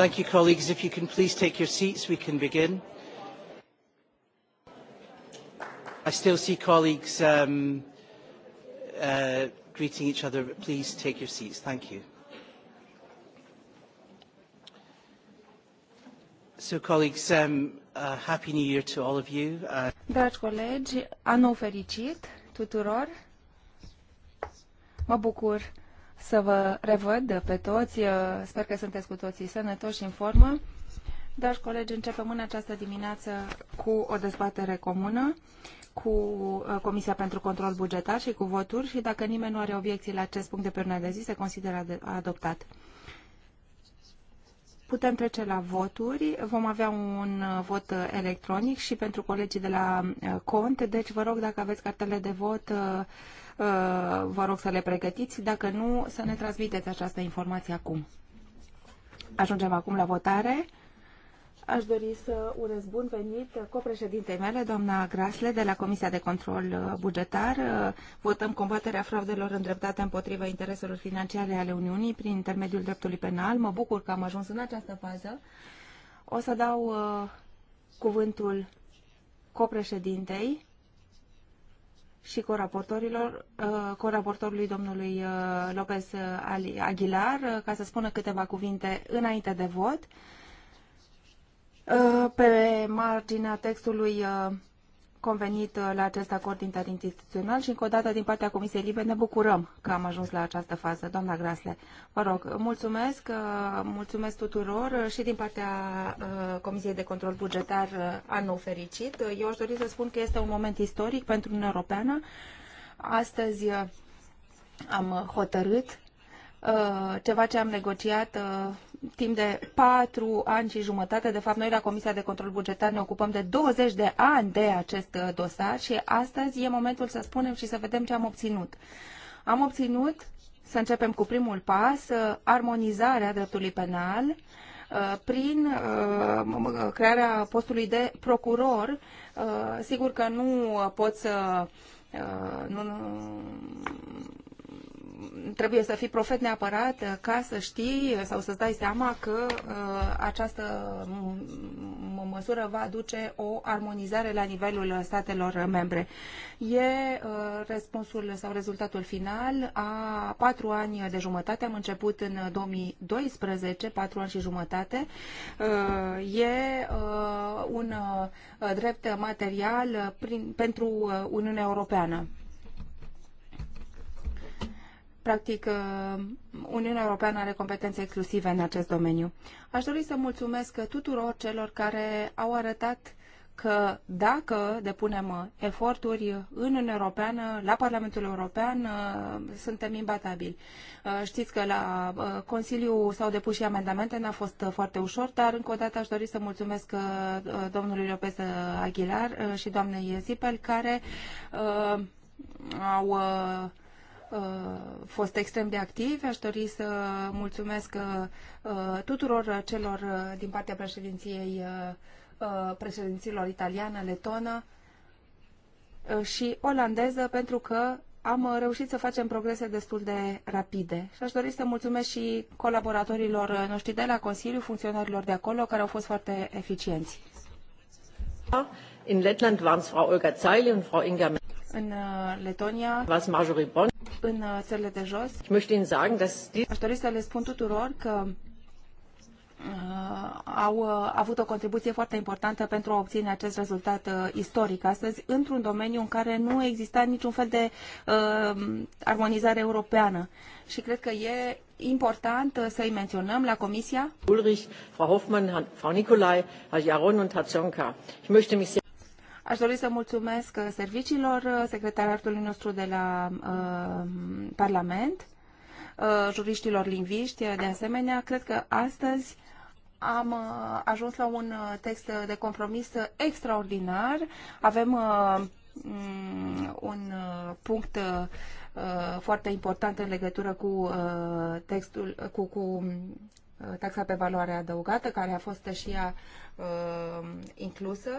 Thank you, colleagues. If you can please take your seats, we can begin. I still see colleagues um, uh, greeting each other, but please take your seats. Thank you. So, colleagues, um, uh, Happy New Year to all of you. Uh... Dragi colegi, anul fericit tuturor. Mă bucur să vă revăd pe toți. Sper că sunteți cu toții sănătoși și în formă. Dragi colegi, începem în această dimineață cu o dezbatere comună cu uh, Comisia pentru Control Bugetar și cu voturi și dacă nimeni nu are obiecții la acest punct de pe de zi, se consideră adoptat. Putem trece la voturi. Vom avea un uh, vot uh, electronic și pentru colegii de la cont. Deci vă rog dacă aveți cartele de vot Uh, vă rog să le pregătiți. Dacă nu, să ne transmiteți această informație acum. Ajungem acum la votare. Aș dori să urez bun venit copreședintei mele, doamna Grasle, de la Comisia de Control uh, Bugetar. Uh, votăm combaterea fraudelor îndreptate împotriva intereselor financiare ale Uniunii prin intermediul dreptului penal. Mă bucur că am ajuns în această fază. O să dau uh, cuvântul copreședintei și coraportorilor, uh, coraportorului domnului uh, Lopez uh, Aguilar ca să spună câteva cuvinte înainte de vot. Pe marginea textului convenit uh, la acest acord interinstituțional și încă o dată din partea Comisiei Libe ne bucurăm că am ajuns la această fază. Doamna Grasle, vă rog, mulțumesc, uh, mulțumesc tuturor uh, și din partea Comisiei de Control Bugetar anul fericit. Eu aș dori să spun că este un moment istoric pentru Uniunea Europeană. Astăzi am hotărât ceva ce am negociat timp de patru ani și jumătate. De fapt, noi la Comisia de Control Bugetar ne ocupăm de 20 de ani de acest uh, dosar și astăzi e momentul să spunem și să vedem ce am obținut. Am obținut, să începem cu primul pas, uh, armonizarea dreptului penal uh, prin crearea postului de procuror. Sigur că nu pot să nu, trebuie să fii profet neapărat uh, ca să știi uh, sau să-ți dai seama că uh, această măsură va aduce o armonizare la nivelul statelor membre. E răspunsul sau rezultatul final a patru ani de jumătate. Am început în 2012, patru ani și jumătate. E un drept material prin, pentru Uniunea Europeană. Practic, uh, Uniunea Europeană are competențe exclusive în acest domeniu. Aș dori să mulțumesc tuturor celor care au arătat că dacă depunem eforturi în Uniunea Europeană, la Parlamentul European, uh, suntem imbatabili. Uh, știți că la Consiliu s-au depus și amendamente, n-a fost foarte ușor, dar încă o dată aș dori să mulțumesc domnului Lopez Aguilar și doamnei Zipel, care au Uh, fost extrem de activ. Aș dori să mulțumesc uh, uh, tuturor celor din partea președinției președinților italiană, letonă și olandeză pentru că am reușit să facem progrese destul de rapide și aș dori să mulțumesc și colaboratorilor noștri de la Consiliu, funcționarilor de acolo, care au fost foarte eficienți. In Lettland waren Frau Olga Zeile und Frau Inga în uh, Letonia, în uh, țările de jos. Aș dori să le spun tuturor că uh, au avut o contribuție foarte importantă pentru a obține acest rezultat istoric astăzi, într-un domeniu în care nu exista niciun fel de uh, armonizare europeană. Și cred că e important să-i menționăm la Comisia. Ulrich, Frau Hoffmann, Frau Nicolai, Herr Jaron und Herr Zonka. Ich möchte mich Aș dori să mulțumesc uh, serviciilor uh, secretariatului nostru de la uh, Parlament, uh, juriștilor lingviști, de asemenea. Cred că astăzi am uh, ajuns la un uh, text de compromis extraordinar. Avem uh, mm, un punct foarte important în legătură cu textul, cu, cu taxa pe valoare adăugată, care a fost și ea inclusă.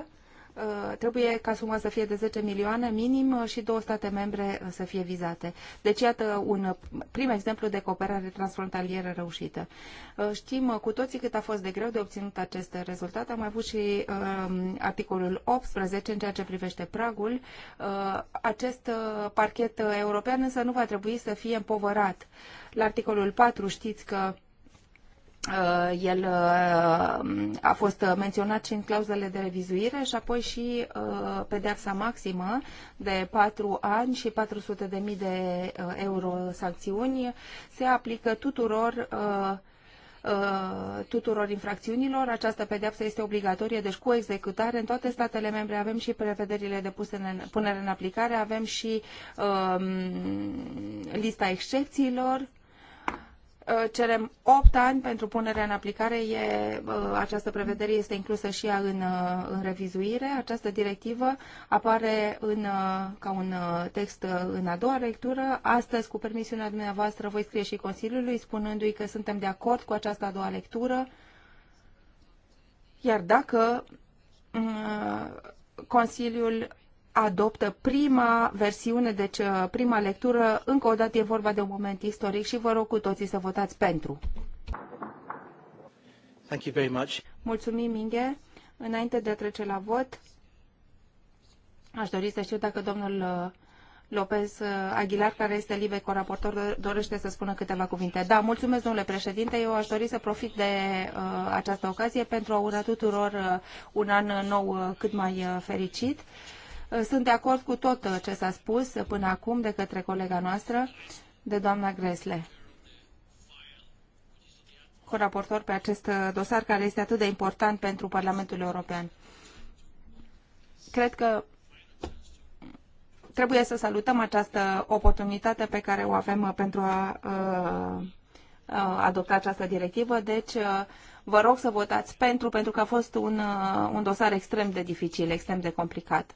Uh, trebuie ca suma să fie de 10 milioane minim uh, și două state membre uh, să fie vizate. Deci iată un prim exemplu de cooperare transfrontalieră reușită. Știm cu toții cât a fost de greu de obținut acest rezultat. Am avut și um, articolul 18 în ceea ce privește pragul. Acest parchet european însă nu va trebui să fie împovărat. La articolul 4 știți că Uh, el uh, a fost menționat și în clauzele de revizuire și apoi și uh, pedeapsa maximă de 4 ani și 400.000 de euro sancțiuni se aplică tuturor tuturor infracțiunilor. Această pedeapsă este obligatorie, deci cu executare în toate statele membre avem și prevederile de în, punere în aplicare, avem și um, lista excepțiilor Uh, cerem 8 ani pentru punerea în aplicare. E, uh, această prevedere este inclusă și ea în, uh, în revizuire. Această directivă apare în, ca un text în a doua lectură. Astăzi, cu permisiunea dumneavoastră, voi scrie și Consiliului, spunându-i că suntem de acord cu această a doua lectură. Iar dacă mm, Consiliul adoptă prima versiune, deci uh, prima lectură. Încă o dată e vorba de un moment istoric și vă rog cu toții să votați pentru. Thank you very much. Mulțumim, Inge. Înainte de a trece la vot, aș dori să știu dacă domnul uh, Lopez uh, Aguilar, care este liber coraportor, dorește să spună câteva cuvinte. Da, mulțumesc, domnule președinte. Eu aș dori să profit de uh, această ocazie pentru a ura tuturor uh, un an nou uh, cât mai uh, fericit. Uh, sunt de acord cu tot uh, ce s-a spus până acum de către colega noastră, de doamna Gresle coraportor pe acest uh, dosar care este atât de important pentru Parlamentul European. Cred că trebuie să salutăm această oportunitate pe care o avem uh, pentru a, a adopta această directivă. Deci, vă rog să votați pentru, pentru că a fost un, un dosar extrem de dificil, extrem de complicat.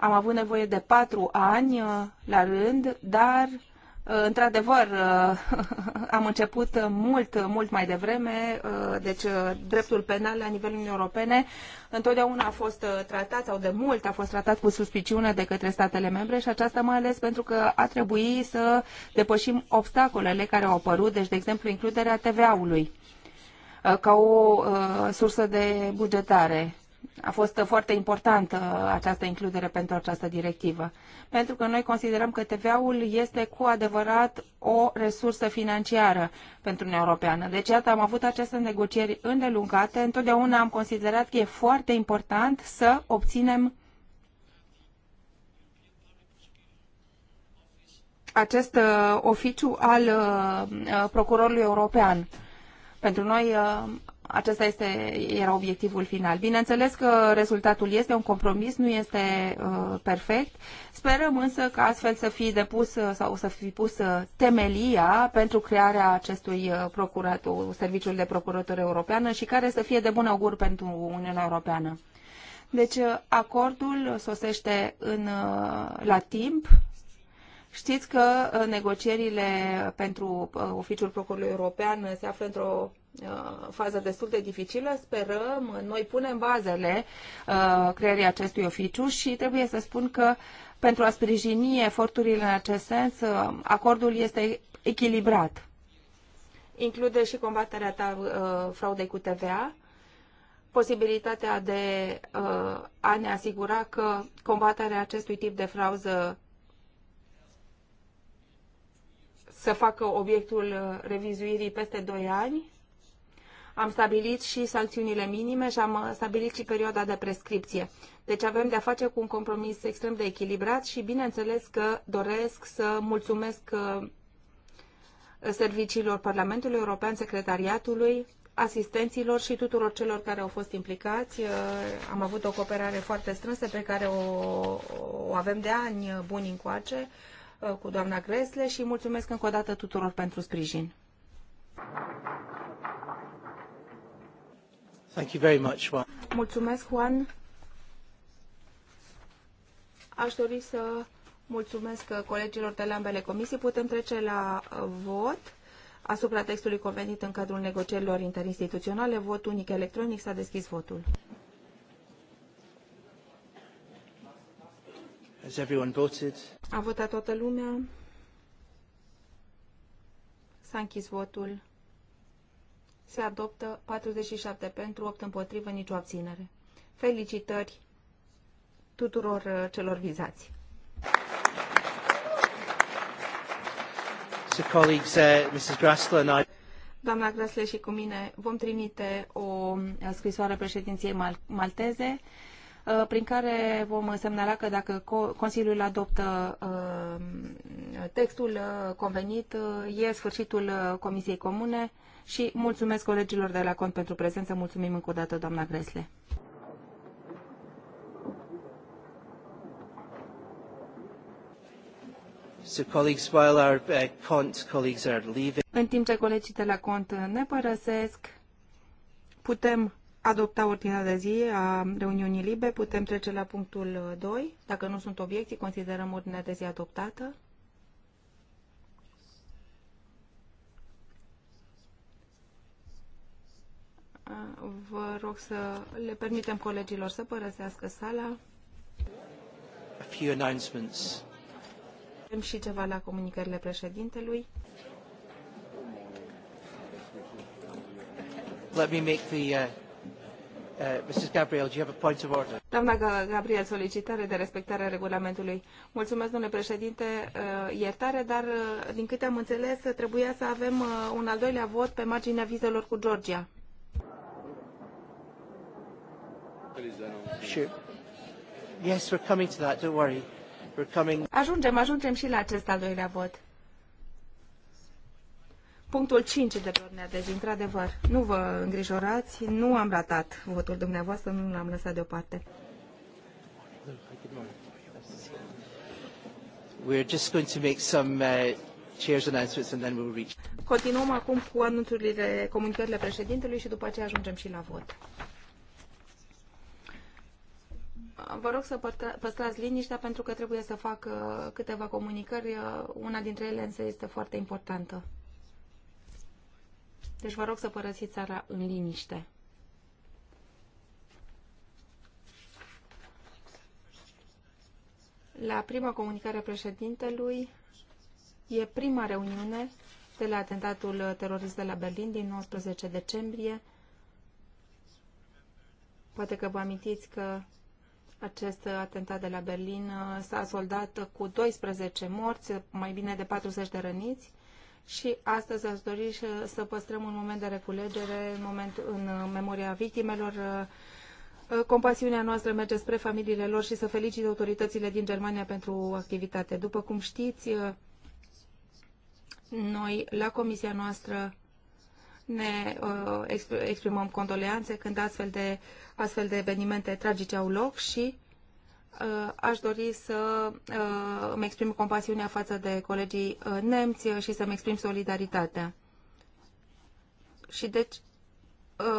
Am avut nevoie de patru ani uh, la rând, dar uh, Într-adevăr, uh, am început mult, mult mai devreme, deci dreptul penal la nivelul Uniunii Europene întotdeauna a fost tratat sau de mult a fost tratat cu suspiciune de către statele membre și aceasta mai ales pentru că a trebuit să depășim obstacolele care au apărut, deci de exemplu includerea TVA-ului ca o sursă de bugetare a fost foarte importantă această includere pentru această directivă, pentru că noi considerăm că TVA-ul este cu adevărat o resursă financiară pentru Uniunea Europeană. Deci, iată, am avut aceste negocieri îndelungate. Întotdeauna am considerat că e foarte important să obținem acest uh, oficiu al uh, uh, procurorului european. Pentru noi acesta este, era obiectivul final. Bineînțeles că rezultatul este un compromis, nu este uh, perfect. Sperăm însă că astfel să fi depus uh, sau să fi pus uh, temelia pentru crearea acestui uh, procurator, serviciul de procurator europeană și care să fie de bun augur pentru Uniunea Europeană. Deci acordul sosește în, la timp, Știți că negocierile pentru oficiul procurorului european se află într-o Uh, fază destul de dificilă. Sperăm, noi punem bazele uh, creării acestui oficiu și trebuie să spun că pentru a sprijini eforturile în acest sens, uh, acordul este echilibrat. Include și combaterea ta, fraudei cu TVA, posibilitatea de a ne asigura că combaterea acestui tip de frauză să facă obiectul revizuirii peste 2 ani am stabilit și sancțiunile minime și am uh, stabilit și perioada de prescripție. Deci avem de-a face cu un compromis extrem de echilibrat și bineînțeles că doresc să mulțumesc uh, serviciilor Parlamentului European, secretariatului, asistenților și tuturor celor care au fost implicați. Uh, am avut o cooperare foarte strânsă pe care o, o avem de ani buni încoace cu doamna Gresle și mulțumesc încă o dată tuturor pentru sprijin. Mulțumesc, Juan. Aș dori să mulțumesc colegilor de la ambele comisii. Putem trece la uh, vot asupra textului convenit în cadrul negocierilor interinstituționale. Vot unic electronic. S-a deschis votul. Has everyone voted? A votat toată lumea. S-a închis votul se adoptă 47 pentru, 8 împotrivă, nicio abținere. Felicitări tuturor uh, celor vizați. So, colleagues, uh, Mrs. Grassler and I... Doamna Grasle și cu mine vom trimite o uh, scrisoare președinției mal- malteze uh, prin care vom semnala că dacă Consiliul adoptă Textul uh, convenit uh, e sfârșitul uh, Comisiei Comune și mulțumesc colegilor de la cont pentru prezență. Mulțumim încă o dată, doamna Gresle. So colleagues, while our uh, cont colleagues are leaving... În timp ce colegii de la cont ne părăsesc, putem adopta ordinea de zi a reuniunii libe, putem trece la punctul 2. Dacă nu sunt obiecții, considerăm ordinea de zi adoptată. Vă rog să le permitem colegilor să părăsească sala. A few announcements. Avem și ceva la comunicările președintelui. Let me make the uh... Uh, Mrs. Gabriel, do you have a point of order? Doamna Gabriel, solicitare de respectare a regulamentului. Mulțumesc, domnule președinte, uh, iertare, dar uh, din câte am înțeles, trebuia să avem uh, un al doilea vot pe marginea vizelor cu Georgia. Yes, we're coming to that, don't worry. We're coming. Ajungem, ajungem și la acest al doilea vot. Punctul 5 de pe ordinea de zi, într-adevăr. Nu vă îngrijorați, nu am ratat votul dumneavoastră, nu l-am lăsat deoparte. We're just going to make some uh, chair's announcements and then we'll reach. Continuăm acum cu anunțurile, comunicările președintelui și după aceea ajungem și la vot. Vă rog să păstrați liniștea pentru că trebuie să fac uh, câteva comunicări. Uh, una dintre ele însă este foarte importantă. Deci vă rog să părăsiți țara în liniște. La prima comunicare a președintelui e prima reuniune de la atentatul terorist de la Berlin din 19 decembrie. Poate că vă amintiți că acest atentat de la Berlin uh, s-a soldat cu 12 morți, mai bine de 40 de răniți și astăzi aș dori uh, să păstrăm un moment de reculegere în, moment, în uh, memoria victimelor. Compasiunea noastră merge spre familiile lor și să felicit autoritățile din Germania pentru activitate. După cum știți, noi la comisia noastră ne uh, exprimăm condoleanțe când astfel de, astfel de evenimente tragice au loc și uh, aș dori să uh, îmi exprim compasiunea față de colegii nemți și să-mi exprim solidaritatea. Și deci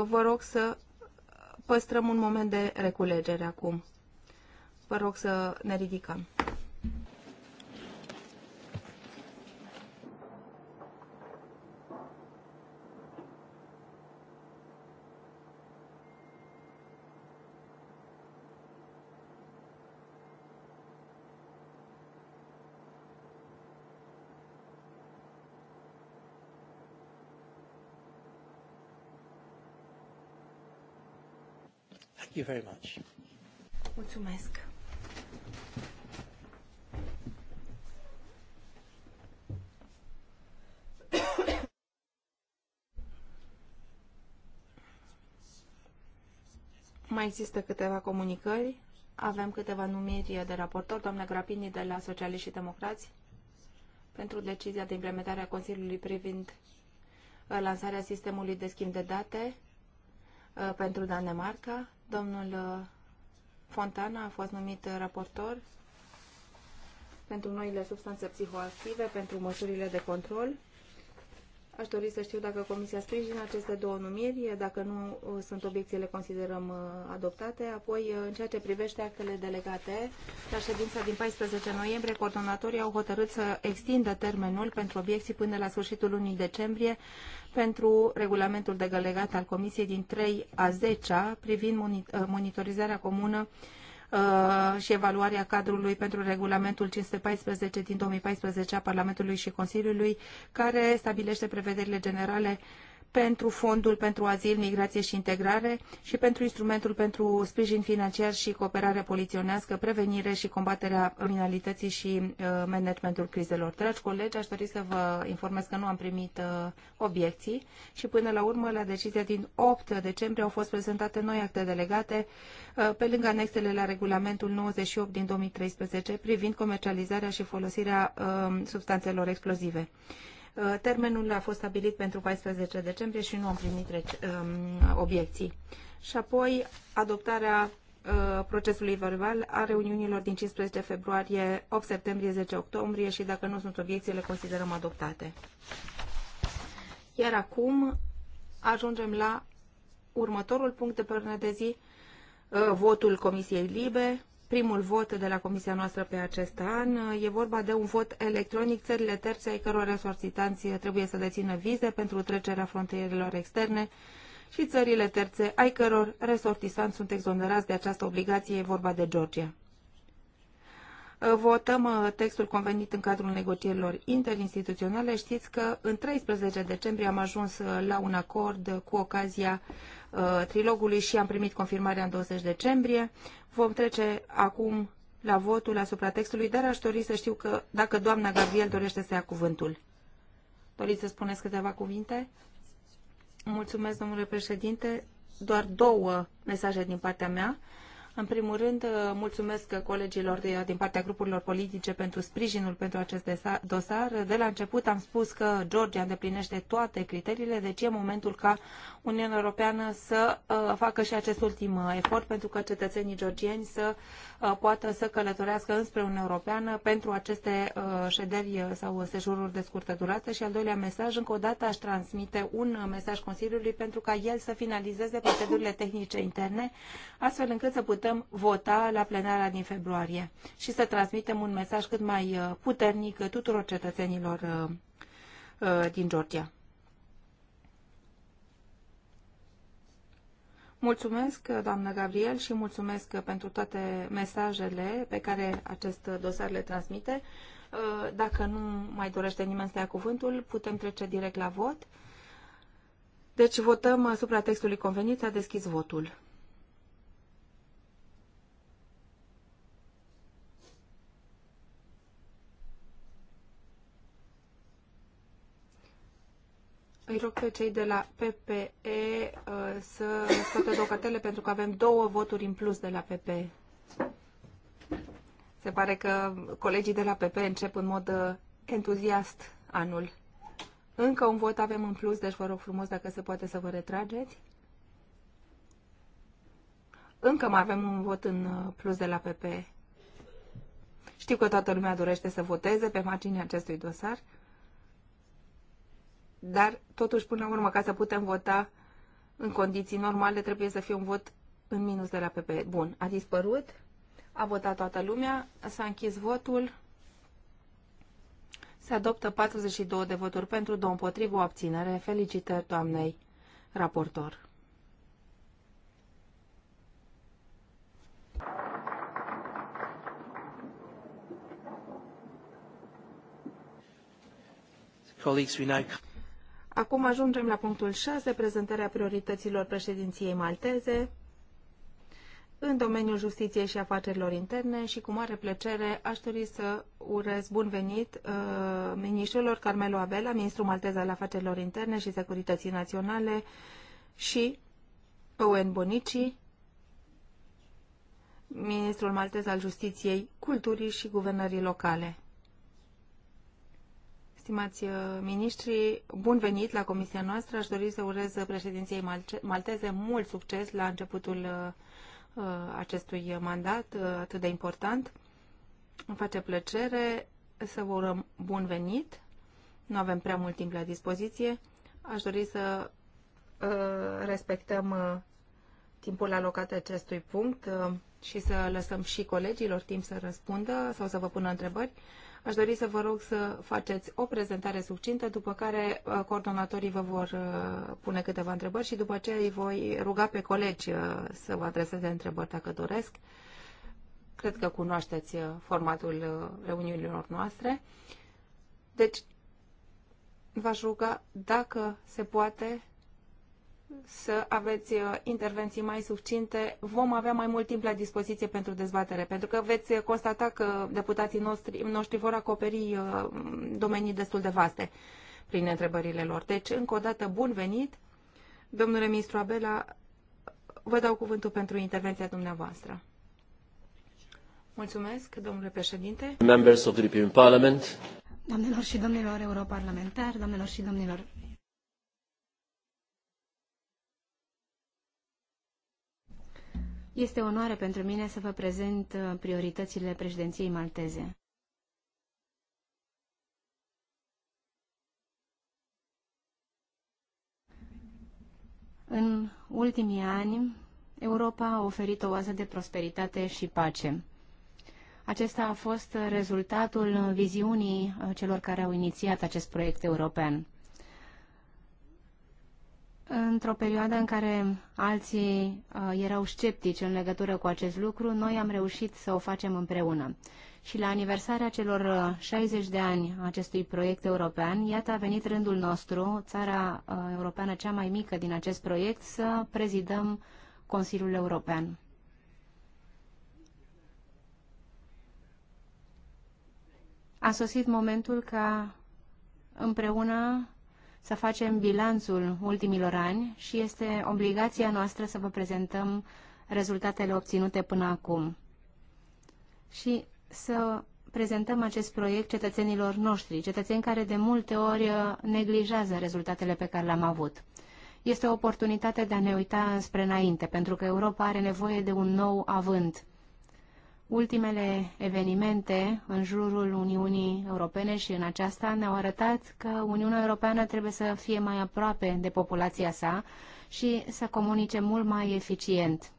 vă rog să păstrăm un moment de reculegere acum. Vă rog să ne ridicăm. Thank you very much. Mulțumesc. Mai există câteva comunicări. Avem câteva numiri de raportor Doamna Grapini de la Socialiști și Democrați pentru decizia de implementare a Consiliului privind uh, lansarea sistemului de schimb de date uh, pentru Danemarca. Domnul uh, Fontana a fost numit uh, raportor pentru noile substanțe psihoactive, pentru măsurile de control. Aș dori să știu dacă Comisia sprijină aceste două numiri, dacă nu uh, sunt obiecții, le considerăm uh, adoptate. Apoi, uh, în ceea ce privește actele delegate, la ședința din 14 noiembrie, coordonatorii au hotărât să extindă termenul pentru obiecții până la sfârșitul lunii decembrie pentru regulamentul de delegat al Comisiei din 3 a 10 -a, privind monitorizarea comună Uh, și evaluarea cadrului pentru regulamentul 514 din 2014 a Parlamentului și Consiliului, care stabilește prevederile generale uh, pentru Fondul pentru Azil, Migrație și Integrare și pentru Instrumentul pentru Sprijin Financiar și Cooperare Poliționească, Prevenire și Combaterea Criminalității și uh, Managementul Crizelor. Dragi colegi, aș dori să vă informez că nu am primit uh, obiecții și până la urmă, la decizia din 8 decembrie, au fost prezentate noi acte delegate uh, pe lângă anexele la regulamentul 98 din 2013 privind comercializarea și folosirea substanțelor explozive. Uh, termenul a fost stabilit pentru 14 decembrie și nu am primit um, obiecții. Și apoi adoptarea uh, procesului verbal a reuniunilor din 15 februarie, 8 septembrie, 10 octombrie și dacă nu sunt obiecții, le considerăm adoptate. Iar acum ajungem la următorul punct de pe de zi, uh, votul Comisiei Libe, primul vot de la Comisia noastră pe acest an. E vorba de un vot electronic țările terțe ai căror resorțitanți trebuie să dețină vize pentru trecerea frontierelor externe și țările terțe ai căror resortisanți sunt exonerați de această obligație. E vorba de Georgia votăm uh, textul convenit în cadrul negocierilor interinstituționale. Știți că în 13 decembrie am ajuns uh, la un acord cu ocazia uh, trilogului și am primit confirmarea în 20 decembrie. Vom trece acum la votul asupra textului, dar aș dori să știu că dacă doamna Gabriel dorește să ia cuvântul. Doriți să spuneți câteva cuvinte? Mulțumesc, domnule președinte. Doar două mesaje din partea mea. În primul rând, mulțumesc colegilor de, din partea grupurilor politice pentru sprijinul pentru acest dosar. De la început am spus că Georgia îndeplinește toate criteriile, deci e momentul ca Uniunea Europeană să uh, facă și acest ultim uh, efort pentru ca cetățenii georgieni să uh, Uh, poată să călătorească înspre Uniunea Europeană pentru aceste uh, șederi sau sejururi de scurtă durată și al doilea mesaj, încă o dată aș transmite un mesaj Consiliului pentru ca el să finalizeze procedurile tehnice interne, astfel încât să putem vota la plenarea din februarie și să transmitem un mesaj cât mai uh, puternic tuturor cetățenilor din Georgia. Mulțumesc, doamnă Gabriel, și mulțumesc pentru toate mesajele pe care acest dosar le transmite. Uh, dacă nu mai dorește nimeni să ia cuvântul, putem trece direct la vot. Deci votăm asupra textului convenit, a deschis votul. Îi rog pe cei de la PPE uh, să scoată două pentru că avem două voturi în plus de la PPE. Se pare că colegii de la PP încep în mod uh, entuziast anul. Încă un vot avem în plus, deci vă rog frumos dacă se poate să vă retrageți. Încă mai avem un vot în uh, plus de la PP. Știu că toată lumea dorește să voteze pe marginea acestui dosar. Dar, totuși, până la urmă, ca să putem vota în condiții normale, trebuie să fie un vot în minus de la PP. Bun, a dispărut, a votat toată lumea, s-a închis votul, se adoptă 42 de voturi pentru, două împotrivă, o abținere. Felicitări doamnei raportor. Colleagues, we now... Acum ajungem la punctul 6, prezentarea priorităților președinției malteze în domeniul justiției și afacerilor interne și cu mare plăcere aș dori să urez bun venit uh, ministrilor Carmelo Abela, ministrul maltez al afacerilor interne și securității naționale și Owen Bonici, ministrul maltez al justiției, culturii și guvernării locale. Stimați uh, miniștri, bun venit la comisia noastră. Aș dori să urez președinției malteze mult succes la începutul uh, uh, acestui mandat atât de important. Îmi face plăcere să vă urăm bun venit. Nu avem prea mult timp la dispoziție. Aș dori să respectăm timpul alocat acestui punct și să lăsăm și colegilor timp să răspundă sau să vă pună întrebări. Aș dori să vă rog să faceți o prezentare succintă, după care uh, coordonatorii vă vor uh, pune câteva întrebări și după aceea îi voi ruga pe colegi uh, să vă adreseze întrebări dacă doresc. Cred că cunoașteți formatul reuniunilor noastre. Deci, v-aș ruga, dacă se poate, să aveți uh, intervenții mai suficiente, vom avea mai mult timp la dispoziție pentru dezbatere, pentru că veți constata că deputații noștri, noștri vor acoperi uh, domenii destul de vaste prin întrebările lor. Deci, încă o dată, bun venit. Domnule ministru Abela, vă dau cuvântul pentru intervenția dumneavoastră. Mulțumesc, domnule președinte. Members of the European Parliament. Doamnelor și domnilor europarlamentari, doamnelor și domnilor Este onoare pentru mine să vă prezint uh, prioritățile președinției malteze. În ultimii ani, Europa a oferit o oază de prosperitate și pace. Acesta a fost rezultatul viziunii uh, celor care au inițiat acest proiect european. Într-o perioadă în care alții uh, erau sceptici în legătură cu acest lucru, noi am reușit să o facem împreună. Și la aniversarea celor 60 uh, de ani acestui proiect european, iată a venit rândul nostru, țara uh, europeană cea mai mică din acest proiect, să prezidăm Consiliul European. A sosit momentul ca împreună să facem bilanțul ultimilor ani și este obligația noastră să vă prezentăm rezultatele obținute până acum și să prezentăm acest proiect cetățenilor noștri, cetățeni care de multe ori uh, neglijează rezultatele pe care le-am avut. Este o oportunitate de a ne uita spre înainte, pentru că Europa are nevoie de un nou avânt. Ultimele evenimente în jurul Uniunii Europene și în aceasta ne-au arătat că Uniunea Europeană trebuie să fie mai aproape de populația sa și să comunice mult mai eficient.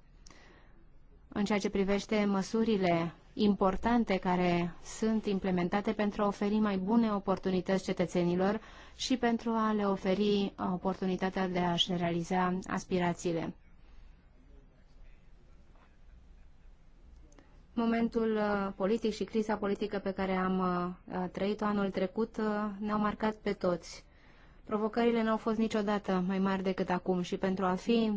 În ceea ce privește măsurile importante care sunt implementate pentru a oferi mai bune oportunități cetățenilor și pentru a le oferi oportunitatea de a-și realiza aspirațiile. Momentul uh, politic și criza politică pe care am uh, uh, trăit-o anul trecut ne-au marcat pe toți. Provocările nu au fost niciodată mai mari decât acum și pentru a fi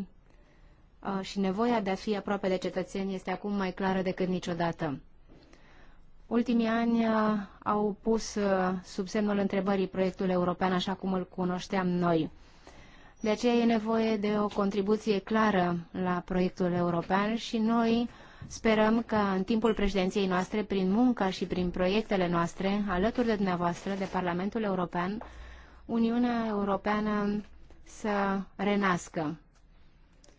și nevoia de a fi aproape de cetățeni este acum mai clară decât niciodată. Ultimii ani au pus sub semnul întrebării proiectul european așa cum îl cunoșteam noi. De aceea e nevoie de o contribuție clară la proiectul european și noi Sperăm că în timpul președinției noastre, prin munca și prin proiectele noastre, alături de dumneavoastră, de Parlamentul European, Uniunea Europeană să renască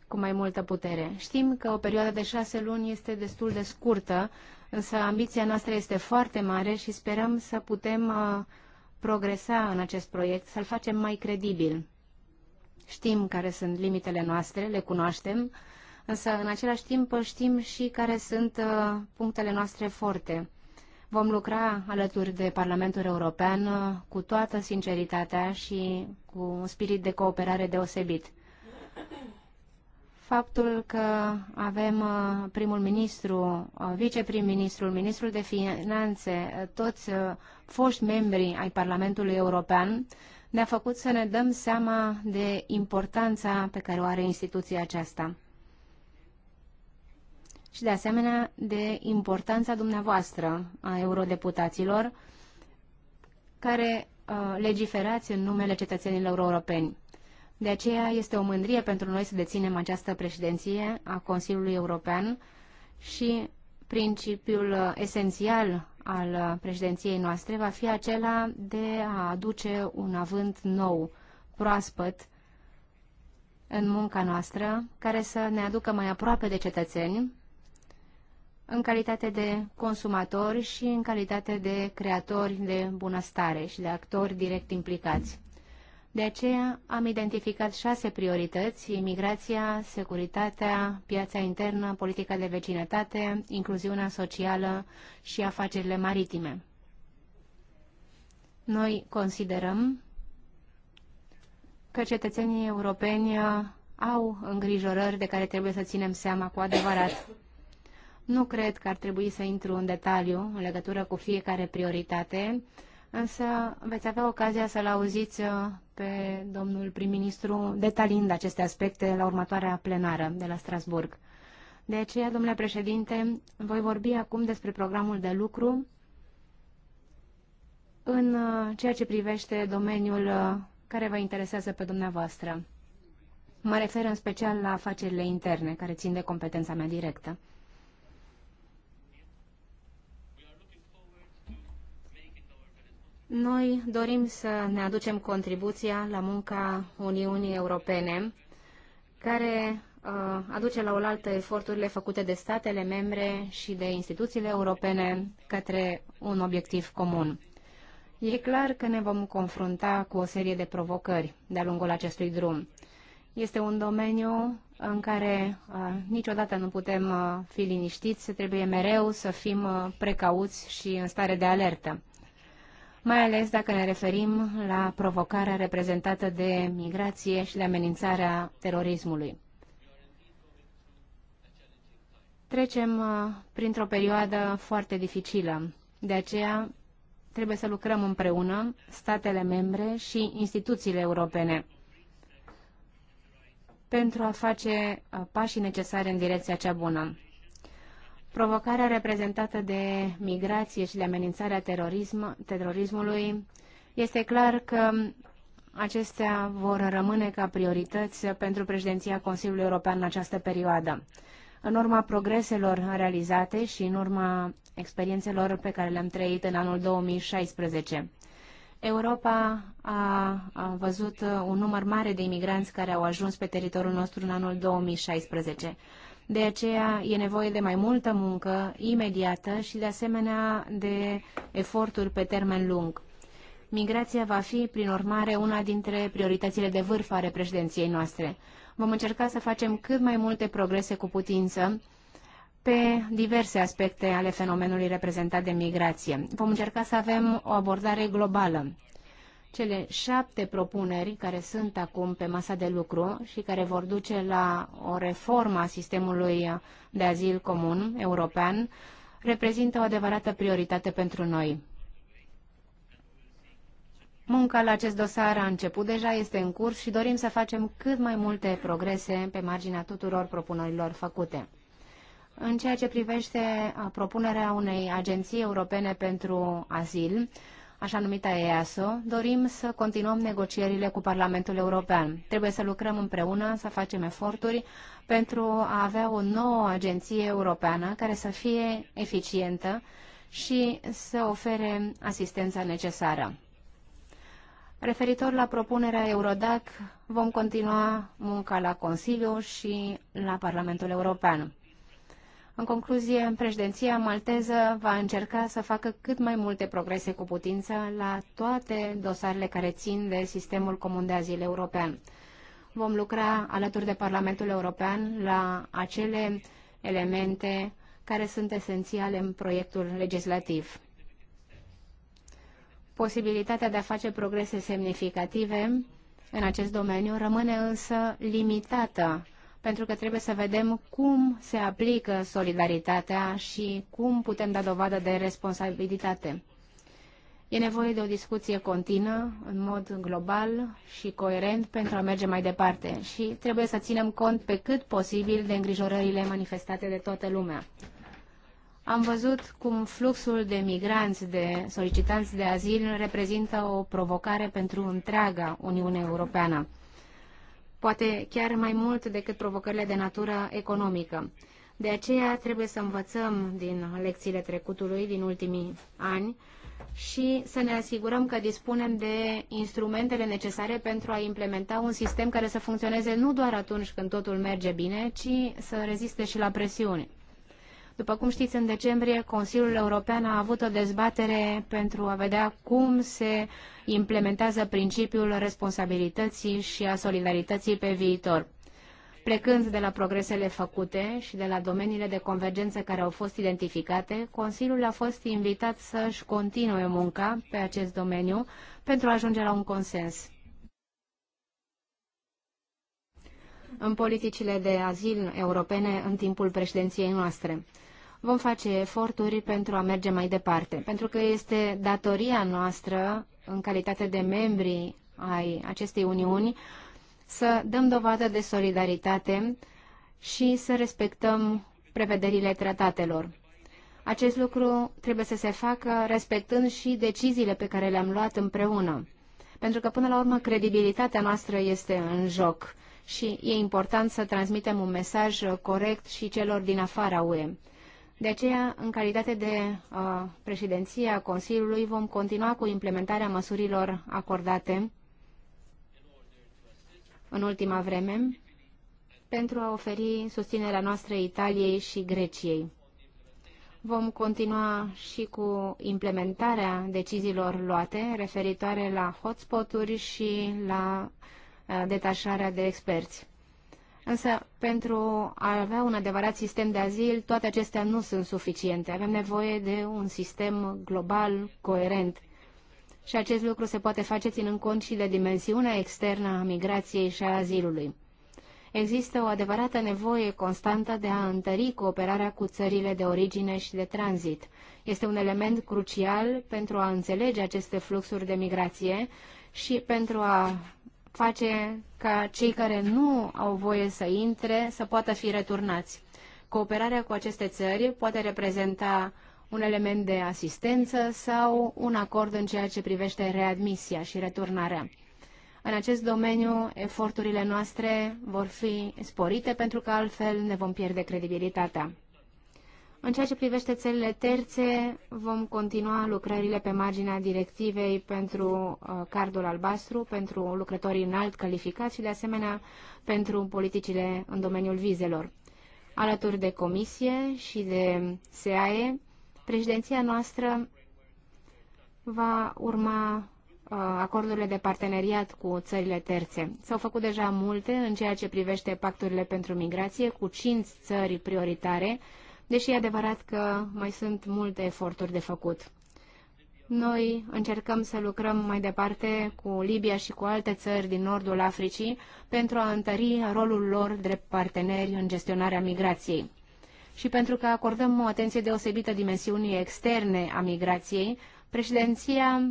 cu mai multă putere. Știm că o perioadă de șase luni este destul de scurtă, însă ambiția noastră este foarte mare și sperăm să putem uh, progresa în acest proiect, să-l facem mai credibil. Știm care sunt limitele noastre, le cunoaștem, însă în același timp știm și care sunt uh, punctele noastre forte. Vom lucra alături de Parlamentul European uh, cu toată sinceritatea și cu un spirit de cooperare deosebit. Faptul că avem uh, primul ministru, viceprim-ministrul, ministrul de finanțe, toți foști membri ai Parlamentului European, ne-a făcut să ne dăm seama de importanța pe care o are instituția aceasta și de asemenea de importanța dumneavoastră a eurodeputaților care uh, legiferați în numele cetățenilor europeni. De aceea este o mândrie pentru noi să deținem această președinție a Consiliului European și principiul uh, esențial al uh, președinției noastre va fi acela de a aduce un avânt nou, proaspăt, în munca noastră, care să ne aducă mai aproape de cetățeni în calitate de consumatori și în calitate de creatori de bunăstare și de actori direct implicați. De aceea am identificat șase priorități, imigrația, securitatea, piața internă, politica de vecinătate, incluziunea socială și afacerile maritime. Noi considerăm că cetățenii europeni au îngrijorări de care trebuie să ținem seama cu adevărat nu cred că ar trebui să intru în detaliu în legătură cu fiecare prioritate, însă veți avea ocazia să-l auziți uh, pe domnul prim-ministru detaliind aceste aspecte la următoarea plenară de la Strasburg. De aceea, domnule președinte, voi vorbi acum despre programul de lucru în uh, ceea ce privește domeniul uh, care vă interesează pe dumneavoastră. Mă refer în special la afacerile interne, care țin de competența mea directă. Noi dorim să ne aducem contribuția la munca Uniunii Europene, care uh, aduce la oaltă eforturile făcute de statele membre și de instituțiile europene către un obiectiv comun. E clar că ne vom confrunta cu o serie de provocări de-a lungul acestui drum. Este un domeniu în care uh, niciodată nu putem uh, fi liniștiți, trebuie mereu să fim uh, precauți și în stare de alertă mai ales dacă ne referim la provocarea reprezentată de migrație și de amenințarea terorismului. Trecem uh, printr-o perioadă foarte dificilă, de aceea trebuie să lucrăm împreună, statele membre și instituțiile europene, pentru a face uh, pașii necesari în direcția cea bună. Provocarea reprezentată de migrație și de amenințarea terorism, terorismului este clar că acestea vor rămâne ca priorități pentru președinția Consiliului European în această perioadă. În urma progreselor realizate și în urma experiențelor pe care le-am trăit în anul 2016, Europa a, a văzut un număr mare de imigranți care au ajuns pe teritoriul nostru în anul 2016. De aceea e nevoie de mai multă muncă imediată și de asemenea de eforturi pe termen lung. Migrația va fi, prin urmare, una dintre prioritățile de vârf ale președinției noastre. Vom încerca să facem cât mai multe progrese cu putință pe diverse aspecte ale fenomenului reprezentat de migrație. Vom încerca să avem o abordare globală cele șapte propuneri care sunt acum pe masa de lucru și care vor duce la o reformă a sistemului de azil comun european reprezintă o adevărată prioritate pentru noi. Munca la acest dosar a început deja, este în curs și dorim să facem cât mai multe progrese pe marginea tuturor propunerilor făcute. În ceea ce privește propunerea unei agenții europene pentru azil, așa numita EASO, dorim să continuăm negocierile cu Parlamentul European. Trebuie să lucrăm împreună, să facem eforturi pentru a avea o nouă agenție europeană care să fie eficientă și să ofere asistența necesară. Referitor la propunerea Eurodac, vom continua munca la Consiliu și la Parlamentul European. În concluzie, președinția malteză va încerca să facă cât mai multe progrese cu putință la toate dosarele care țin de sistemul comun de azil european. Vom lucra alături de Parlamentul European la acele elemente care sunt esențiale în proiectul legislativ. Posibilitatea de a face progrese semnificative în acest domeniu rămâne însă limitată pentru că trebuie să vedem cum se aplică solidaritatea și cum putem da dovadă de responsabilitate. E nevoie de o discuție continuă, în mod global și coerent, pentru a merge mai departe și trebuie să ținem cont pe cât posibil de îngrijorările manifestate de toată lumea. Am văzut cum fluxul de migranți, de solicitanți de azil, reprezintă o provocare pentru întreaga Uniune Europeană poate chiar mai mult decât provocările de natură economică. De aceea trebuie să învățăm din lecțiile trecutului, din ultimii ani, și să ne asigurăm că dispunem de instrumentele necesare pentru a implementa un sistem care să funcționeze nu doar atunci când totul merge bine, ci să reziste și la presiune. După cum știți, în decembrie Consiliul European a avut o dezbatere pentru a vedea cum se implementează principiul responsabilității și a solidarității pe viitor. Plecând de la progresele făcute și de la domeniile de convergență care au fost identificate, Consiliul a fost invitat să-și continue munca pe acest domeniu pentru a ajunge la un consens. în politicile de azil europene în timpul președinției noastre vom face eforturi pentru a merge mai departe, pentru că este datoria noastră, în calitate de membri ai acestei uniuni, să dăm dovadă de solidaritate și să respectăm prevederile tratatelor. Acest lucru trebuie să se facă respectând și deciziile pe care le-am luat împreună. Pentru că, până la urmă, credibilitatea noastră este în joc și e important să transmitem un mesaj corect și celor din afara UE. De aceea, în calitate de uh, președinție a Consiliului, vom continua cu implementarea măsurilor acordate în ultima vreme pentru a oferi susținerea noastră Italiei și Greciei. Vom continua și cu implementarea deciziilor luate referitoare la hotspoturi și la uh, detașarea de experți. Însă, pentru a avea un adevărat sistem de azil, toate acestea nu sunt suficiente. Avem nevoie de un sistem global, coerent. Și acest lucru se poate face ținând cont și de dimensiunea externă a migrației și a azilului. Există o adevărată nevoie constantă de a întări cooperarea cu țările de origine și de tranzit. Este un element crucial pentru a înțelege aceste fluxuri de migrație și pentru a face ca cei care nu au voie să intre să poată fi returnați. Cooperarea cu aceste țări poate reprezenta un element de asistență sau un acord în ceea ce privește readmisia și returnarea. În acest domeniu, eforturile noastre vor fi sporite pentru că altfel ne vom pierde credibilitatea. În ceea ce privește țările terțe, vom continua lucrările pe marginea directivei pentru uh, cardul albastru, pentru lucrătorii înalt calificați și, de asemenea, pentru politicile în domeniul vizelor. Alături de Comisie și de SEAE, președinția noastră va urma uh, acordurile de parteneriat cu țările terțe. S-au făcut deja multe în ceea ce privește pacturile pentru migrație cu cinci țări prioritare, deși e adevărat că mai sunt multe eforturi de făcut. Noi încercăm să lucrăm mai departe cu Libia și cu alte țări din nordul Africii pentru a întări rolul lor drept parteneri în gestionarea migrației. Și pentru că acordăm o atenție deosebită dimensiunii externe a migrației, președinția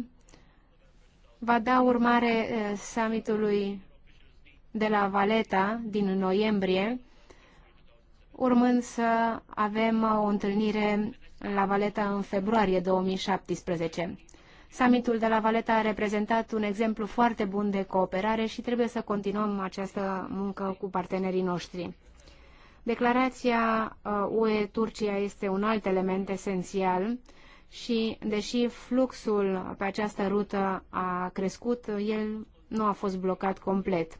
va da urmare eh, summitului de la Valeta din noiembrie, urmând să avem o întâlnire la Valeta în februarie 2017. Summitul de la Valeta a reprezentat un exemplu foarte bun de cooperare și trebuie să continuăm această muncă cu partenerii noștri. Declarația uh, UE-Turcia este un alt element esențial și, deși fluxul pe această rută a crescut, el nu a fost blocat complet.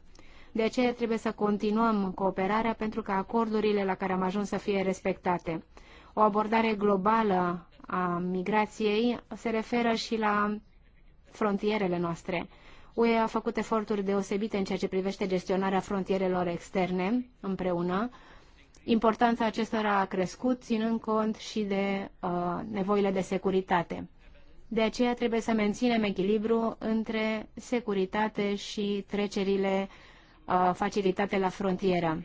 De aceea trebuie să continuăm cooperarea pentru ca acordurile la care am ajuns să fie respectate. O abordare globală a migrației se referă și la frontierele noastre. UE a făcut eforturi deosebite în ceea ce privește gestionarea frontierelor externe împreună. Importanța acestora a crescut, ținând cont și de uh, nevoile de securitate. De aceea trebuie să menținem echilibru între securitate și trecerile uh, Uh, facilitate la frontieră.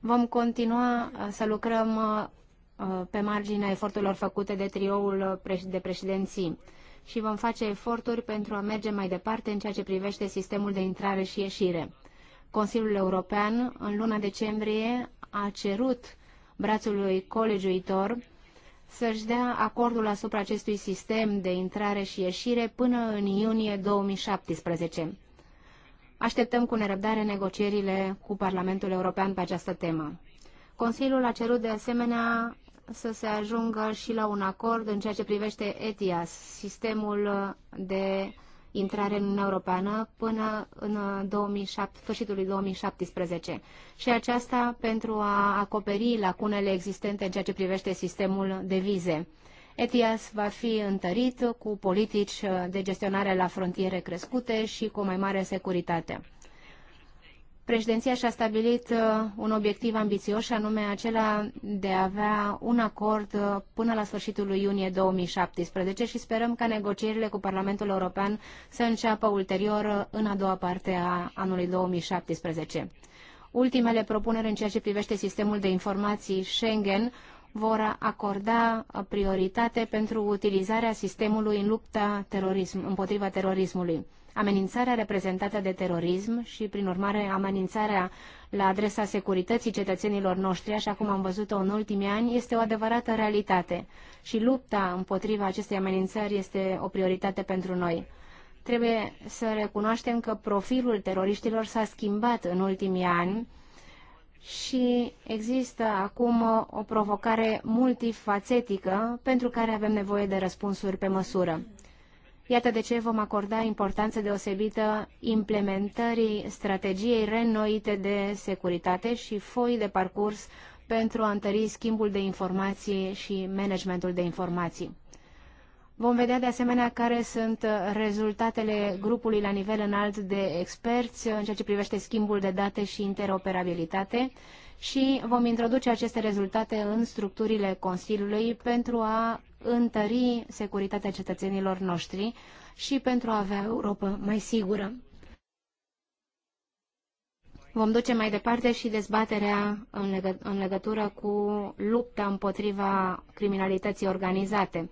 Vom continua uh, să lucrăm uh, pe marginea eforturilor făcute de trioul de președinții și vom face eforturi pentru a merge mai departe în ceea ce privește sistemul de intrare și ieșire. Consiliul European, în luna decembrie, a cerut brațului colegiuitor să-și dea acordul asupra acestui sistem de intrare și ieșire până în iunie 2017. Așteptăm cu nerăbdare negocierile cu Parlamentul European pe această temă. Consiliul a cerut de asemenea să se ajungă și la un acord în ceea ce privește ETIAS, sistemul de intrare în Uniunea Europeană până în 2007, sfârșitul 2017. Și aceasta pentru a acoperi lacunele existente în ceea ce privește sistemul de vize. ETIAS va fi întărit cu politici de gestionare la frontiere crescute și cu mai mare securitate. Președinția și-a stabilit uh, un obiectiv ambițios, și anume acela de a avea un acord uh, până la sfârșitul lui iunie 2017 și sperăm ca negocierile cu Parlamentul European să înceapă ulterior uh, în a doua parte a anului 2017. Ultimele propuneri în ceea ce privește sistemul de informații Schengen vor acorda prioritate pentru utilizarea sistemului în lupta terorism, împotriva terorismului. Amenințarea reprezentată de terorism și, prin urmare, amenințarea la adresa securității cetățenilor noștri, așa cum am văzut-o în ultimii ani, este o adevărată realitate și lupta împotriva acestei amenințări este o prioritate pentru noi. Trebuie să recunoaștem că profilul teroriștilor s-a schimbat în ultimii ani, și există acum uh, o provocare multifacetică pentru care avem nevoie de răspunsuri pe măsură. Iată de ce vom acorda importanță deosebită implementării strategiei renoite de securitate și foi de parcurs pentru a întări schimbul de informații și managementul de informații. Vom vedea de asemenea care sunt uh, rezultatele grupului la nivel înalt de experți uh, în ceea ce privește schimbul de date și interoperabilitate și vom introduce aceste rezultate în structurile Consiliului pentru a întări securitatea cetățenilor noștri și pentru a avea Europa mai sigură. Vom duce mai departe și dezbaterea în, legă, în legătură cu lupta împotriva criminalității organizate.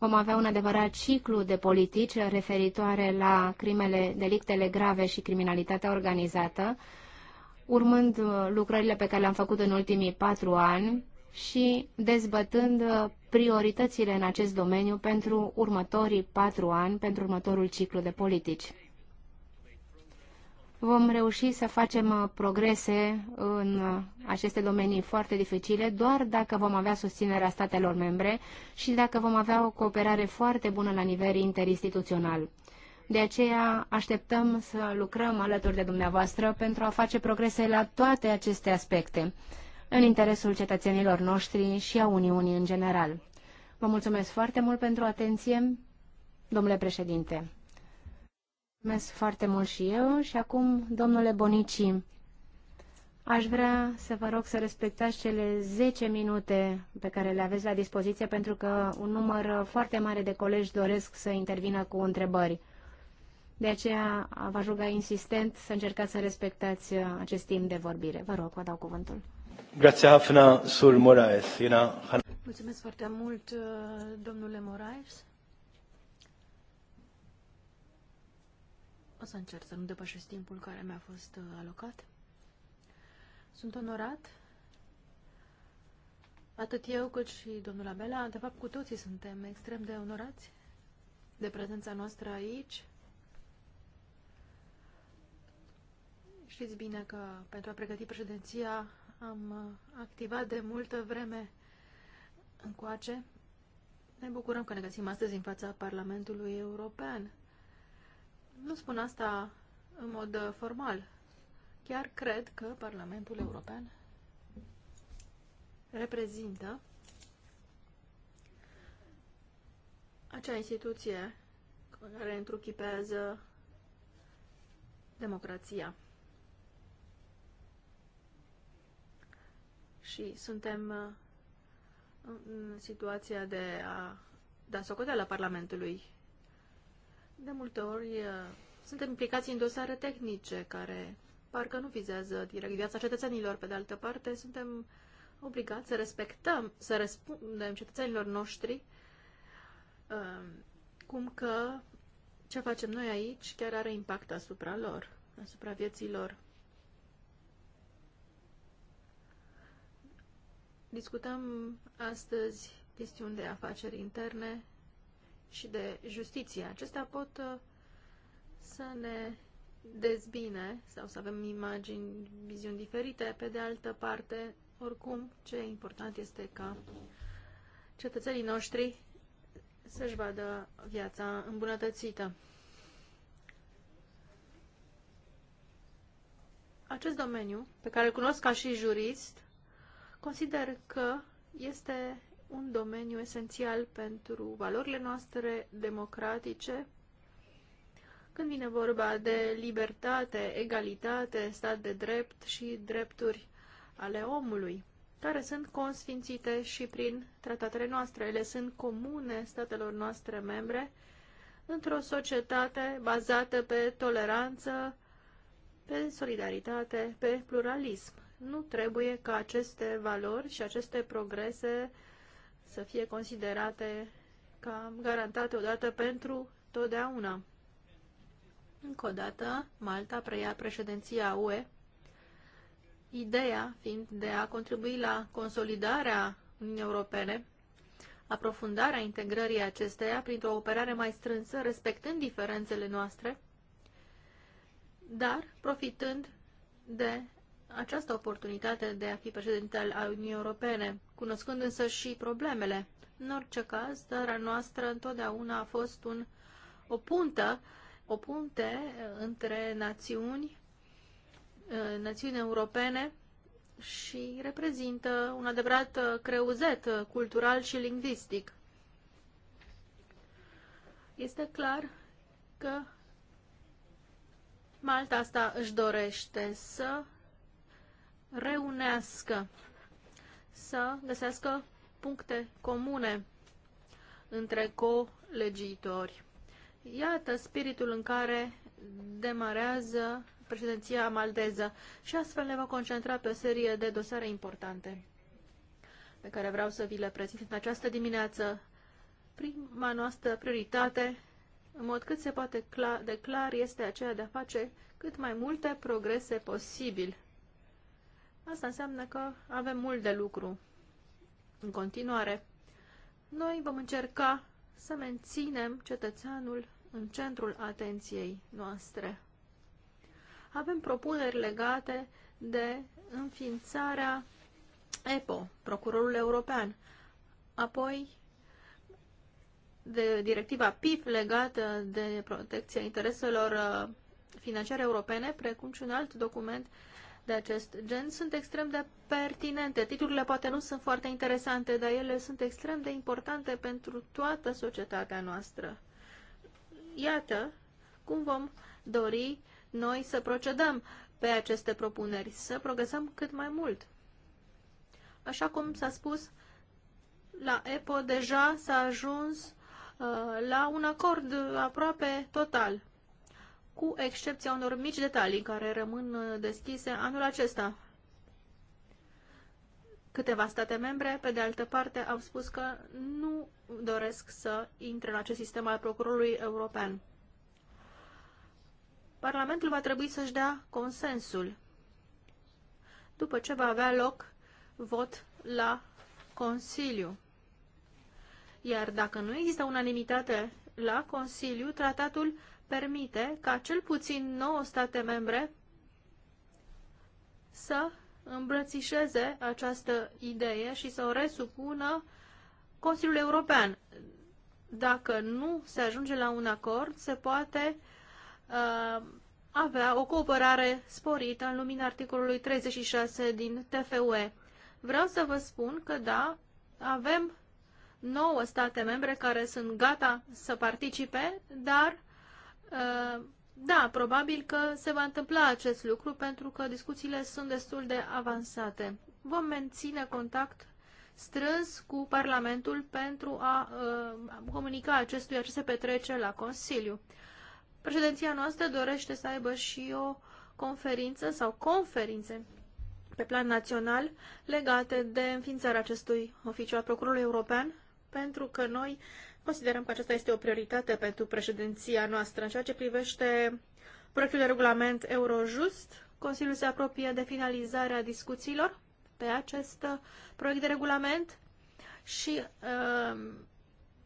Vom avea un adevărat ciclu de politici referitoare la crimele, delictele grave și criminalitatea organizată, urmând uh, lucrările pe care le-am făcut în ultimii patru ani și dezbătând uh, prioritățile în acest domeniu pentru următorii patru ani, pentru următorul ciclu de politici vom reuși să facem uh, progrese în uh, aceste domenii foarte dificile doar dacă vom avea susținerea statelor membre și dacă vom avea o cooperare foarte bună la nivel interinstituțional. De aceea așteptăm să lucrăm alături de dumneavoastră pentru a face progrese la toate aceste aspecte, în interesul cetățenilor noștri și a Uniunii în general. Vă mulțumesc foarte mult pentru atenție, domnule președinte. Mulțumesc foarte mult și eu și acum, domnule Bonici, aș vrea să vă rog să respectați cele 10 minute pe care le aveți la dispoziție pentru că un număr foarte mare de colegi doresc să intervină cu întrebări. De aceea v-aș ruga insistent să încercați să respectați acest timp de vorbire. Vă rog, vă dau cuvântul. Mulțumesc foarte mult, domnule Moraes. O să încerc să nu depășesc timpul care mi-a fost uh, alocat. Sunt onorat. Atât eu cât și domnul Abela, de fapt cu toții suntem extrem de onorați de prezența noastră aici. Știți bine că pentru a pregăti președinția am uh, activat de multă vreme încoace. Ne bucurăm că ne găsim astăzi în fața Parlamentului European. Nu spun asta în mod uh, formal. Chiar cred că Parlamentul European reprezintă acea instituție care întruchipează democrația. Și suntem uh, în situația de a da socoteala Parlamentului de multe ori suntem implicați în dosare tehnice care parcă nu vizează direct viața cetățenilor. Pe de altă parte, suntem obligați să respectăm, să răspundem cetățenilor noștri cum că ce facem noi aici chiar are impact asupra lor, asupra vieților. Discutăm astăzi chestiuni de afaceri interne și de justiție. Acestea pot uh, să ne dezbine sau să avem imagini, viziuni diferite. Pe de altă parte, oricum, ce e important este ca cetățenii noștri să-și vadă viața îmbunătățită. Acest domeniu, pe care îl cunosc ca și jurist, consider că este un domeniu esențial pentru valorile noastre democratice, când vine vorba de libertate, egalitate, stat de drept și drepturi ale omului, care sunt consfințite și prin tratatele noastre. Ele sunt comune statelor noastre membre într-o societate bazată pe toleranță, pe solidaritate, pe pluralism. Nu trebuie ca aceste valori și aceste progrese să fie considerate ca garantate odată pentru totdeauna. Încă o dată, Malta preia președinția UE, ideea fiind de a contribui la consolidarea Uniunii Europene, aprofundarea integrării acesteia printr-o operare mai strânsă, respectând diferențele noastre, dar profitând de această oportunitate de a fi președinte al Uniunii Europene, cunoscând însă și problemele. În orice caz, țara noastră întotdeauna a fost un, o puntă, o punte uh, între națiuni, uh, națiuni europene și reprezintă un adevărat uh, creuzet cultural și lingvistic. Este clar că Malta asta își dorește să reunească, să găsească puncte comune între colegiitori. Iată spiritul în care demarează președinția maldeză și astfel ne va concentra pe o serie de dosare importante pe care vreau să vi le prezint în această dimineață. Prima noastră prioritate, în mod cât se poate clar, de clar, este aceea de a face cât mai multe progrese posibil Asta înseamnă că avem mult de lucru în continuare. Noi vom încerca să menținem cetățeanul în centrul atenției noastre. Avem propuneri legate de înființarea EPO, Procurorul European, apoi de directiva PIF legată de protecția intereselor uh, financiare europene, precum și un alt document uh, de acest gen sunt extrem de pertinente. Titlurile poate nu sunt foarte interesante, dar ele sunt extrem de importante pentru toată societatea noastră. Iată cum vom dori noi să procedăm pe aceste propuneri, să progresăm cât mai mult. Așa cum s-a spus, la EPO deja s-a ajuns uh, la un acord aproape total cu excepția unor mici detalii care rămân uh, deschise anul acesta. Câteva state membre, pe de altă parte, au spus că nu doresc să intre în acest sistem al procurorului european. Parlamentul va trebui să-și dea consensul după ce va avea loc vot la Consiliu. Iar dacă nu există unanimitate la Consiliu, tratatul permite ca cel puțin 9 state membre să îmbrățișeze această idee și să o resupună Consiliul European. Dacă nu se ajunge la un acord, se poate uh, avea o cooperare sporită în lumina articolului 36 din TFUE. Vreau să vă spun că da, avem 9 state membre care sunt gata să participe, dar Uh, da, probabil că se va întâmpla acest lucru pentru că discuțiile sunt destul de avansate. Vom menține contact strâns cu Parlamentul pentru a uh, comunica acestuia ce se petrece la Consiliu. Președinția noastră dorește să aibă și o conferință sau conferințe pe plan național legate de înființarea acestui oficiu al Procurorului European, pentru că noi uh, Considerăm că aceasta este o prioritate pentru președinția noastră. În ceea ce privește proiectul de regulament Eurojust, Consiliul se apropie de finalizarea discuțiilor pe acest uh, proiect de regulament și, uh,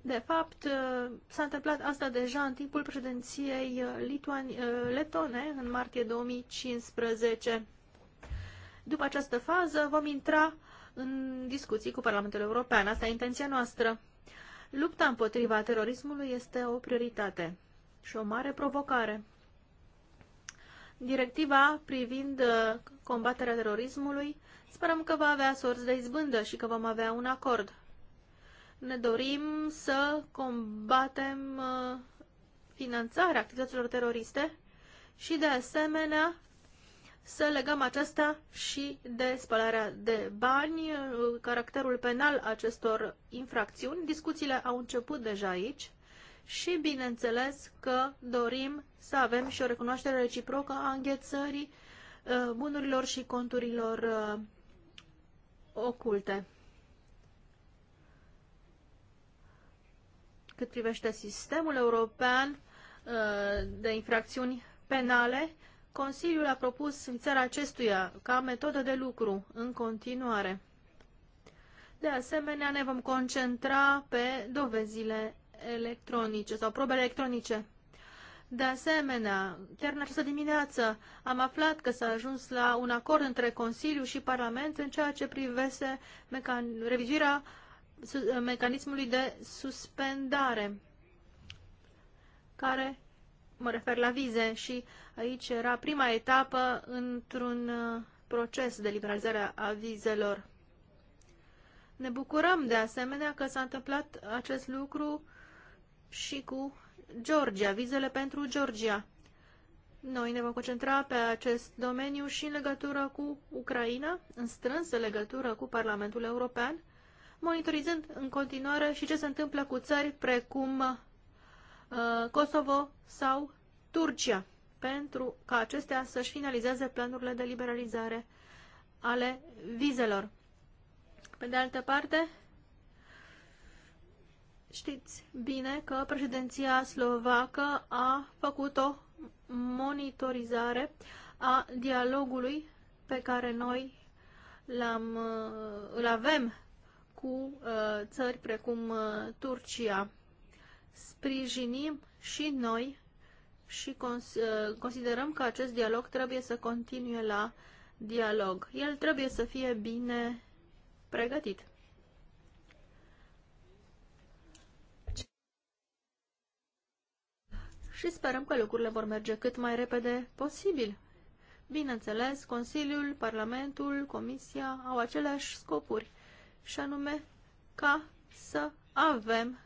de fapt, uh, s-a întâmplat asta deja în timpul președinției Lituani, letone, în martie 2015. După această fază vom intra în discuții cu Parlamentul European. Asta e intenția noastră. Lupta împotriva terorismului este o prioritate și o mare provocare. Directiva privind uh, combaterea terorismului sperăm că va avea sorți de izbândă și că vom avea un acord. Ne dorim să combatem uh, finanțarea activităților teroriste și, de asemenea, să legăm aceasta și de spălarea de bani, caracterul penal acestor infracțiuni. Discuțiile au început deja aici și bineînțeles că dorim să avem și o recunoaștere reciprocă a înghețării uh, bunurilor și conturilor uh, oculte. Cât privește sistemul european uh, de infracțiuni penale, Consiliul a propus țara acestuia ca metodă de lucru în continuare. De asemenea, ne vom concentra pe dovezile electronice sau probe electronice. De asemenea, chiar în această dimineață am aflat că s-a ajuns la un acord între Consiliu și Parlament în ceea ce privește mecan- revizuirea mecanismului de suspendare, care mă refer la vize și aici era prima etapă într-un uh, proces de liberalizare a vizelor. Ne bucurăm de asemenea că s-a întâmplat acest lucru și cu Georgia, vizele pentru Georgia. Noi ne vom concentra pe acest domeniu și în legătură cu Ucraina, în strânsă legătură cu Parlamentul European, monitorizând în continuare și ce se întâmplă cu țări precum Uh, Kosovo sau Turcia, pentru ca acestea să-și finalizeze planurile de liberalizare ale vizelor. Pe de altă parte, știți bine că președinția slovacă a făcut o monitorizare a dialogului pe care noi l-am, uh, îl avem cu uh, țări precum Turcia sprijinim și noi și uh, considerăm că acest dialog trebuie să continue la dialog. El trebuie să fie bine pregătit. Și sperăm că lucrurile vor merge cât mai repede posibil. Bineînțeles, Consiliul, Parlamentul, Comisia au aceleași scopuri, și anume ca să avem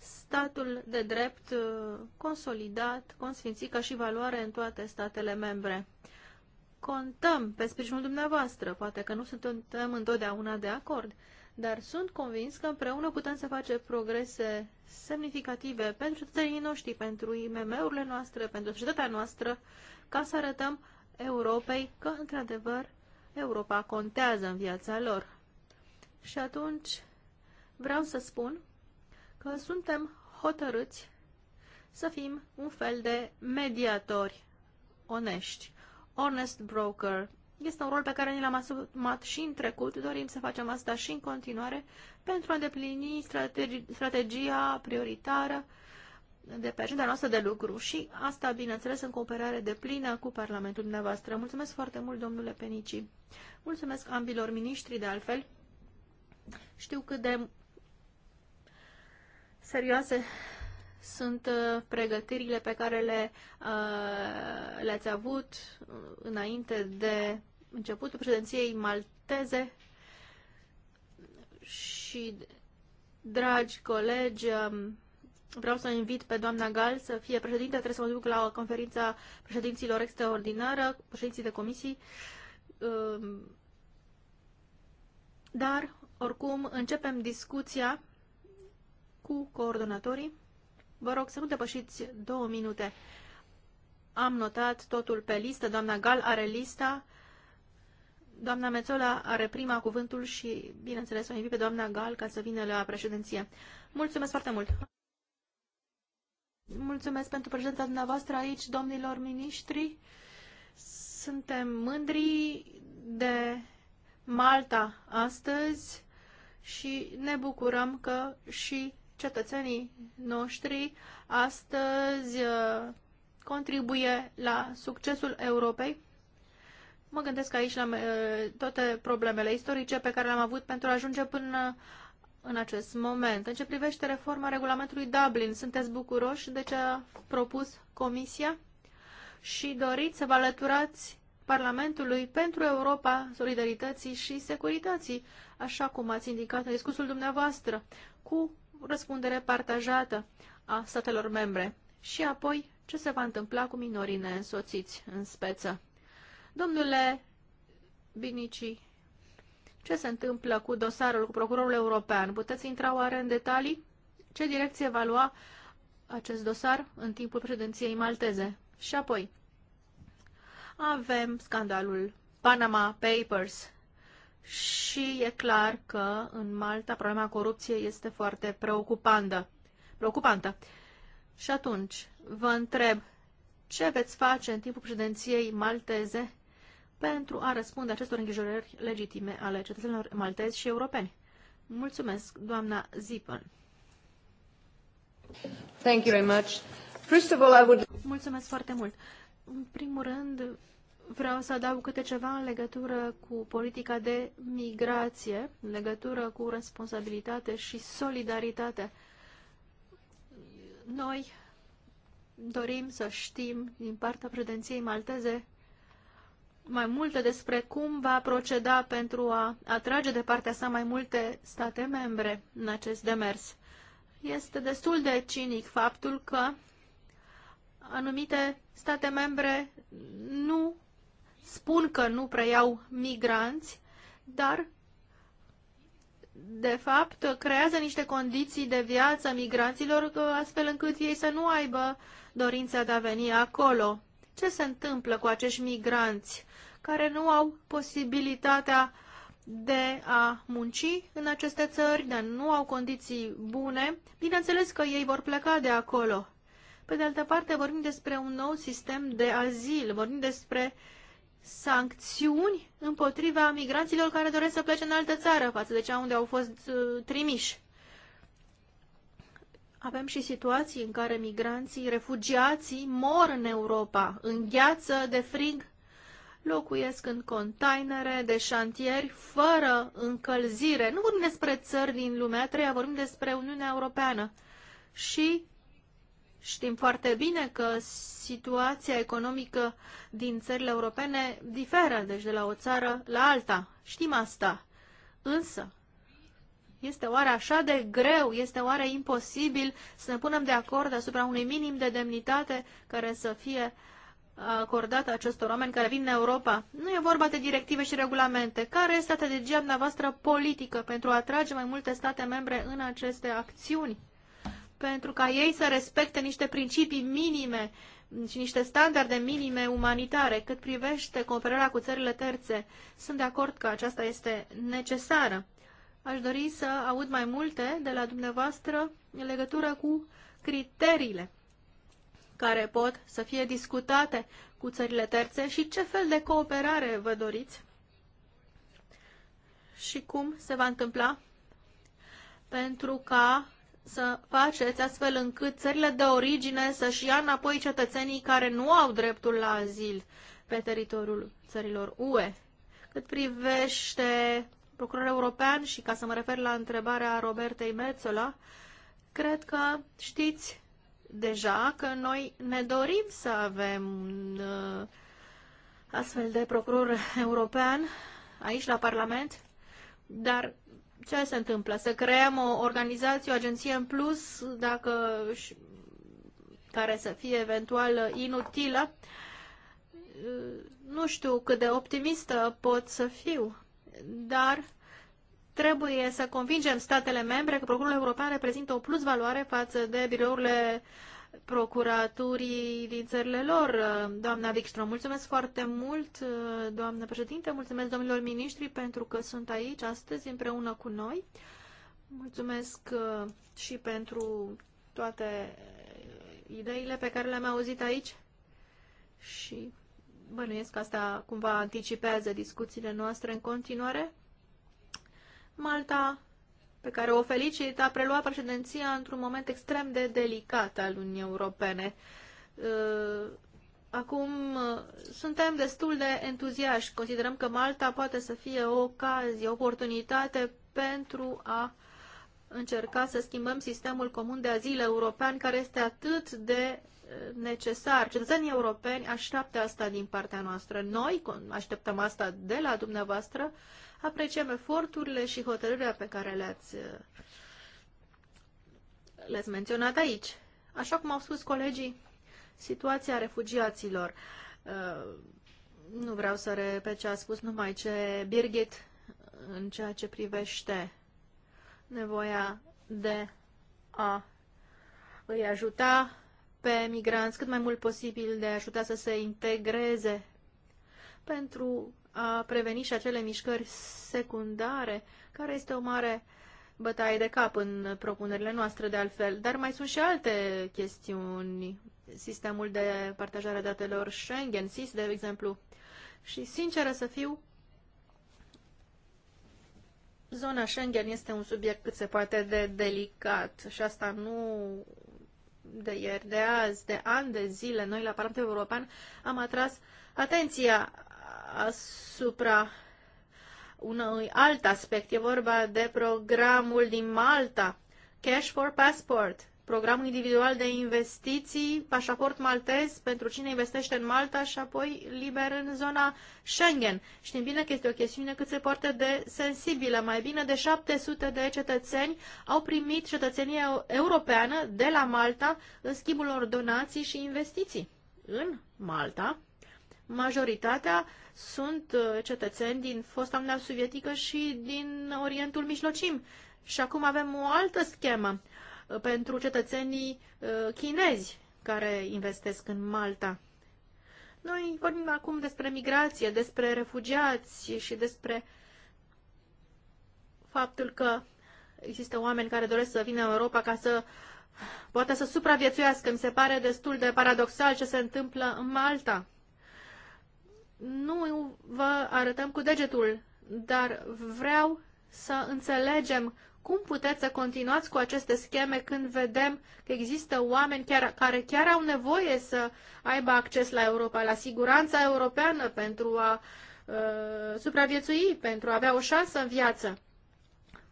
statul de drept uh, consolidat, consfințit ca și valoare în toate statele membre. Contăm pe sprijinul dumneavoastră, poate că nu suntem întotdeauna de acord, dar sunt convins că împreună putem să facem progrese semnificative pentru cetățenii noștri, pentru IMM-urile noastre, pentru societatea noastră, ca să arătăm Europei că, într-adevăr, Europa contează în viața lor. Și atunci vreau să spun că suntem hotărâți să fim un fel de mediatori onești, honest broker. Este un rol pe care ni l-am asumat și în trecut, dorim să facem asta și în continuare pentru a îndeplini strategi strategia prioritară de pe agenda noastră de lucru și asta, bineînțeles, în cooperare de plină cu Parlamentul dumneavoastră. Mulțumesc foarte mult, domnule Penici. Mulțumesc ambilor miniștri, de altfel. Știu cât de serioase sunt uh, pregătirile pe care le, uh, le-ați avut uh, înainte de începutul președinției malteze și, dragi colegi, um, vreau să invit pe doamna Gal să fie președinte, trebuie să mă duc la o conferința președinților extraordinară, președinții de comisii, um, dar, oricum, începem discuția cu coordonatorii. Vă rog să nu depășiți două minute. Am notat totul pe listă. Doamna Gal are lista. Doamna Mețola are prima cuvântul și, bineînțeles, o invit pe doamna Gal ca să vină la președinție. Mulțumesc foarte mult! Mulțumesc pentru prezența dumneavoastră aici, domnilor miniștri. Suntem mândri de Malta astăzi și ne bucurăm că și cetățenii noștri astăzi uh, contribuie la succesul Europei. Mă gândesc aici la uh, toate problemele istorice pe care le-am avut pentru a ajunge până în acest moment. În ce privește reforma regulamentului Dublin, sunteți bucuroși de ce a propus Comisia și doriți să vă alăturați Parlamentului pentru Europa Solidarității și Securității, așa cum ați indicat în discursul dumneavoastră, cu răspundere partajată a statelor membre și apoi ce se va întâmpla cu minorii neînsoțiți în speță. Domnule Binici, ce se întâmplă cu dosarul cu procurorul european? Puteți intra oare în detalii? Ce direcție va lua acest dosar în timpul președinției malteze? Și apoi, avem scandalul Panama Papers și e clar că în Malta problema corupției este foarte preocupantă. preocupantă. Și atunci vă întreb ce veți face în timpul președinției malteze pentru a răspunde acestor îngrijorări legitime ale cetățenilor maltezi și europeni. Mulțumesc, doamna Zipan. Thank you very much. First of all, I would... Mulțumesc foarte mult. În primul rând, Vreau să adaug câte ceva în legătură cu politica de migrație, în legătură cu responsabilitate și solidaritate. Noi dorim să știm din partea predenției malteze mai multe despre cum va proceda pentru a atrage de partea sa mai multe state membre în acest demers. Este destul de cinic faptul că anumite state membre nu spun că nu preiau migranți, dar de fapt creează niște condiții de viață migranților astfel încât ei să nu aibă dorința de a veni acolo. Ce se întâmplă cu acești migranți care nu au posibilitatea de a munci în aceste țări, dar nu au condiții bune? Bineînțeles că ei vor pleca de acolo. Pe de altă parte, vorbim despre un nou sistem de azil, vorbim despre uh, sancțiuni împotriva migranților care doresc să plece în altă țară față de cea unde au fost uh, trimiși. Avem și situații în care migranții, refugiații mor în Europa, în gheață, de frig, locuiesc în containere de șantieri fără încălzire. Nu vorbim despre țări din lumea treia, vorbim despre Uniunea Europeană. Și Știm foarte bine că situația economică din țările europene diferă, deci de la o țară la alta. Știm asta. Însă, este oare așa de greu, este oare imposibil să ne punem de acord asupra unui minim de demnitate care să fie acordată acestor oameni care vin în Europa? Nu e vorba de directive și regulamente. Care este strategia dumneavoastră politică pentru a atrage mai multe state membre în aceste acțiuni? pentru ca ei să respecte niște principii minime și niște standarde minime umanitare cât privește cooperarea cu țările terțe. Sunt de acord că aceasta este necesară. Aș dori să aud mai multe de la dumneavoastră în legătură cu criteriile care pot să fie discutate cu țările terțe și ce fel de cooperare vă doriți și cum se va întâmpla pentru ca să faceți astfel încât țările de origine să-și ia înapoi cetățenii care nu au dreptul la azil pe teritoriul țărilor UE. Cât privește procurorul european și ca să mă refer la întrebarea Robertei Metzola, cred că știți deja că noi ne dorim să avem uh, astfel de procuror european aici la Parlament, dar ce se întâmplă? Să creăm o organizație, o agenție în plus, dacă care să fie eventual inutilă. Nu știu cât de optimistă pot să fiu, dar trebuie să convingem statele membre că Procurul European reprezintă o plus valoare față de birourile uh, procuraturii din țările lor. Doamna Wikström, mulțumesc foarte mult, doamnă președinte, mulțumesc domnilor miniștri pentru că sunt aici astăzi împreună cu noi. Mulțumesc uh, și pentru toate ideile pe care le-am auzit aici și bănuiesc că asta cumva anticipează discuțiile noastre în continuare. Malta pe care o felicit, a preluat președinția într-un moment extrem de delicat al Uniunii Europene. Uh, acum uh, suntem destul de entuziaști. Considerăm că Malta poate să fie o ocazie, o oportunitate pentru a încerca să schimbăm sistemul comun de azil european care este atât de uh, necesar. Cetățenii europeni așteaptă asta din partea noastră. Noi așteptăm asta de la dumneavoastră Apreciem eforturile și hotărârea pe care le-ați le-ați menționat aici. Așa cum au spus colegii, situația refugiaților. Uh, nu vreau să repet ce a spus numai ce Birgit în ceea ce privește nevoia de a îi ajuta pe migranți cât mai mult posibil, de a ajuta să se integreze pentru a preveni și acele mișcări secundare, care este o mare bătaie de cap în propunerile noastre de altfel. Dar mai sunt și alte chestiuni, sistemul de partajare a datelor Schengen, SIS, de exemplu. Și sinceră să fiu, zona Schengen este un subiect cât se poate de delicat și asta nu de ieri, de azi, de ani de zile, noi la Parlamentul European am atras atenția asupra unui alt aspect. E vorba de programul din Malta, Cash for Passport, programul individual de investiții, pașaport maltez pentru cine investește în Malta și apoi liber în zona Schengen. Știm bine că este o chestiune cât se poate de sensibilă. Mai bine de 700 de cetățeni au primit cetățenia europeană de la Malta în schimbul unor donații și investiții în Malta majoritatea sunt uh, cetățeni din fosta Uniune Sovietică și din Orientul Mijlocim. Și acum avem o altă schemă uh, pentru cetățenii uh, chinezi care investesc în Malta. Noi vorbim acum despre migrație, despre refugiați și despre faptul că există oameni care doresc să vină în Europa ca să poată să supraviețuiască. Mi se pare destul de paradoxal ce se întâmplă în Malta nu vă arătăm cu degetul, dar vreau să înțelegem cum puteți să continuați cu aceste scheme când vedem că există oameni chiar, care chiar au nevoie să aibă acces la Europa, la siguranța europeană pentru a uh, supraviețui, pentru a avea o șansă în viață.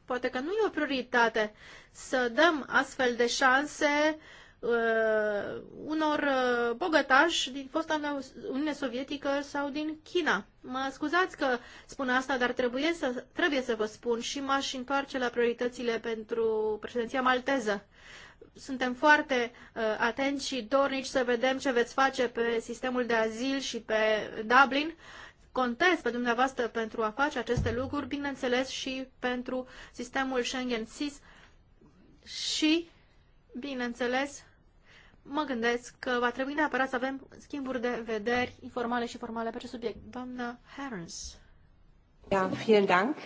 Poate că nu e o prioritate să dăm astfel de șanse uh, uh, unor uh, bogătași din fosta Uniune Sovietică sau din China. Mă scuzați că spun asta, dar trebuie să, trebuie să vă spun și m-aș întoarce la prioritățile pentru președinția malteză. Suntem foarte uh, atenți și dornici să vedem ce veți face pe sistemul de azil și pe Dublin. Contez pe dumneavoastră pentru a face aceste lucruri, bineînțeles și pentru sistemul Schengen SIS și, bineînțeles, mă gândesc că va trebui neapărat să avem schimburi de vederi informale și formale pe acest subiect. Doamna Harris. Ja, vielen Dank.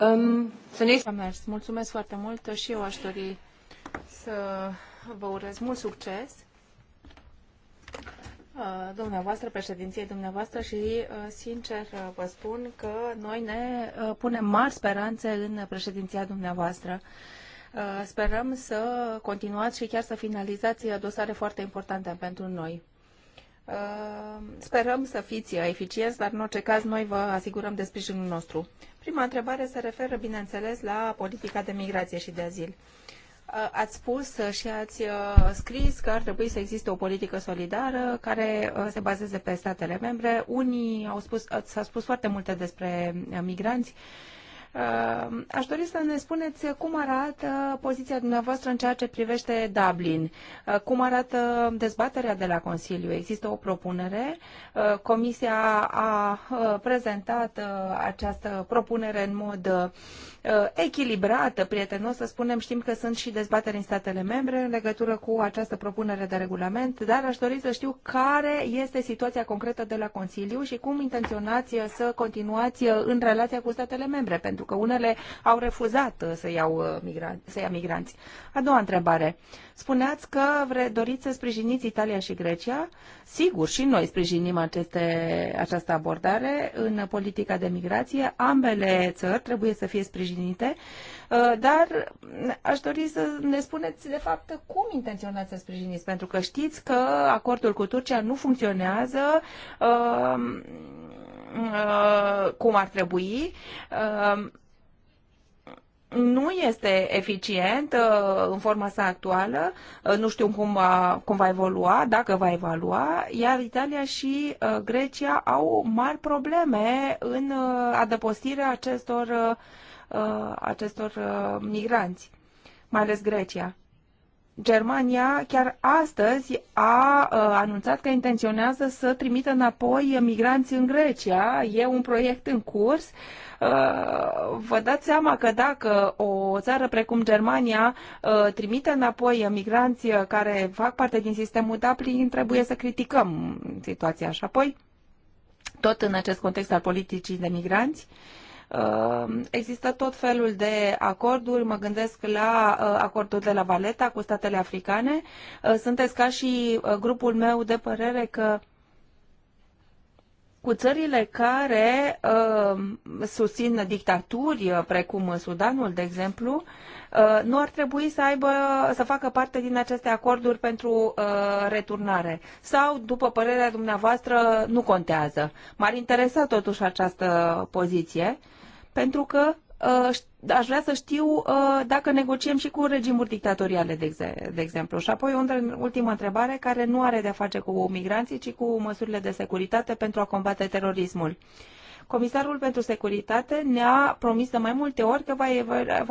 Um, zunächst... Mulțumesc foarte mult și eu aș dori să vă urez mult succes uh, dumneavoastră, președinției dumneavoastră și, uh, sincer, uh, vă spun că noi ne punem mari speranțe în președinția dumneavoastră Uh, sperăm să continuați și chiar să finalizați dosare foarte importante pentru noi. Uh, sperăm să fiți eficienți, dar în orice caz noi vă asigurăm de sprijinul nostru. Prima întrebare se referă, bineînțeles, la politica de migrație și de azil. Uh, ați spus și ați scris că ar trebui să existe o politică solidară care se bazeze pe statele membre. Unii au spus, s-a spus foarte multe despre migranți. Uh, aș dori să ne spuneți cum arată poziția dumneavoastră în ceea ce privește Dublin. Uh, cum arată dezbaterea de la Consiliu? Există o propunere. Uh, Comisia a prezentat această propunere în mod Uh, echilibrată, prietenoasă, spunem, știm că sunt și dezbateri în statele membre în legătură cu această propunere de regulament, dar aș dori să știu care este situația concretă de la Consiliu și cum intenționați să continuați în relația cu statele membre, pentru că unele au refuzat să, iau uh, migran- să ia migranți. A doua întrebare. Uh, Spuneați că vre, doriți să sprijiniți Italia și Grecia. Sigur, și noi sprijinim aceste, această abordare în politica de migrație. Ambele țări trebuie să fie sprijinite, uh, dar mm, aș dori să ne spuneți, de fapt, cum intenționați să sprijiniți, pentru că știți că acordul cu Turcia nu funcționează uh, mm, uh, cum ar trebui nu este eficient uh, în forma sa actuală, uh, nu știu cum va, cum va evolua, dacă va evolua, iar Italia și uh, Grecia au mari probleme în adăpostirea acestor, acestor migranți, mai ales Grecia. Germania chiar astăzi a anunțat că intenționează să trimită înapoi migranți în Grecia. E un proiect în curs. Uh, Vă dați seama că dacă o țară precum Germania uh, trimite înapoi migranți care fac parte din sistemul Dublin, trebuie să criticăm situația. Și apoi, tot în acest context al politicii de migranți, uh, Există tot felul de acorduri, mă gândesc la uh, acordul de la Valeta cu statele africane. Sunteți ca și grupul meu de părere că cu țările care uh, susțin dictaturi, uh, precum Sudanul, de exemplu, uh, nu ar trebui să aibă, să facă parte din aceste acorduri pentru uh, returnare. Sau, după părerea dumneavoastră, nu contează. M-ar interesa totuși această poziție, pentru că Uh, aș vrea să știu uh, dacă negociem și cu regimuri dictatoriale, de, exemplu. Și apoi o ultimă întrebare care nu are de-a face cu migranții, ci cu măsurile de securitate pentru a combate terorismul. Comisarul pentru Securitate ne-a promis de mai multe ori că va,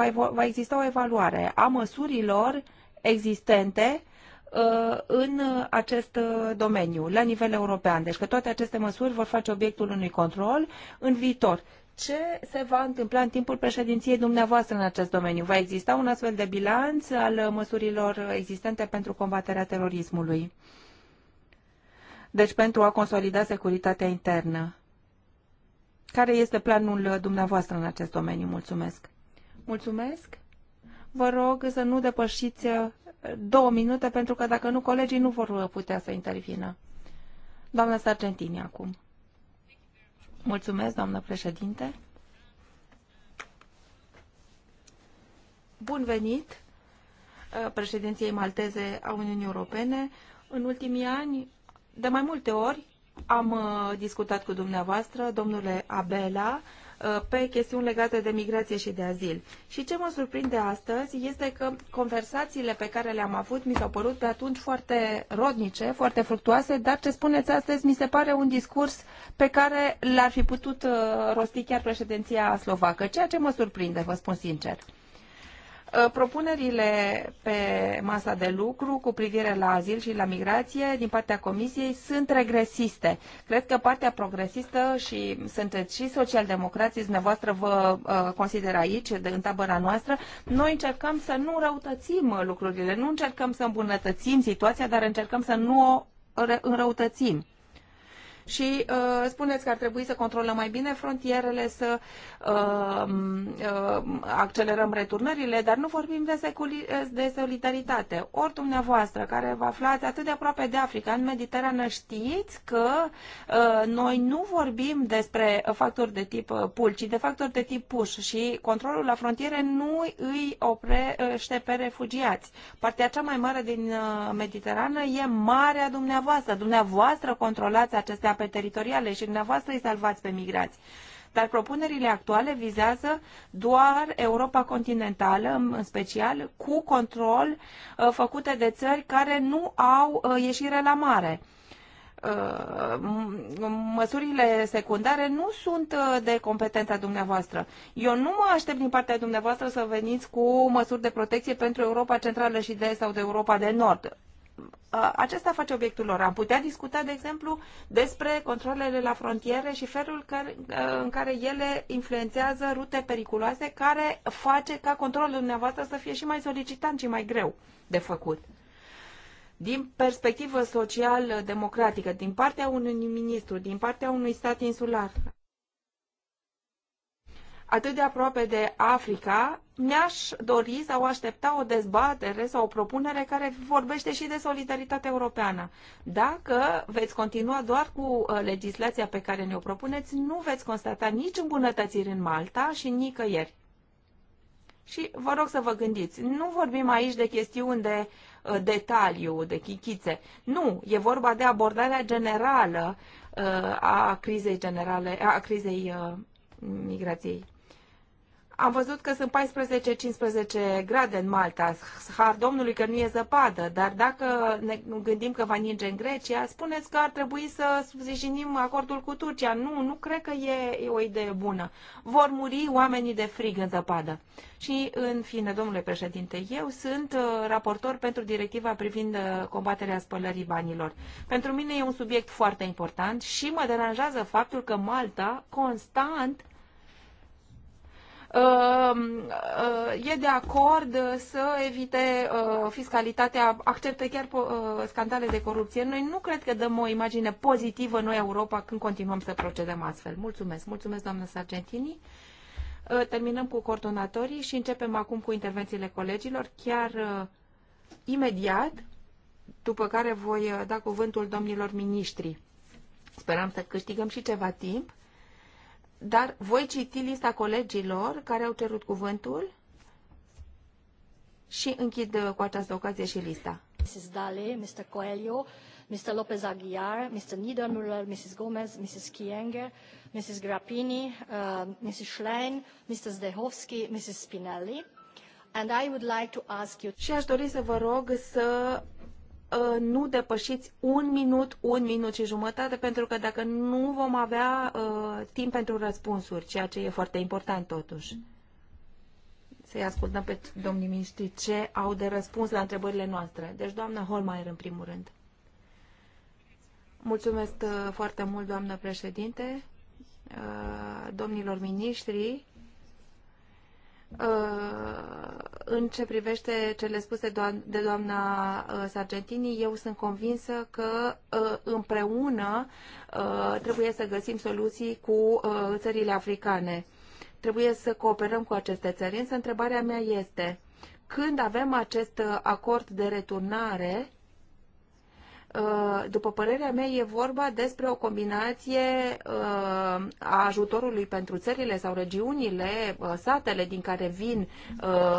va, va exista o evaluare a măsurilor existente uh, în acest domeniu, la nivel european. Deci că toate aceste măsuri vor face obiectul unui control în viitor ce se va întâmpla în timpul președinției dumneavoastră în acest domeniu? Va exista un astfel de bilanț al măsurilor existente pentru combaterea terorismului? Deci pentru a consolida securitatea internă. Care este planul dumneavoastră în acest domeniu? Mulțumesc. Mulțumesc. Vă rog să nu depășiți uh, două minute, pentru că dacă nu, colegii nu vor putea să intervină. Doamna Sargentini, acum. Mulțumesc, președinte. Bun venit uh, președinției malteze a Uniunii Europene. În ultimii ani, de mai multe ori, am uh, discutat cu dumneavoastră, domnule Abela, Uh, pe chestiuni legate de migrație și de azil. Și ce mă surprinde astăzi este că conversațiile pe care le-am avut mi s-au părut pe atunci foarte rodnice, foarte fructuoase, dar ce spuneți astăzi mi se pare un discurs pe care l-ar fi putut uh, rosti chiar președinția slovacă, ceea ce mă surprinde, vă spun sincer. Uh, propunerile pe masa de lucru cu privire la azil și la migrație din partea Comisiei sunt regresiste. Cred că partea progresistă și sunteți și socialdemocrații dumneavoastră vă uh, consider aici, de, în tabăra noastră. Noi încercăm să nu răutățim lucrurile, nu încercăm să îmbunătățim situația, dar încercăm să nu o înrăutățim și uh, spuneți că ar trebui să controlăm mai bine frontierele, să uh, uh, accelerăm returnările, dar nu vorbim de, seculi- de solidaritate. Ori dumneavoastră, care vă aflați atât de aproape de Africa, în Mediterană, știți că uh, noi nu vorbim despre factori de tip uh, pul, ci de factori de tip puș și controlul la frontiere nu îi oprește pe refugiați. Partea cea mai mare din uh, Mediterană e marea dumneavoastră. Dumneavoastră controlați acestea etape teritoriale și dumneavoastră îi salvați pe migrați. Dar propunerile actuale vizează doar Europa continentală, în special, cu control uh, făcute de țări care nu au uh, ieșire la mare uh, măsurile secundare nu sunt de competența dumneavoastră. Eu nu mă aștept din partea dumneavoastră să veniți cu măsuri de protecție pentru Europa Centrală și de Est sau de Europa de Nord acesta face obiectul lor. Am putea discuta, de exemplu, despre controlele la frontiere și felul în care ele influențează rute periculoase care face ca controlul dumneavoastră să fie și mai solicitant și mai greu de făcut. Din perspectivă social-democratică, din partea unui ministru, din partea unui stat insular, atât de aproape de Africa, mi-aș dori sau aștepta o dezbatere sau o propunere care vorbește și de solidaritate europeană. Dacă veți continua doar cu uh, legislația pe care ne-o propuneți, nu veți constata nici îmbunătățiri în Malta și nicăieri. Și vă rog să vă gândiți, nu vorbim aici de chestiuni de uh, detaliu, de chichițe. Nu, e vorba de abordarea generală uh, a crizei generale, a crizei migrației. Am văzut că sunt 14-15 grade în Malta. Har Domnului că nu e zăpadă, dar dacă ne gândim că va ninge în Grecia, spuneți că ar trebui să sprijinim acordul cu Turcia. Nu, nu cred că e o idee bună. Vor muri oamenii de frig în zăpadă. Și, în fine, domnule președinte, eu sunt uh, raportor pentru directiva privind uh, combaterea spălării banilor. Pentru mine e un subiect foarte important și mă deranjează faptul că Malta constant Ehm, eh, e de acord să evite eh, fiscalitatea, acceptă chiar eh, scandale de corupție. Noi nu cred că dăm o imagine pozitivă noi Europa când continuăm să procedăm astfel. Mulțumesc. Mulțumesc, doamnă Sargentini. Terminăm cu coordonatorii și începem acum cu intervențiile colegilor, chiar imediat, după care voi da cuvântul domnilor miniștri. Sperăm să câștigăm și ceva timp dar voi citi lista colegilor care au cerut cuvântul și închid uh, cu această ocazie și lista. Mrs. Dale, Mr. Coelho, Mr. Lopez Aguiar, Mr. Niedermüller, Mrs. Gomez, Mrs. Kienger, Mrs. Grappini, uh, Mrs. Schlein, Mr. Zdehovski, Mrs. Spinelli. And I would like to ask you... Și aș dori să vă rog să Uh, nu depășiți un minut, un minut și jumătate, pentru că dacă nu vom avea uh, timp pentru răspunsuri, ceea ce e foarte important totuși. Să-i ascultăm pe domnii miniștri ce au de răspuns la întrebările noastre. Deci, doamna Holmeier, în primul rând. Mulțumesc uh, foarte mult, doamnă președinte, uh, domnilor miniștri Uh, în ce privește cele spuse de doamna uh, Sargentini, eu sunt convinsă că uh, împreună trebuie să găsim soluții cu țările africane. Trebuie să cooperăm cu aceste țări, însă întrebarea mea este, când avem acest acord de returnare, Uh, după părerea mea, e vorba despre o combinație uh, a ajutorului pentru țările sau regiunile, uh, satele din care vin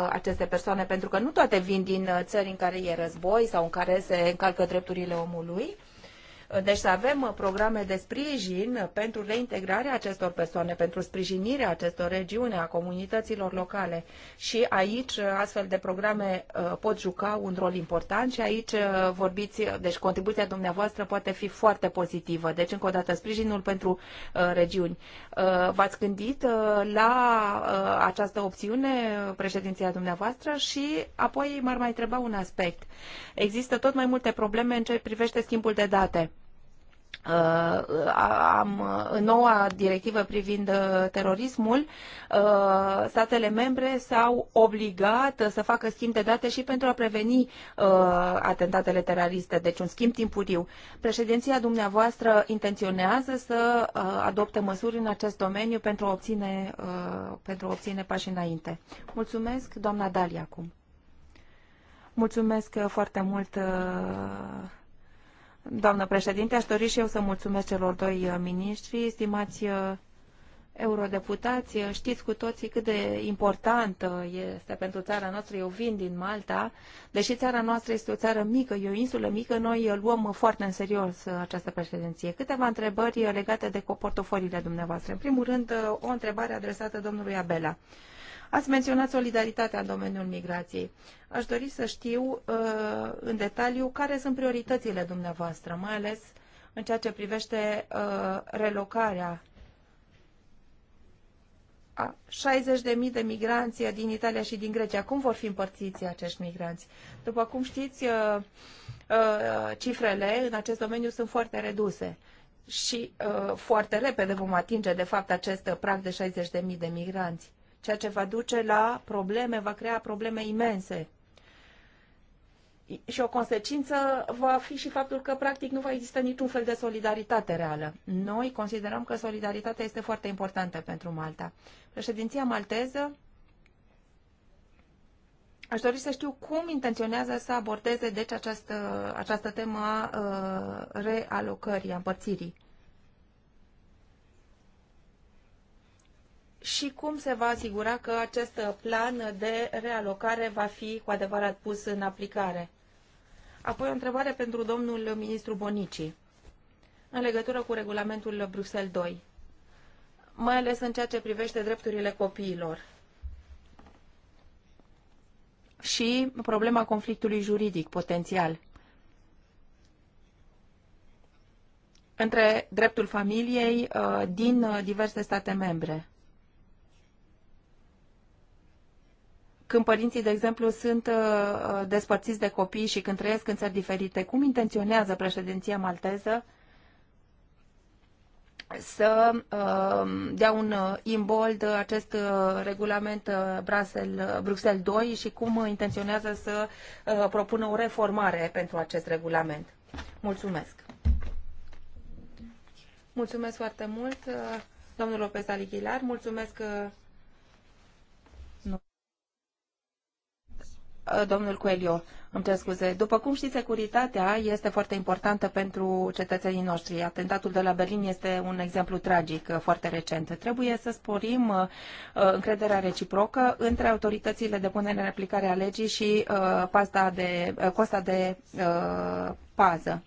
aceste persoane, pentru că nu toate vin din țări în care e război sau în care se încalcă drepturile omului. Deci să avem uh, programe de sprijin uh, pentru reintegrarea acestor persoane, pentru sprijinirea acestor regiuni, a comunităților locale. Și aici uh, astfel de programe pot juca un rol important și aici vorbiți, deci contribuția dumneavoastră poate fi foarte pozitivă. Deci încă o dată sprijinul pentru regiuni. V-ați gândit la această opțiune, președinția dumneavoastră și apoi m-ar mai întreba un aspect. Există tot mai multe probleme în ce privește schimbul de date Uh, am, uh, în noua directivă privind uh, terorismul, statele membre s-au obligat să facă schimb de date și pentru a preveni atentatele teroriste, deci un schimb timpuriu. Președinția dumneavoastră intenționează să adopte măsuri în acest domeniu pentru a obține, pentru a obține pași înainte. Mulțumesc, doamna Dalia, acum. Mulțumesc foarte mult Doamnă președinte, aș dori și eu să mulțumesc celor doi uh, miniștri, stimați uh, eurodeputați, uh, știți cu toții cât de important este pentru țara noastră. Eu vin din Malta, deși țara noastră este o țară mică, e o insulă mică, noi luăm foarte în serios această președinție. Câteva întrebări legate de portofoliile dumneavoastră. În primul rând, o întrebare adresată domnului Abela. Ați menționat solidaritatea în domeniul migrației. Aș dori să știu uh, în detaliu care sunt prioritățile dumneavoastră, mai ales în ceea ce privește uh, relocarea a 60.000 de migranți din Italia și din Grecia. Cum vor fi împărțiți acești migranți? După cum știți, uh, cifrele în acest domeniu sunt foarte reduse și foarte repede vom atinge, de fapt, acest prag de 60.000 de migranți ceea ce va duce la probleme, va crea probleme imense. Și o consecință va fi și faptul că, practic, nu va exista niciun fel de solidaritate reală. Noi considerăm că solidaritatea este foarte importantă pentru Malta. Președinția malteză Aș dori să știu cum intenționează să abordeze deci această, această temă a uh, realocării, a împărțirii. și cum se va asigura că acest plan de realocare va fi cu adevărat pus în aplicare? Apoi o întrebare pentru domnul ministru Bonici în legătură cu regulamentul Bruxelles II, mai ales în ceea ce privește drepturile copiilor și problema conflictului juridic potențial între dreptul familiei uh, din uh, diverse state membre. când părinții, de exemplu, sunt uh, uh, despărțiți de copii și când trăiesc în țări diferite, cum intenționează președinția malteză să uh, dea un imbold acest regulament Bruxelles, Bruxelles 2 și cum intenționează să propună o reformare pentru acest regulament. Mulțumesc! Mulțumesc foarte mult, domnul Lopez Alichilar, mulțumesc Uh, domnul Coelho, îmi cer scuze. După cum știți, securitatea este foarte importantă pentru cetățenii noștri. Atentatul de la Berlin este un exemplu tragic uh, foarte recent. Trebuie să sporim uh, încrederea reciprocă între autoritățile de punere în aplicare a legii și pasta de, costa de pază.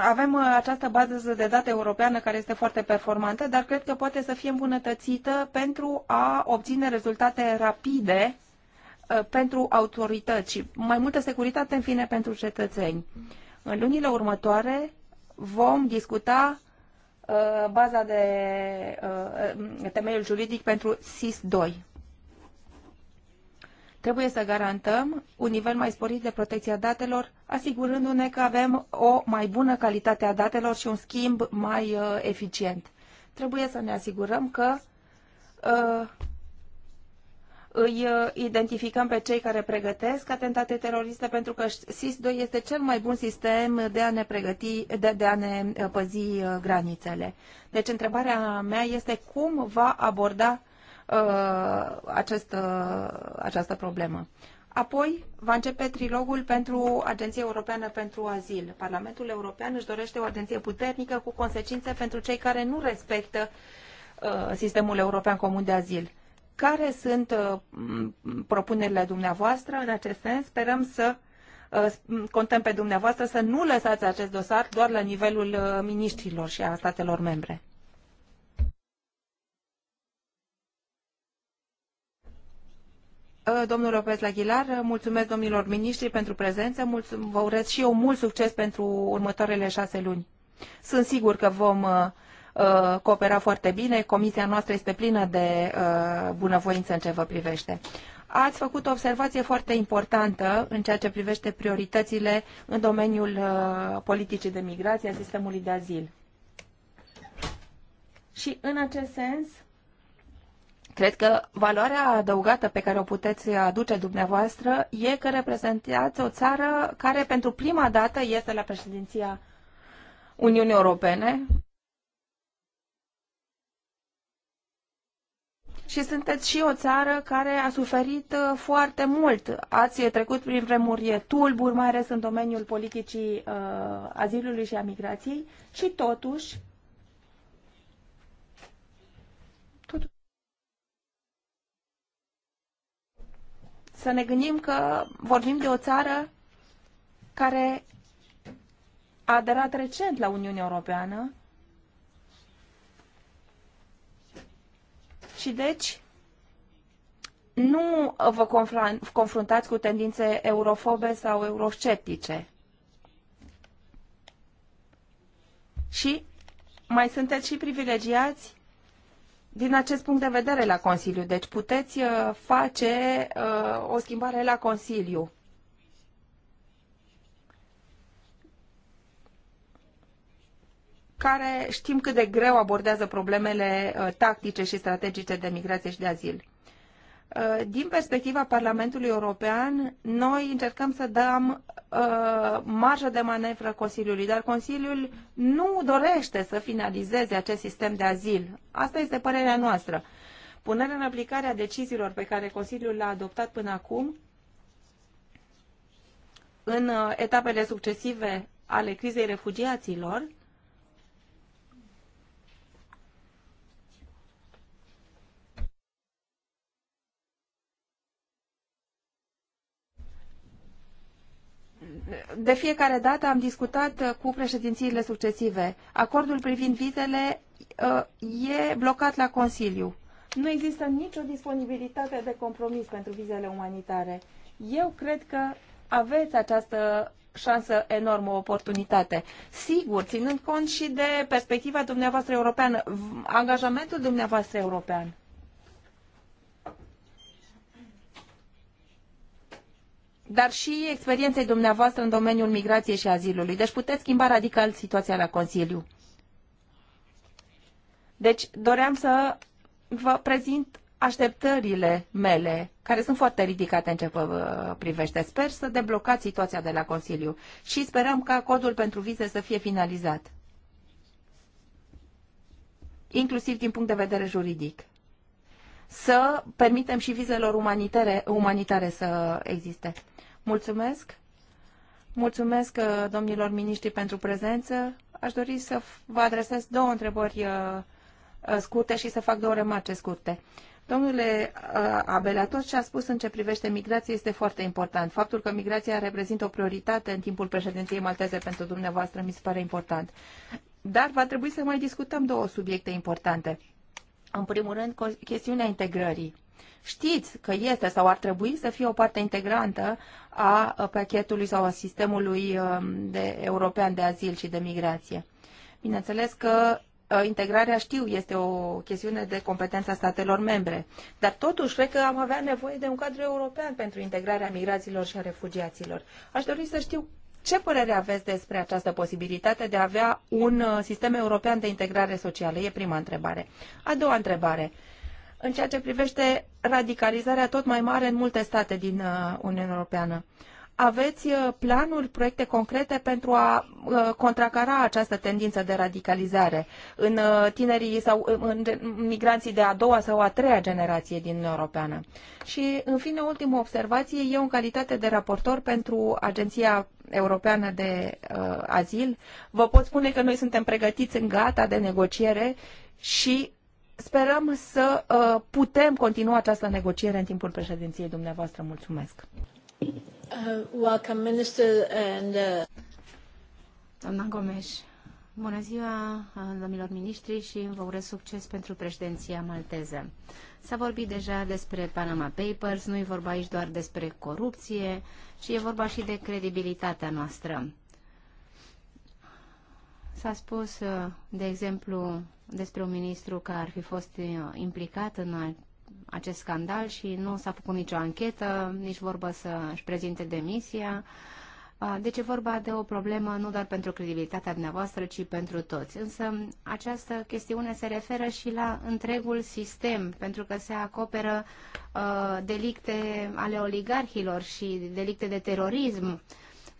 avem uh, această bază de date europeană care este foarte performantă, dar cred că poate să fie îmbunătățită pentru a obține rezultate rapide uh, pentru autorități și mai multă securitate, în fine, pentru cetățeni. În lunile următoare vom discuta uh, baza de temeiul juridic pentru SIS 2. Trebuie să garantăm un nivel mai sporit de protecție a datelor, asigurându-ne că avem o mai bună calitate a datelor și un schimb mai uh, eficient. Trebuie să ne asigurăm că uh, îi uh, identificăm pe cei care pregătesc atentate teroriste pentru că SIS-2 este cel mai bun sistem de a ne pregăti, de, de a ne uh, păzi uh, granițele. Deci întrebarea mea este cum va aborda Uh, această, uh, această problemă. Apoi va începe trilogul pentru Agenția Europeană pentru Azil. Parlamentul European își dorește o agenție puternică cu consecințe pentru cei care nu respectă uh, sistemul european comun de azil. Care sunt propunerile dumneavoastră în acest sens? Sperăm să contăm pe dumneavoastră să nu lăsați acest dosar doar la nivelul miniștrilor și a statelor membre. Uh, domnul Lopez Aguilar, uh, mulțumesc domnilor miniștri pentru prezență, mulțum, vă urez și eu mult succes pentru următoarele șase luni. Sunt sigur că vom uh, uh, coopera foarte bine, comisia noastră este plină de uh, bunăvoință în ce vă privește. Ați făcut o observație foarte importantă în ceea ce privește prioritățile în domeniul uh, politicii de migrație, a sistemului de azil. Și în acest sens, Cred că valoarea adăugată pe care o puteți aduce dumneavoastră e că reprezentați o țară care pentru prima dată este la președinția Uniunii Europene și sunteți și o țară care a suferit uh, foarte mult. Ați trecut prin vremuri tulburi, mai ales în domeniul politicii uh, azilului și a migrației și totuși să ne gândim că vorbim de o țară care a aderat recent la Uniunea Europeană și deci nu vă confruntați cu tendințe eurofobe sau eurosceptice. Și mai sunteți și privilegiați din acest punct de vedere la Consiliu. Deci puteți uh, face uh, o schimbare la Consiliu. care știm cât de greu abordează problemele uh, tactice și strategice de migrație și de azil. Uh, din perspectiva Parlamentului European, noi încercăm să dăm uh, marjă de manevră Consiliului, dar Consiliul nu dorește să finalizeze acest sistem de azil. Asta este părerea noastră. Punerea în aplicare a deciziilor pe care Consiliul le-a adoptat până acum, în uh, etapele succesive ale crizei refugiaților, de fiecare dată am discutat uh, cu președințiile succesive. Acordul privind vizele uh, e blocat la Consiliu. Nu există nicio disponibilitate de compromis pentru vizele umanitare. Eu cred că aveți această șansă enormă, oportunitate. Sigur, ținând cont și de perspectiva dumneavoastră europeană, angajamentul dumneavoastră european. dar și experienței dumneavoastră în domeniul migrației și azilului. Deci puteți schimba radical situația la Consiliu. Deci doream să vă prezint așteptările mele, care sunt foarte ridicate în ce vă privește. Sper să deblocați situația de la Consiliu și sperăm ca codul pentru vize să fie finalizat, inclusiv din punct de vedere juridic. Să permitem și vizelor umanitare, umanitare să existe. Mulțumesc! Mulțumesc uh, domnilor miniștri pentru prezență. Aș dori să vă adresez două întrebări uh, uh, scurte și să fac două remarce scurte. Domnule Abela, tot ce a spus în ce privește migrația este foarte important. Faptul că migrația reprezintă o prioritate în timpul președinției malteze pentru dumneavoastră mi se pare important. Dar va trebui să mai discutăm două subiecte importante. În primul rând, chestiunea integrării știți că este sau ar trebui să fie o parte integrantă a pachetului sau a sistemului um, de european de azil și de migrație. Bineînțeles că integrarea, știu, este o chestiune de competența statelor membre, dar totuși cred că am avea nevoie de un cadru european pentru integrarea migrațiilor și a refugiaților. Aș dori să știu ce părere aveți despre această posibilitate de a avea un uh, sistem european de integrare socială? E prima întrebare. A doua întrebare. Uh, în ceea ce privește radicalizarea tot mai mare în multe state din uh, Uniunea Europeană. Aveți uh, planuri, proiecte concrete pentru a uh, contracara această tendință de radicalizare în tinerii sau în migranții de a doua sau a treia generație din Uniunea Europeană? Și, în fine, ultima observație, eu în calitate de raportor pentru Agenția Europeană de uh, Azil, vă pot spune că noi suntem pregătiți în gata de negociere și sperăm să uh, putem continua această negociere în timpul președinției dumneavoastră. Mulțumesc! Uh, welcome, Minister, and, uh... Doamna Gomes, bună ziua, uh, domnilor miniștri și vă urez succes pentru președinția malteză. S-a vorbit deja despre Panama Papers, nu e vorba aici doar despre corupție, ci e vorba și de credibilitatea noastră. S-a spus, uh, de exemplu, despre un ministru care ar fi fost uh, implicat în acest scandal și nu s-a făcut nicio anchetă, nici vorbă să și prezinte demisia. Uh, deci e vorba de o problemă nu doar pentru credibilitatea dumneavoastră, ci pentru toți. Însă această chestiune se referă și la întregul sistem, pentru că se acoperă uh, delicte ale oligarhilor și delicte de terorism. Uh,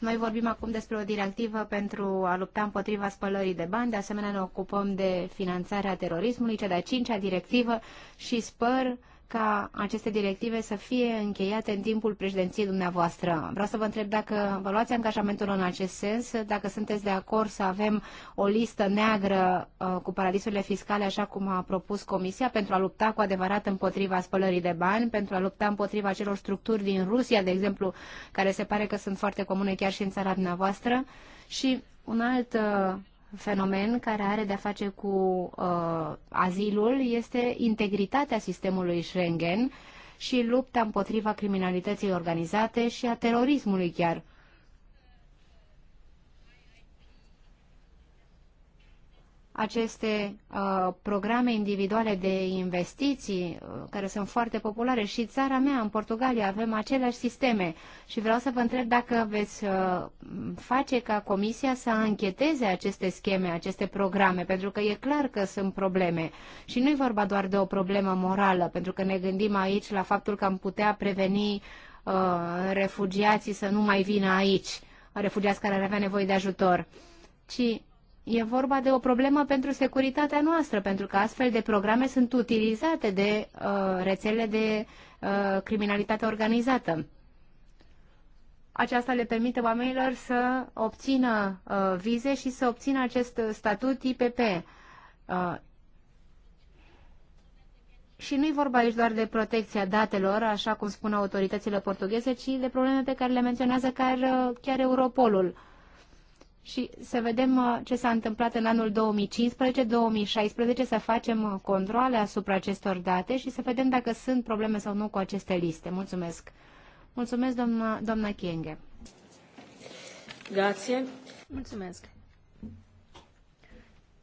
noi vorbim acum despre o directivă pentru a lupta împotriva spălării de bani, de asemenea ne ocupăm de finanțarea terorismului, cea de-a cincea directivă și spăr ca aceste directive să fie încheiate în timpul președinției dumneavoastră. Vreau să vă întreb dacă vă luați angajamentul în acest sens, dacă sunteți de acord să avem o listă neagră uh, cu paradisurile fiscale, așa cum a propus Comisia, pentru a lupta cu adevărat împotriva spălării de bani, pentru a lupta împotriva celor structuri din Rusia, de exemplu, care se pare că sunt foarte comune chiar și în țara dumneavoastră. Și un alt uh, fenomen care are de-a face cu uh, azilul este integritatea sistemului Schengen și lupta împotriva criminalității organizate și a terorismului chiar. Uh, aceste uh, programe individuale de investiții, uh, care sunt foarte populare și țara mea, în Portugalia, avem aceleași sisteme. Și vreau să vă întreb dacă veți uh, face ca Comisia să ancheteze aceste scheme, aceste programe, pentru că e clar că sunt probleme. Și nu e vorba doar de o problemă morală, pentru că ne gândim aici la faptul că am putea preveni uh, refugiații să nu mai vină aici, refugiați care ar avea nevoie de ajutor, ci E vorba de o problemă pentru securitatea noastră, pentru că astfel de programe sunt utilizate de uh, rețele de uh, criminalitate organizată. Aceasta le permite oamenilor să obțină uh, vize și să obțină acest statut IPP. Uh, și nu-i vorba aici doar de protecția datelor, așa cum spun autoritățile portugheze, ci de probleme pe care le menționează chiar, uh, chiar Europolul. Uh, și să vedem uh, ce s-a întâmplat în anul 2015-2016, să facem uh, controle asupra acestor date și să vedem dacă sunt probleme sau nu cu aceste liste. Mulțumesc. Mulțumesc, doamna, doamna Chienghe. Grație. Mulțumesc.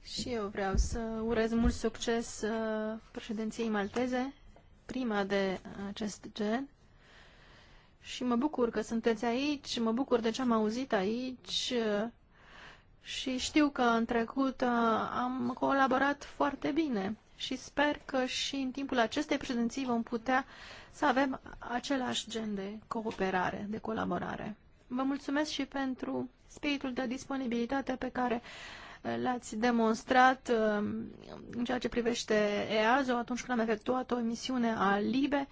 Și eu vreau să urez mult succes uh, președinției malteze, prima de acest gen. Și mă bucur că sunteți aici, mă bucur de ce am auzit aici și știu că în trecut uh, am colaborat foarte bine și sper că și în timpul acestei președinții vom putea să avem același gen de cooperare, de colaborare. Vă mulțumesc și pentru spiritul de disponibilitate pe care uh, l-ați demonstrat uh, în ceea ce privește EAZO atunci când am efectuat o emisiune a LIBE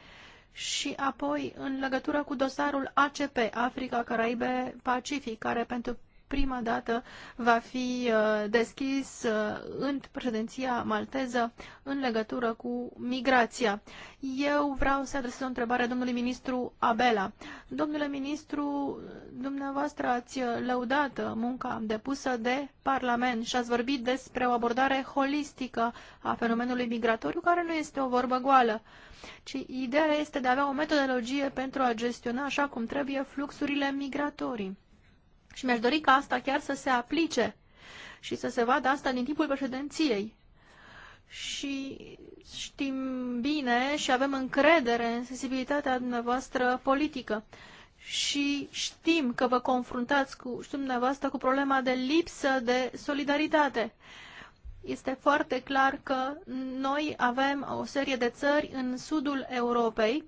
și apoi în legătură cu dosarul ACP, Africa, Caraibe, Pacific, care pentru prima dată va fi uh, deschis uh, în președinția malteză în legătură cu migrația. Eu vreau să adresez o întrebare domnului ministru Abela. Domnule ministru, dumneavoastră ați lăudat munca depusă de Parlament și ați vorbit despre o abordare holistică a fenomenului migratoriu, care nu este o vorbă goală, ci ideea este de a avea o metodologie pentru a gestiona așa cum trebuie fluxurile migratorii. Și mi-aș dori ca asta chiar să se aplice și să se vadă asta din timpul președinției. Și știm bine și avem încredere în sensibilitatea dumneavoastră politică. Și știm că vă confruntați cu, știm dumneavoastră, cu problema de lipsă de solidaritate. Este foarte clar că noi avem o serie de țări în sudul Europei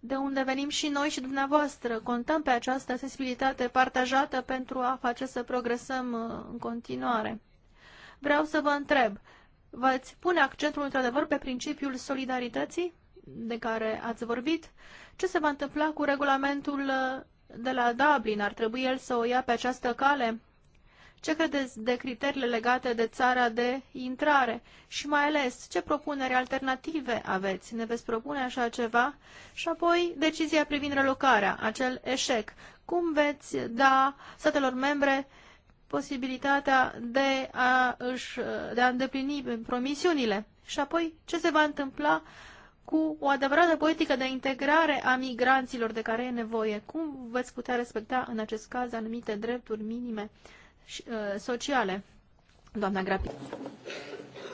de unde venim și noi și dumneavoastră. Contăm pe această sensibilitate partajată pentru a face să progresăm uh, în continuare. Vreau să vă întreb, v-ați pune accentul într-adevăr pe principiul solidarității de care ați vorbit? Ce se va întâmpla cu regulamentul uh, de la Dublin? Ar trebui el să o ia pe această cale? Ce credeți de criteriile legate de țara de intrare? Și mai ales, ce propuneri alternative aveți? Ne veți propune așa ceva? Și apoi, decizia privind relocarea, acel eșec. Cum veți da statelor membre posibilitatea de a, își, de a îndeplini promisiunile? Și apoi, ce se va întâmpla cu o adevărată politică de integrare a migranților de care e nevoie? Cum veți putea respecta în acest caz anumite drepturi minime Uh, sociale. Doamna Grapi.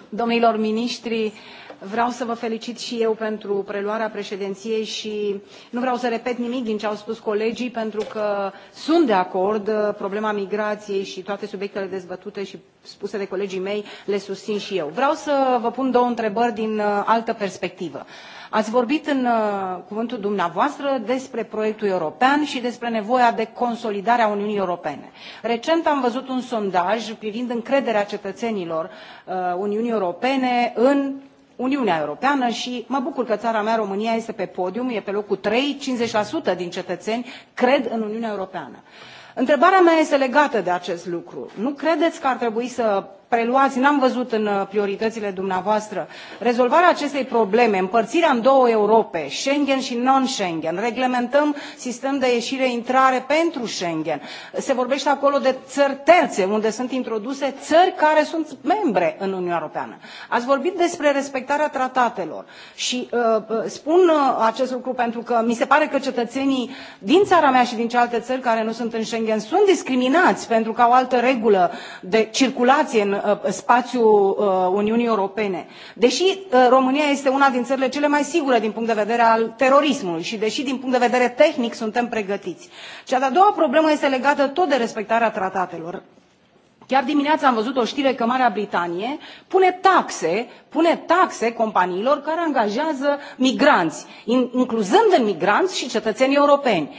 Domnilor miniștri, Vreau să vă felicit și eu pentru preluarea președinției și nu vreau să repet nimic din ce au spus colegii, pentru că sunt de acord, problema migrației și toate subiectele dezbătute și spuse de colegii mei le susțin și eu. Vreau să vă pun două întrebări din uh, altă perspectivă. Ați vorbit în uh, cuvântul dumneavoastră despre proiectul european și despre nevoia de consolidare a Uniunii Europene. Recent am văzut un sondaj privind încrederea cetățenilor uh, Uniunii Europene în Uniunea Europeană și mă bucur că țara mea, România, este pe podium, e pe locul 3, 50% din cetățeni cred în Uniunea Europeană. Întrebarea mea este legată de acest lucru. Nu credeți că ar trebui să preluați, n-am văzut în uh, prioritățile dumneavoastră, rezolvarea acestei probleme, împărțirea în două Europe, Schengen și non-Schengen, reglementăm sistem de ieșire-intrare pentru Schengen. Se vorbește acolo de țări terțe, unde sunt introduse țări care sunt membre în Uniunea Europeană. Ați vorbit despre respectarea tratatelor și uh, uh spun uh, acest lucru pentru că mi se pare că cetățenii din țara mea și din celelalte țări care nu sunt în Schengen sunt discriminați pentru că au altă regulă de circulație în Uh, spațiul uh, Uniunii Europene. Deși uh, România este una din țările cele mai sigure din punct de vedere al terorismului și deși din punct de vedere tehnic suntem pregătiți. Cea de-a doua problemă este legată tot de respectarea tratatelor. Chiar dimineața am văzut o știre că Marea Britanie pune taxe, pune taxe companiilor care angajează migranți, incluzând în migranți și cetățenii europeni. Uh,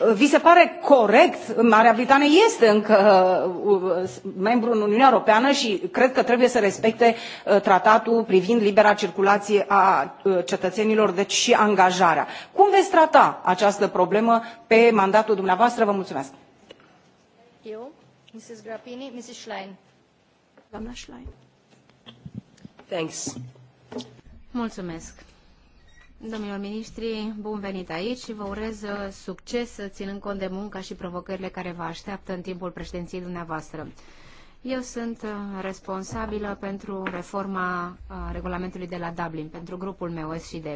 Uh, vi se pare corect marea britanie este încă uh, uh, membru în uniunea europeană și cred că trebuie să respecte tratatul privind libera circulație a cetățenilor deci și angajarea. cum veți trata această problemă pe mandatul dumneavoastră? vă mulțumesc. Eu, Mrs. Grappini, Mrs. Schlein. Doamna Schlein. Thanks. Mulțumesc. Domnilor ministri, bun venit aici și vă urez uh, succes uh, ținând cont de munca și provocările care vă așteaptă în timpul președinției dumneavoastră. Eu sunt uh, responsabilă pentru reforma regulamentului de la Dublin, pentru grupul meu SD.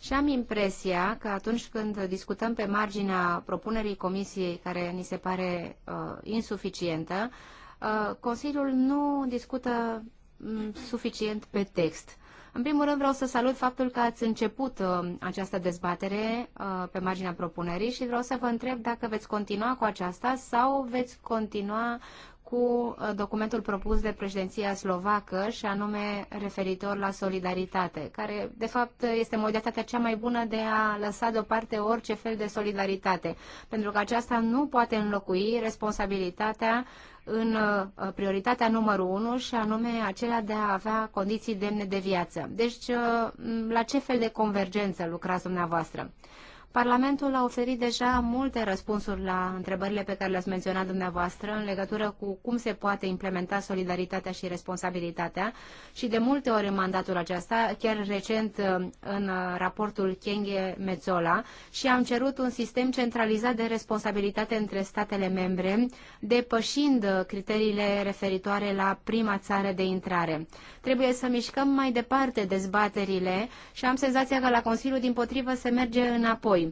Și am impresia că atunci când discutăm pe marginea propunerii comisiei care ni se pare uh, insuficientă, uh, Consiliul nu discută um, suficient pe text. În primul rând vreau să salut faptul că ați început uh, această dezbatere uh, pe marginea propunerii și vreau să vă întreb dacă veți continua cu aceasta sau veți continua cu uh, documentul propus de președinția slovacă și anume referitor la solidaritate, care de fapt este modalitatea cea mai bună de a lăsa deoparte orice fel de solidaritate, pentru că aceasta nu poate înlocui responsabilitatea în uh, prioritatea numărul 1 și anume acelea de a avea condiții demne de viață. Deci, uh, la ce fel de convergență lucrați dumneavoastră? Parlamentul a oferit deja multe răspunsuri la întrebările pe care le-ați menționat dumneavoastră în legătură cu cum se poate implementa solidaritatea și responsabilitatea și de multe ori în mandatul acesta, chiar recent uh, în uh, raportul Kenge Mezzola și am cerut un sistem centralizat de responsabilitate între statele membre, depășind uh, criteriile referitoare la prima țară de intrare. Trebuie să mișcăm mai departe dezbaterile și am senzația că la Consiliu din potrivă se merge înapoi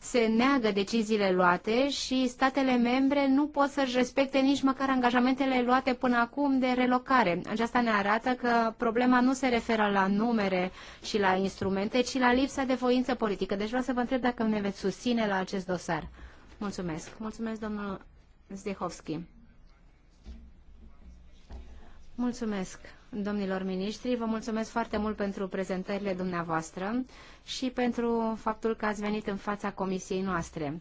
se neagă deciziile luate și statele membre nu pot să-și respecte nici măcar angajamentele luate până acum de relocare. Aceasta ne arată că problema nu se referă la numere și la instrumente, ci la lipsa de voință politică. Deci vreau să vă întreb dacă ne veți susține la acest dosar. Mulțumesc. Mulțumesc, domnul Zdehovski. Mulțumesc domnilor miniștri. Vă mulțumesc foarte mult pentru prezentările dumneavoastră și pentru faptul că ați venit în fața comisiei noastre.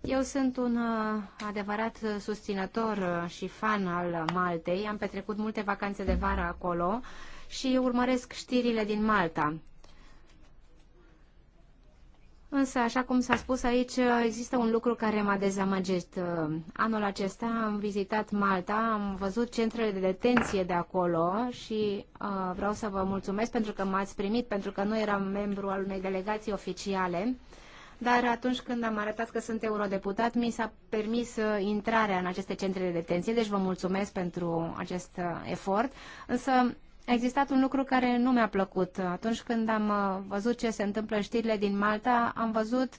Eu sunt un uh, adevărat susținător uh, și fan al Maltei. Am petrecut multe vacanțe de vară acolo și urmăresc știrile din Malta. Însă, așa cum s-a spus aici, există un lucru care m-a dezamăgit. Anul acesta am vizitat Malta, am văzut centrele de detenție de acolo și uh, vreau să vă mulțumesc pentru că m-ați primit, pentru că nu eram membru al unei delegații oficiale. Dar atunci când am arătat că sunt eurodeputat, mi s-a permis uh, intrarea în aceste centre de detenție, deci vă mulțumesc pentru acest uh, efort. Însă a existat un lucru care nu mi-a plăcut. Atunci când am uh, văzut ce se întâmplă în știrile din Malta, am văzut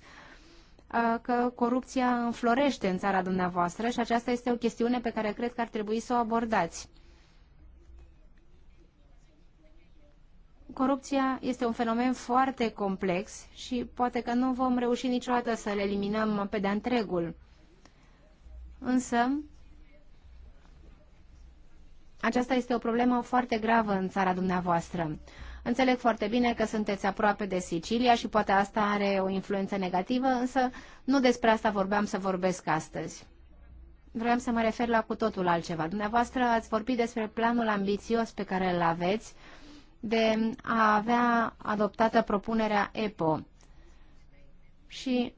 uh, că corupția înflorește în țara dumneavoastră și aceasta este o chestiune pe care cred că ar trebui să o abordați. corupția este un fenomen foarte complex și poate că nu vom reuși niciodată să-l eliminăm pe de întregul. Însă, aceasta este o problemă foarte gravă în țara dumneavoastră. Înțeleg foarte bine că sunteți aproape de Sicilia și poate asta are o influență negativă, însă nu despre asta vorbeam să vorbesc astăzi. Vreau să mă refer la cu totul altceva. Dumneavoastră ați vorbit despre planul ambițios pe care îl aveți de a avea adoptată propunerea EPO. Și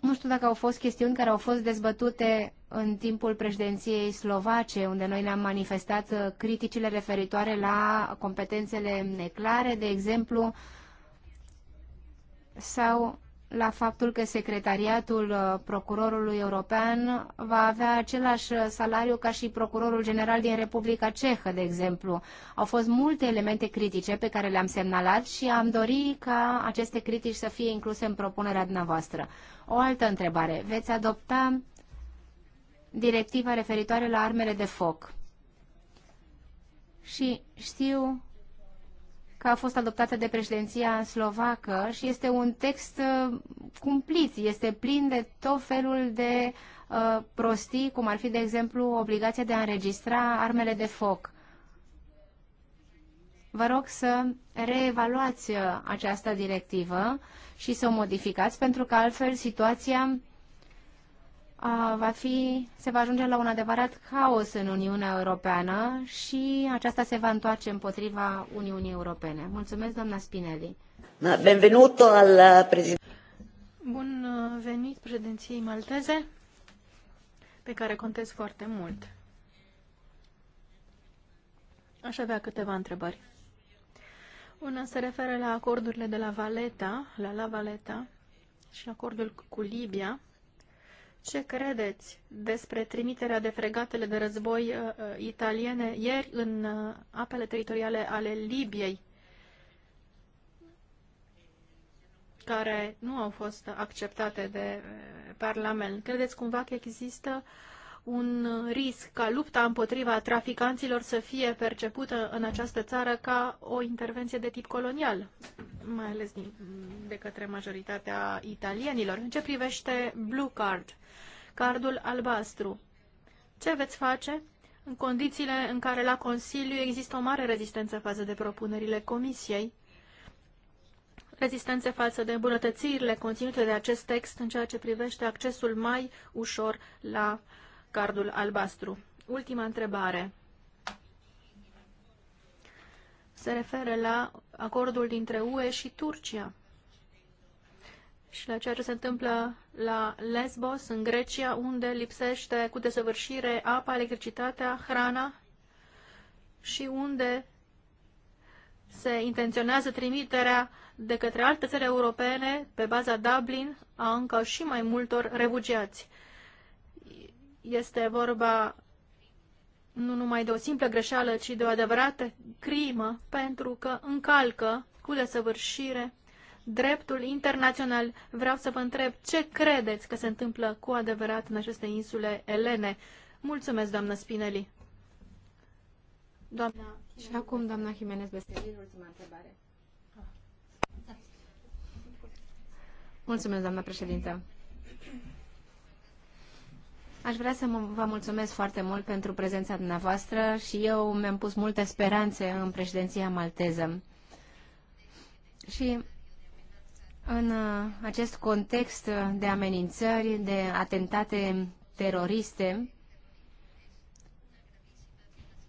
nu știu dacă au fost chestiuni care au fost dezbătute în timpul președinției slovace, unde noi ne-am manifestat uh, criticile referitoare la competențele neclare, de exemplu, sau la faptul că secretariatul uh, procurorului european va avea același uh, salariu ca și procurorul general din Republica Cehă, de exemplu. Au fost multe elemente critice pe care le-am semnalat și am dori ca aceste critici să fie incluse în propunerea dumneavoastră. O altă întrebare. Veți adopta directiva referitoare la armele de foc. Și știu că a fost adoptată de președinția slovacă și este un text uh, cumplit, este plin de tot felul de uh, prostii, cum ar fi, de exemplu, obligația de a înregistra armele de foc. Vă rog să reevaluați uh, această directivă și să o modificați, pentru că altfel situația va fi, se va ajunge la un adevărat caos în Uniunea Europeană și aceasta se va întoarce împotriva Uniunii Europene. Mulțumesc, doamna Spinelli. Benvenuto al președinte. Bun venit președinției malteze, pe care contez foarte mult. Aș avea câteva întrebări. Una se referă la acordurile de la Valeta, la La Valeta și acordul cu Libia, ce credeți despre trimiterea de fregatele de război uh, uh, italiene ieri în uh, apele teritoriale ale Libiei, care nu au fost acceptate de uh, Parlament? Credeți cumva că există uh, un risc ca lupta împotriva traficanților să fie percepută în această țară ca o intervenție de tip colonial, mai ales din, de către majoritatea italienilor. În ce privește Blue Card, cardul albastru, ce veți face în condițiile în care la Consiliu există o mare rezistență față de propunerile Comisiei? rezistențe față de îmbunătățirile conținute de acest text în ceea ce privește accesul mai ușor la uh, cardul albastru. Ultima întrebare se referă la acordul dintre UE și Turcia și la ceea ce se întâmplă la Lesbos, în Grecia, unde lipsește cu desăvârșire apa, electricitatea, hrana și unde se intenționează trimiterea de către alte țări europene, pe baza Dublin, a încă și mai multor refugiați este vorba nu numai de o simplă greșeală, ci de o adevărată crimă, pentru că încalcă cu desăvârșire dreptul internațional. Vreau să vă întreb ce credeți că se întâmplă cu adevărat în aceste insule elene. Mulțumesc, doamnă Spinelli. Doamna... Și acum, doamna Jimenez Bestelin, ultima întrebare. Mulțumesc, doamna președintă. Aș vrea să vă mulțumesc foarte mult pentru prezența dumneavoastră și eu mi-am pus multe speranțe în președinția malteză. Și în uh, acest context de amenințări, de atentate teroriste,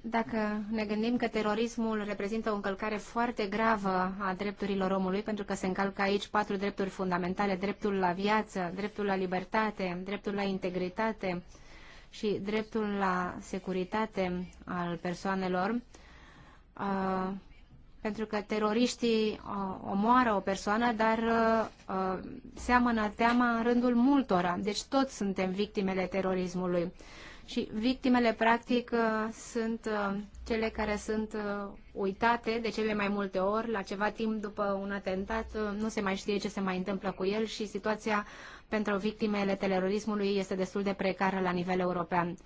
dacă ne gândim că terorismul reprezintă o încălcare foarte gravă a drepturilor omului, pentru că se încalcă aici patru drepturi fundamentale, dreptul la viață, dreptul la libertate, dreptul la integritate și dreptul la securitate al persoanelor, pentru că teroriștii omoară o persoană, dar seamănă teama în rândul multora. Deci toți suntem victimele terorismului și victimele, practic, uh, sunt uh, cele care sunt uh, uitate de cele mai multe ori. La ceva timp după un atentat nu se mai știe ce se mai întâmplă cu el și situația pentru victimele terorismului este destul de precară la nivel european.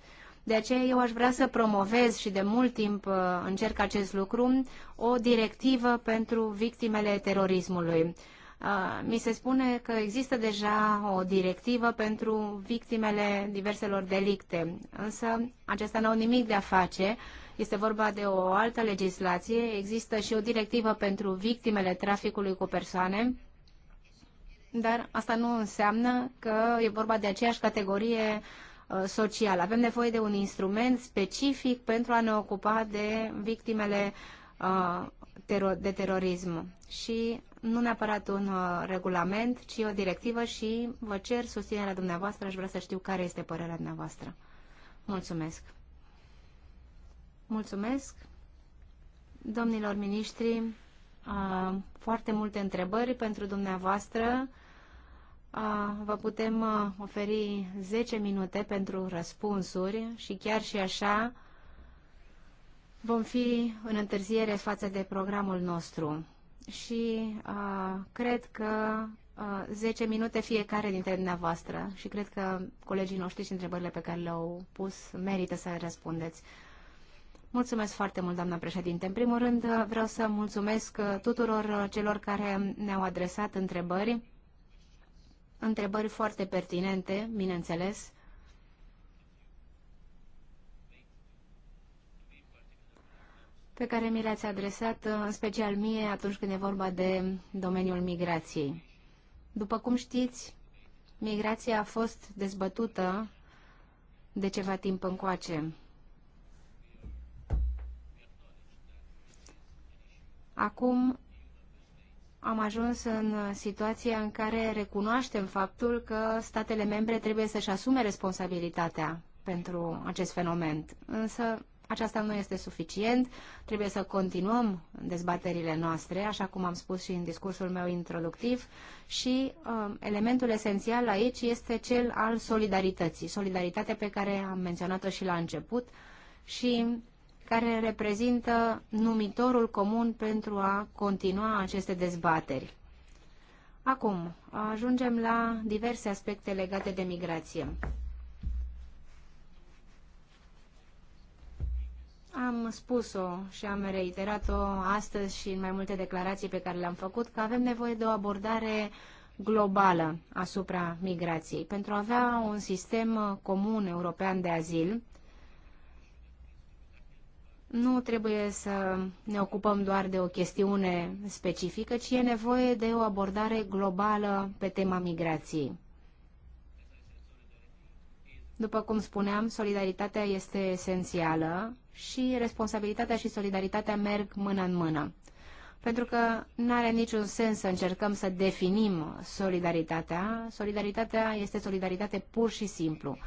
De aceea eu aș vrea să promovez și de mult timp încerc acest lucru, o directivă pentru victimele terorismului mi se spune că există deja o directivă pentru victimele diverselor delicte, însă acesta nu au nimic de a face. Este vorba de o altă legislație. Există și o directivă pentru victimele traficului cu persoane, dar asta nu înseamnă că e vorba de aceeași categorie uh, social. Avem nevoie de un instrument specific pentru a ne ocupa de victimele uh, de terorism. Și nu neapărat un uh, regulament, ci o directivă și vă cer susținerea dumneavoastră. Aș vrea să știu care este părerea dumneavoastră. Mulțumesc. Mulțumesc. Domnilor miniștri, uh, foarte multe întrebări pentru dumneavoastră. Uh, vă putem oferi 10 minute pentru răspunsuri și chiar și așa vom fi în întârziere față de programul nostru și uh, cred că uh, 10 minute fiecare dintre dumneavoastră și cred că colegii noștri și întrebările pe care le-au pus merită să le răspundeți. Mulțumesc foarte mult, doamna președinte. În primul rând, vreau să mulțumesc tuturor celor care ne-au adresat întrebări, întrebări foarte pertinente, bineînțeles, pe care mi le-ați adresat, uh, în special mie, atunci când e vorba de domeniul migrației. După cum știți, migrația a fost dezbătută de ceva timp încoace. Acum am ajuns în situația în care recunoaștem faptul că statele membre trebuie să-și asume responsabilitatea pentru acest fenomen. Însă aceasta nu este suficient, trebuie să continuăm dezbaterile noastre, așa cum am spus și în discursul meu introductiv, și uh, elementul esențial aici este cel al solidarității, solidaritatea pe care am menționat-o și la început și care reprezintă numitorul comun pentru a continua aceste dezbateri. Acum, ajungem la diverse aspecte legate de migrație. am spus-o și am reiterat-o astăzi și în mai multe declarații pe care le-am făcut, că avem nevoie de o abordare globală asupra migrației pentru a avea un sistem comun european de azil. Nu trebuie să ne ocupăm doar de o chestiune specifică, ci e nevoie de o abordare globală pe tema migrației. După cum spuneam, solidaritatea este esențială și responsabilitatea și solidaritatea merg mână în mână. Pentru că nu are niciun sens să încercăm să definim solidaritatea. Solidaritatea este solidaritate pur și simplu.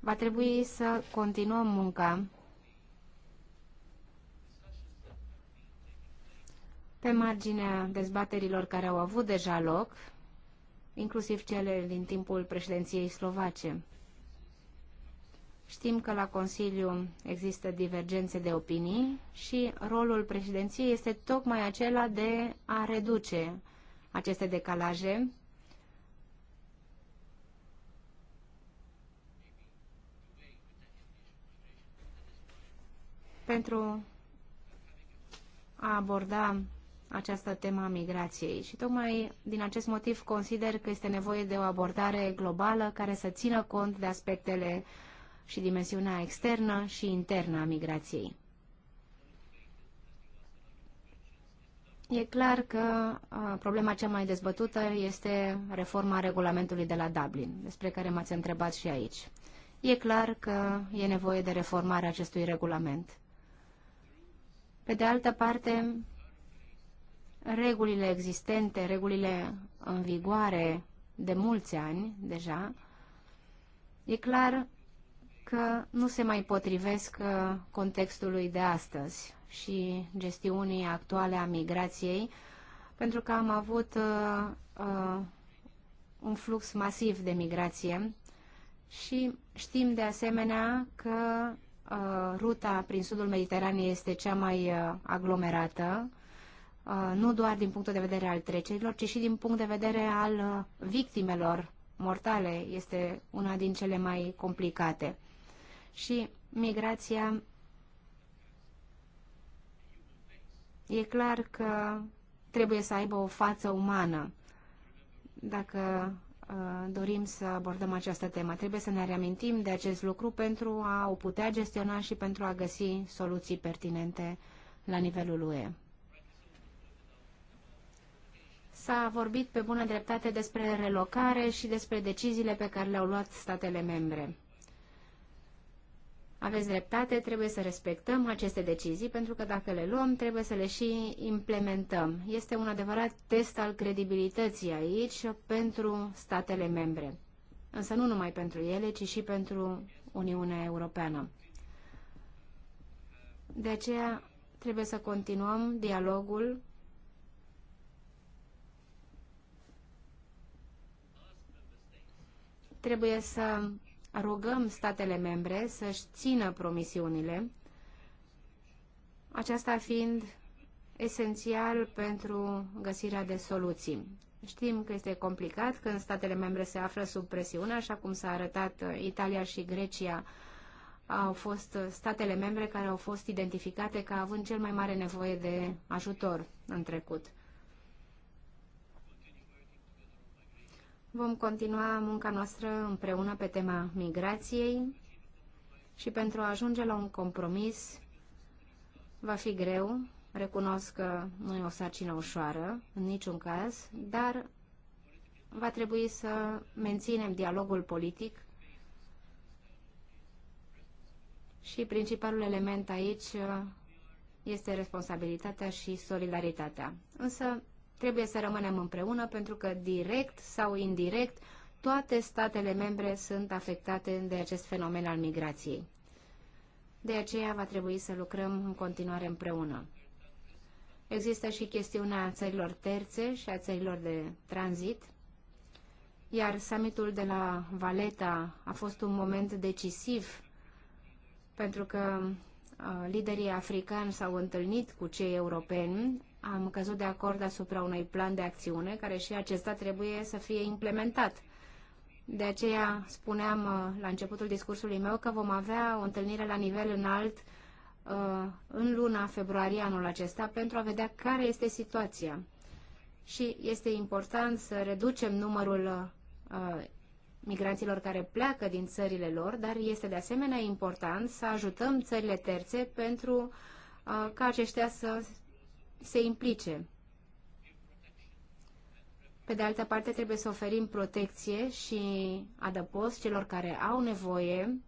Va trebui să continuăm munca pe marginea dezbaterilor care au avut deja loc, inclusiv cele din timpul președinției slovace. Știm că la Consiliu există divergențe de opinii și rolul președinției este tocmai acela de a reduce aceste decalaje pentru a aborda această temă a migrației și tocmai din acest motiv consider că este nevoie de o abordare globală care să țină cont de aspectele uh, și dimensiunea externă și internă a migrației. E clar că a, problema cea mai dezbătută este reforma regulamentului de la Dublin, despre care m-ați întrebat și aici. E clar că e nevoie de reformarea acestui regulament. Pe de altă parte, regulile existente, regulile în vigoare de mulți ani deja, e clar că nu se mai potrivesc uh, contextului de astăzi și gestiunii actuale a migrației, pentru că am avut uh, uh, un flux masiv de migrație și știm de asemenea că uh, ruta prin sudul Mediteranei este cea mai uh, aglomerată, uh, nu doar din punctul de vedere al trecerilor, ci și din punct de vedere al uh, victimelor mortale. Este una din cele mai complicate și migrația e clar că trebuie să aibă o față umană. Dacă uh, dorim să abordăm această temă. Trebuie să ne reamintim de acest lucru pentru a o putea gestiona și pentru a găsi soluții pertinente la nivelul UE. S-a vorbit pe bună dreptate despre relocare și despre deciziile pe care le-au luat statele membre. Aveți dreptate, trebuie să respectăm aceste decizii, pentru că dacă le luăm, trebuie să le și implementăm. Este un adevărat test al credibilității aici pentru statele membre, însă nu numai pentru ele, ci și pentru Uniunea Europeană. De aceea trebuie să continuăm dialogul trebuie să rugăm statele membre să-și țină promisiunile, aceasta fiind esențial pentru găsirea de soluții. Știm că este complicat când statele membre se află sub presiune, așa cum s-a arătat uh, Italia și Grecia au fost uh, statele membre care au fost identificate ca având cel mai mare nevoie de ajutor în trecut. Vom continua munca noastră împreună pe tema migrației și pentru a ajunge la un compromis va fi greu. Recunosc că nu e o sarcină ușoară, în niciun caz, dar va trebui să menținem dialogul politic și principalul element aici este responsabilitatea și solidaritatea. Însă Trebuie să rămânem împreună pentru că direct sau indirect toate statele membre sunt afectate de acest fenomen al migrației. De aceea va trebui să lucrăm în continuare împreună. Există și chestiunea țărilor terțe și a țărilor de tranzit, iar summitul de la Valeta a fost un moment decisiv pentru că uh, liderii africani s-au întâlnit cu cei europeni am căzut de acord asupra unui plan de acțiune care și acesta trebuie să fie implementat. De aceea spuneam uh, la începutul discursului meu că vom avea o întâlnire la nivel înalt uh, în luna februarie anul acesta pentru a vedea care este situația. Și este important să reducem numărul uh, migranților care pleacă din țările lor, dar este de asemenea important să ajutăm țările terțe pentru ca aceștia să se implice. Pe de altă parte, trebuie să oferim protecție și adăpost celor care au nevoie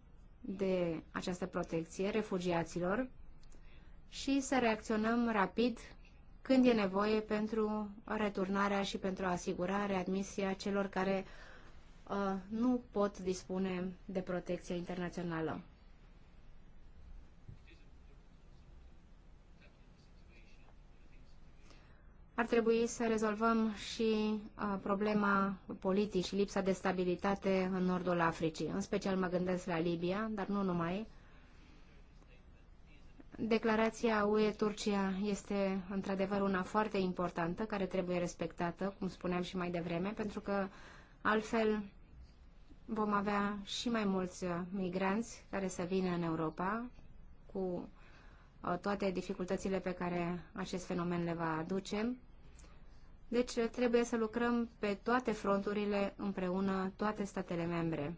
de această protecție, refugiaților, și să reacționăm rapid când e nevoie pentru returnarea și pentru a asigura readmisia celor care uh, nu pot dispune de protecție internațională. ar trebui să rezolvăm și uh, problema politică și lipsa de stabilitate în nordul Africii. În special mă gândesc la Libia, dar nu numai. Declarația UE-Turcia este într-adevăr una foarte importantă, care trebuie respectată, cum spuneam și mai devreme, pentru că altfel vom avea și mai mulți uh, migranți care să vină în Europa cu uh, toate dificultățile pe care acest fenomen le va aduce deci trebuie să lucrăm pe toate fronturile împreună, toate statele membre.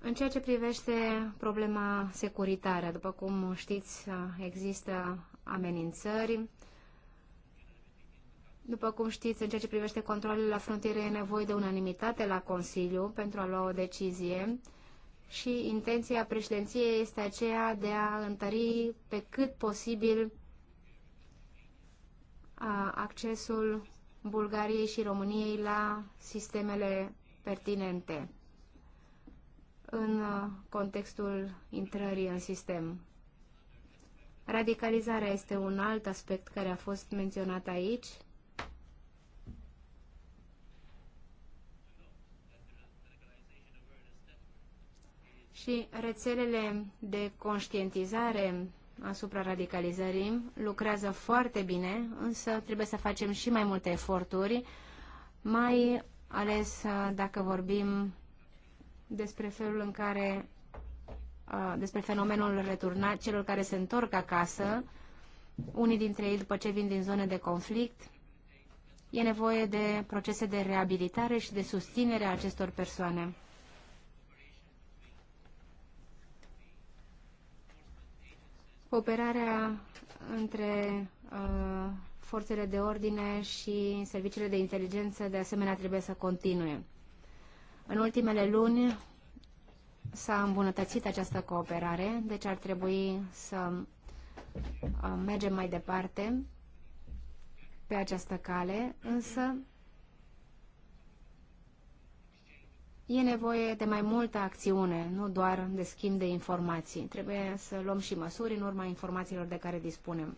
În ceea ce privește problema securitară, după cum știți, există amenințări. După cum știți, în ceea ce privește controlul la frontiere, e nevoie de unanimitate la Consiliu pentru a lua o decizie și intenția președinției este aceea de a întări pe cât posibil accesul Bulgariei și României la sistemele pertinente în contextul intrării în sistem. Radicalizarea este un alt aspect care a fost menționat aici și rețelele de conștientizare asupra radicalizării lucrează foarte bine, însă trebuie să facem și mai multe eforturi, mai ales uh, dacă vorbim despre felul în care uh, despre fenomenul returnat celor care se întorc acasă, unii dintre ei după ce vin din zone de conflict, e nevoie de procese de reabilitare și de susținere a acestor persoane. Cooperarea între uh, forțele de ordine și serviciile de inteligență de asemenea trebuie să continue. În ultimele luni s-a îmbunătățit această cooperare, deci ar trebui să uh, mergem mai departe pe această cale, însă E nevoie de mai multă acțiune, nu doar de schimb de informații. Trebuie să luăm și măsuri în urma informațiilor de care dispunem.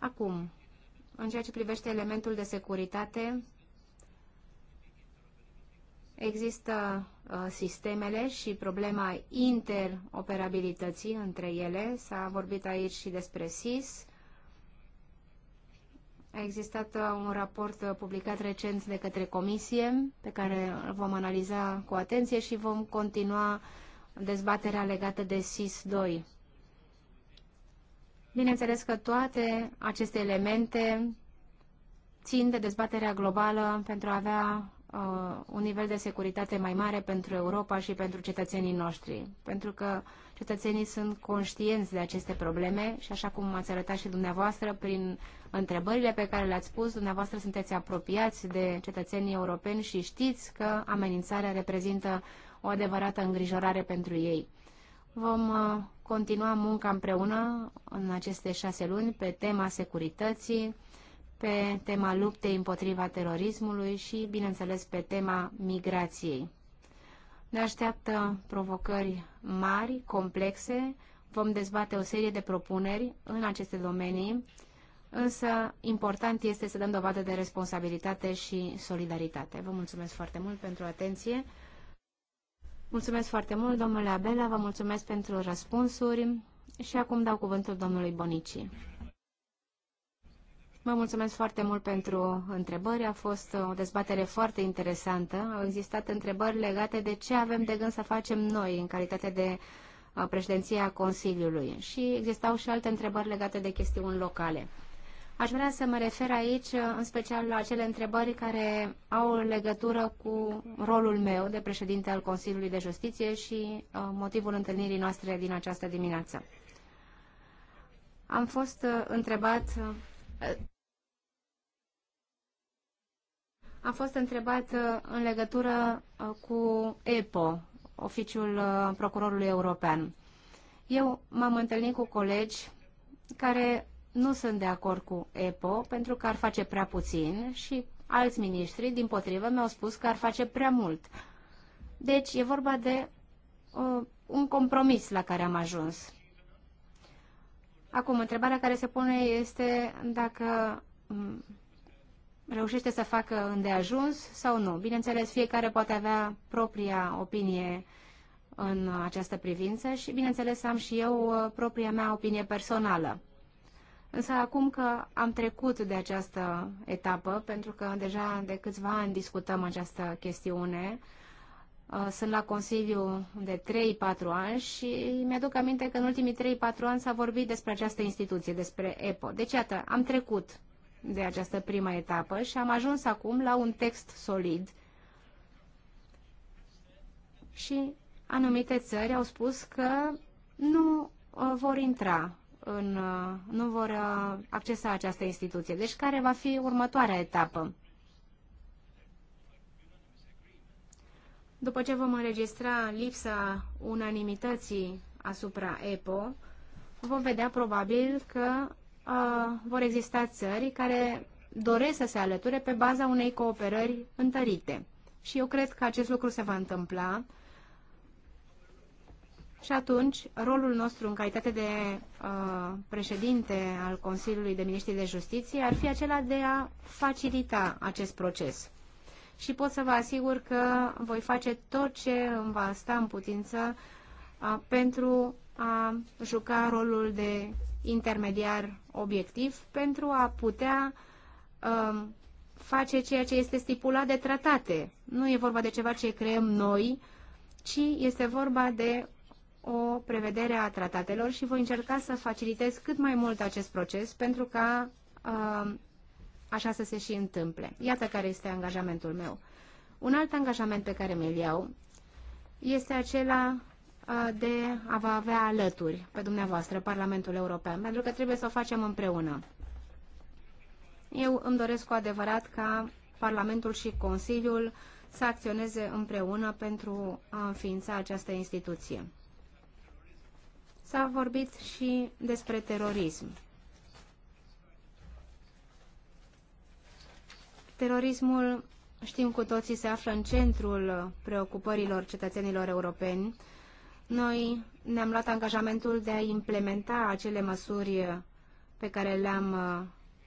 Acum, în ceea ce privește elementul de securitate, există uh, sistemele și problema interoperabilității între ele. S-a vorbit aici și despre SIS a existat uh, un raport uh, publicat recent de către Comisie, pe care îl vom analiza cu atenție și vom continua dezbaterea legată de SIS-2. Bineînțeles că toate aceste elemente țin de dezbaterea globală pentru a avea uh, un nivel de securitate mai mare pentru Europa și pentru cetățenii noștri. Pentru că cetățenii sunt conștienți de aceste probleme și, așa cum ați arătat și dumneavoastră, prin întrebările pe care le-ați pus. Dumneavoastră sunteți apropiați de cetățenii europeni și știți că amenințarea reprezintă o adevărată îngrijorare pentru ei. Vom uh, continua munca împreună în aceste șase luni pe tema securității, pe tema luptei împotriva terorismului și, bineînțeles, pe tema migrației. Ne așteaptă provocări mari, complexe. Vom dezbate o serie de propuneri în aceste domenii însă important este să dăm dovadă de responsabilitate și solidaritate. Vă mulțumesc foarte mult pentru atenție. Mulțumesc foarte mult, domnule Abela, vă mulțumesc pentru răspunsuri și acum dau cuvântul domnului Bonici. Vă mulțumesc foarte mult pentru întrebări. A fost o dezbatere foarte interesantă. Au existat întrebări legate de ce avem de gând să facem noi în calitate de uh, președinția Consiliului și existau și alte întrebări legate de chestiuni locale. Aș vrea să mă refer aici în special la acele întrebări care au legătură cu rolul meu de președinte al Consiliului de Justiție și uh, motivul întâlnirii noastre din această dimineață. Am fost uh, întrebat uh, am fost întrebat în legătură cu EPO, Oficiul Procurorului European. Eu m-am întâlnit cu colegi care nu sunt de acord cu EPO pentru că ar face prea puțin și alți miniștri, din potrivă, mi-au spus că ar face prea mult. Deci e vorba de uh, un compromis la care am ajuns. Acum, întrebarea care se pune este dacă mm, reușește să facă îndeajuns sau nu. Bineînțeles, fiecare poate avea propria opinie în această privință și, bineînțeles, am și eu uh, propria mea opinie personală. Însă acum că am trecut de această etapă, pentru că deja de câțiva ani discutăm această chestiune, uh, sunt la Consiliu de 3-4 ani și mi-aduc aminte că în ultimii 3-4 ani s-a vorbit despre această instituție, despre EPO. Deci, iată, am trecut de această prima etapă și am ajuns acum la un text solid. Și anumite țări au spus că nu uh, vor intra în, uh, nu vor uh, accesa această instituție. Deci care va fi următoarea etapă? După ce vom înregistra lipsa unanimității asupra EPO, vom vedea probabil că uh, vor exista țări care doresc să se alăture pe baza unei cooperări întărite. Și eu cred că acest lucru se va întâmpla și atunci, rolul nostru în calitate de uh, președinte al Consiliului de Ministri de Justiție ar fi acela de a facilita acest proces. Și pot să vă asigur că voi face tot ce îmi va sta în putință uh, pentru a juca rolul de intermediar obiectiv, pentru a putea uh, face ceea ce este stipulat de tratate. Nu e vorba de ceva ce creăm noi, ci este vorba de o prevedere a tratatelor și voi încerca să facilitez cât mai mult acest proces pentru ca uh, așa să se și întâmple. Iată care este angajamentul meu. Un alt angajament pe care mi-l iau este acela uh, de a vă avea alături pe dumneavoastră Parlamentul European, pentru că trebuie să o facem împreună. Eu îmi doresc cu adevărat ca Parlamentul și Consiliul să acționeze împreună pentru a înființa această instituție. S-a vorbit și despre terorism. Terorismul, știm cu toții, se află în centrul preocupărilor cetățenilor europeni. Noi ne-am luat angajamentul de a implementa acele măsuri pe care le-am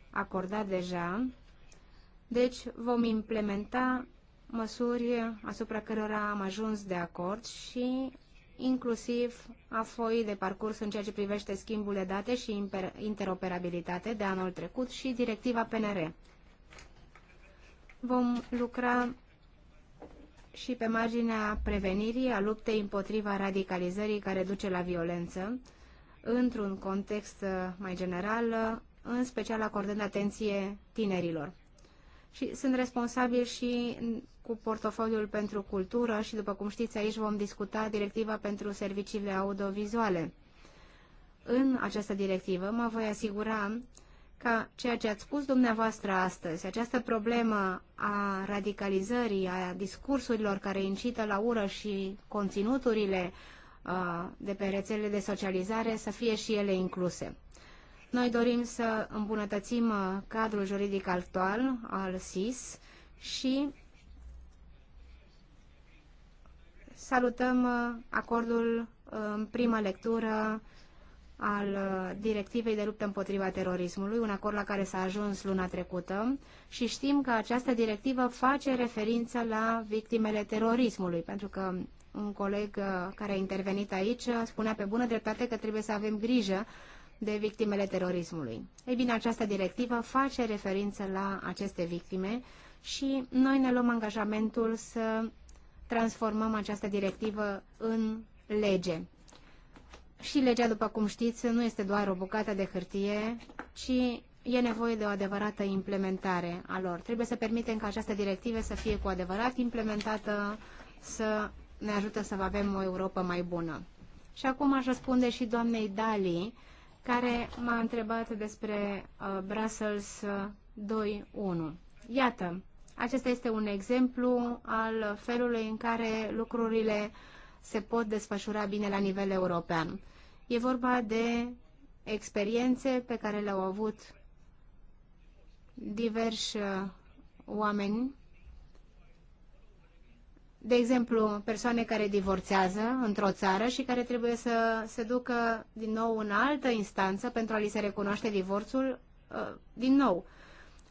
acordat deja. Deci vom implementa măsuri asupra cărora am ajuns de acord și inclusiv a foii de parcurs în ceea ce privește schimbul de date și interoperabilitate de anul trecut și directiva PNR. Vom lucra și pe marginea prevenirii a luptei împotriva radicalizării care duce la violență, într-un context mai general, în special acordând atenție tinerilor și sunt responsabil și cu portofoliul pentru cultură și, după cum știți, aici vom discuta directiva pentru serviciile audiovizuale. În această directivă mă voi asigura ca ceea ce ați spus dumneavoastră astăzi, această problemă a radicalizării, a discursurilor care incită la ură și conținuturile uh, de pe rețelele de socializare să fie și ele incluse. Noi dorim să îmbunătățim uh, cadrul juridic actual al SIS și salutăm uh, acordul uh, în prima lectură al Directivei de luptă împotriva terorismului, un acord la care s-a ajuns luna trecută și știm că această directivă face referință la victimele terorismului, pentru că un coleg care a intervenit aici spunea pe bună dreptate că trebuie să avem grijă de victimele terorismului. Ei bine, această directivă face referință la aceste victime și noi ne luăm angajamentul să transformăm această directivă în lege. Și legea, după cum știți, nu este doar o bucată de hârtie, ci e nevoie de o adevărată implementare a lor. Trebuie să permitem ca această directivă să fie cu adevărat implementată, să ne ajută să avem o Europa mai bună. Și acum aș răspunde și doamnei Dali, care m-a întrebat despre uh, Brussels 2.1. Uh, Iată, acesta este un exemplu al felului în care lucrurile se pot desfășura bine la nivel european. E vorba de experiențe pe care le-au avut diversi uh, oameni de exemplu, persoane care divorțează într-o țară și care trebuie să se ducă din nou în altă instanță pentru a li se recunoaște divorțul uh, din nou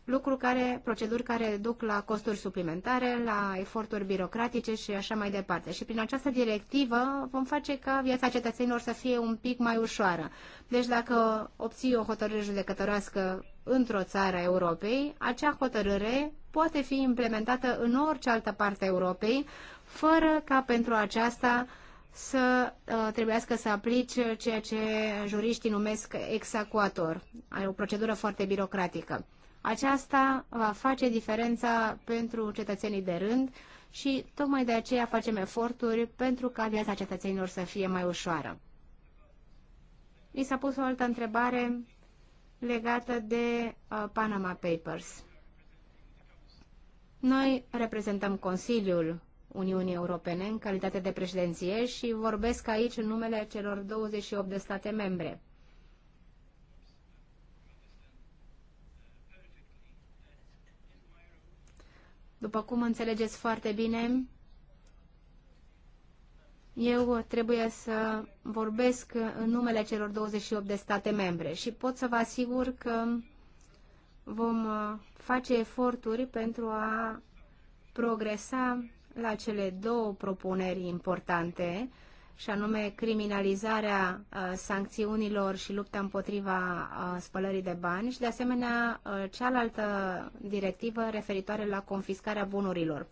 lucruri care, proceduri care duc la costuri suplimentare, la eforturi birocratice și așa mai departe. Și prin această directivă vom face ca viața cetățenilor să fie un pic mai ușoară. Deci dacă obții o hotărâre judecătorească într-o țară a Europei, acea hotărâre poate fi implementată în orice altă parte a Europei, fără ca pentru aceasta să uh, trebuiască să aplici ceea ce juriștii numesc exacuator. Are o procedură foarte birocratică. Aceasta va face diferența pentru cetățenii de rând și tocmai de aceea facem eforturi pentru ca viața cetățenilor să fie mai ușoară. Mi s-a pus o altă întrebare legată de uh, Panama Papers. Noi reprezentăm Consiliul Uniunii Europene în calitate de președinție și vorbesc aici în numele celor 28 de state membre. După cum înțelegeți foarte bine, eu trebuie să vorbesc în numele celor 28 de state membre și pot să vă asigur că vom uh, face eforturi pentru a progresa la cele două propuneri importante și anume criminalizarea uh, sancțiunilor și lupta împotriva uh, spălării de bani și, de asemenea, uh, cealaltă directivă referitoare la confiscarea bunurilor.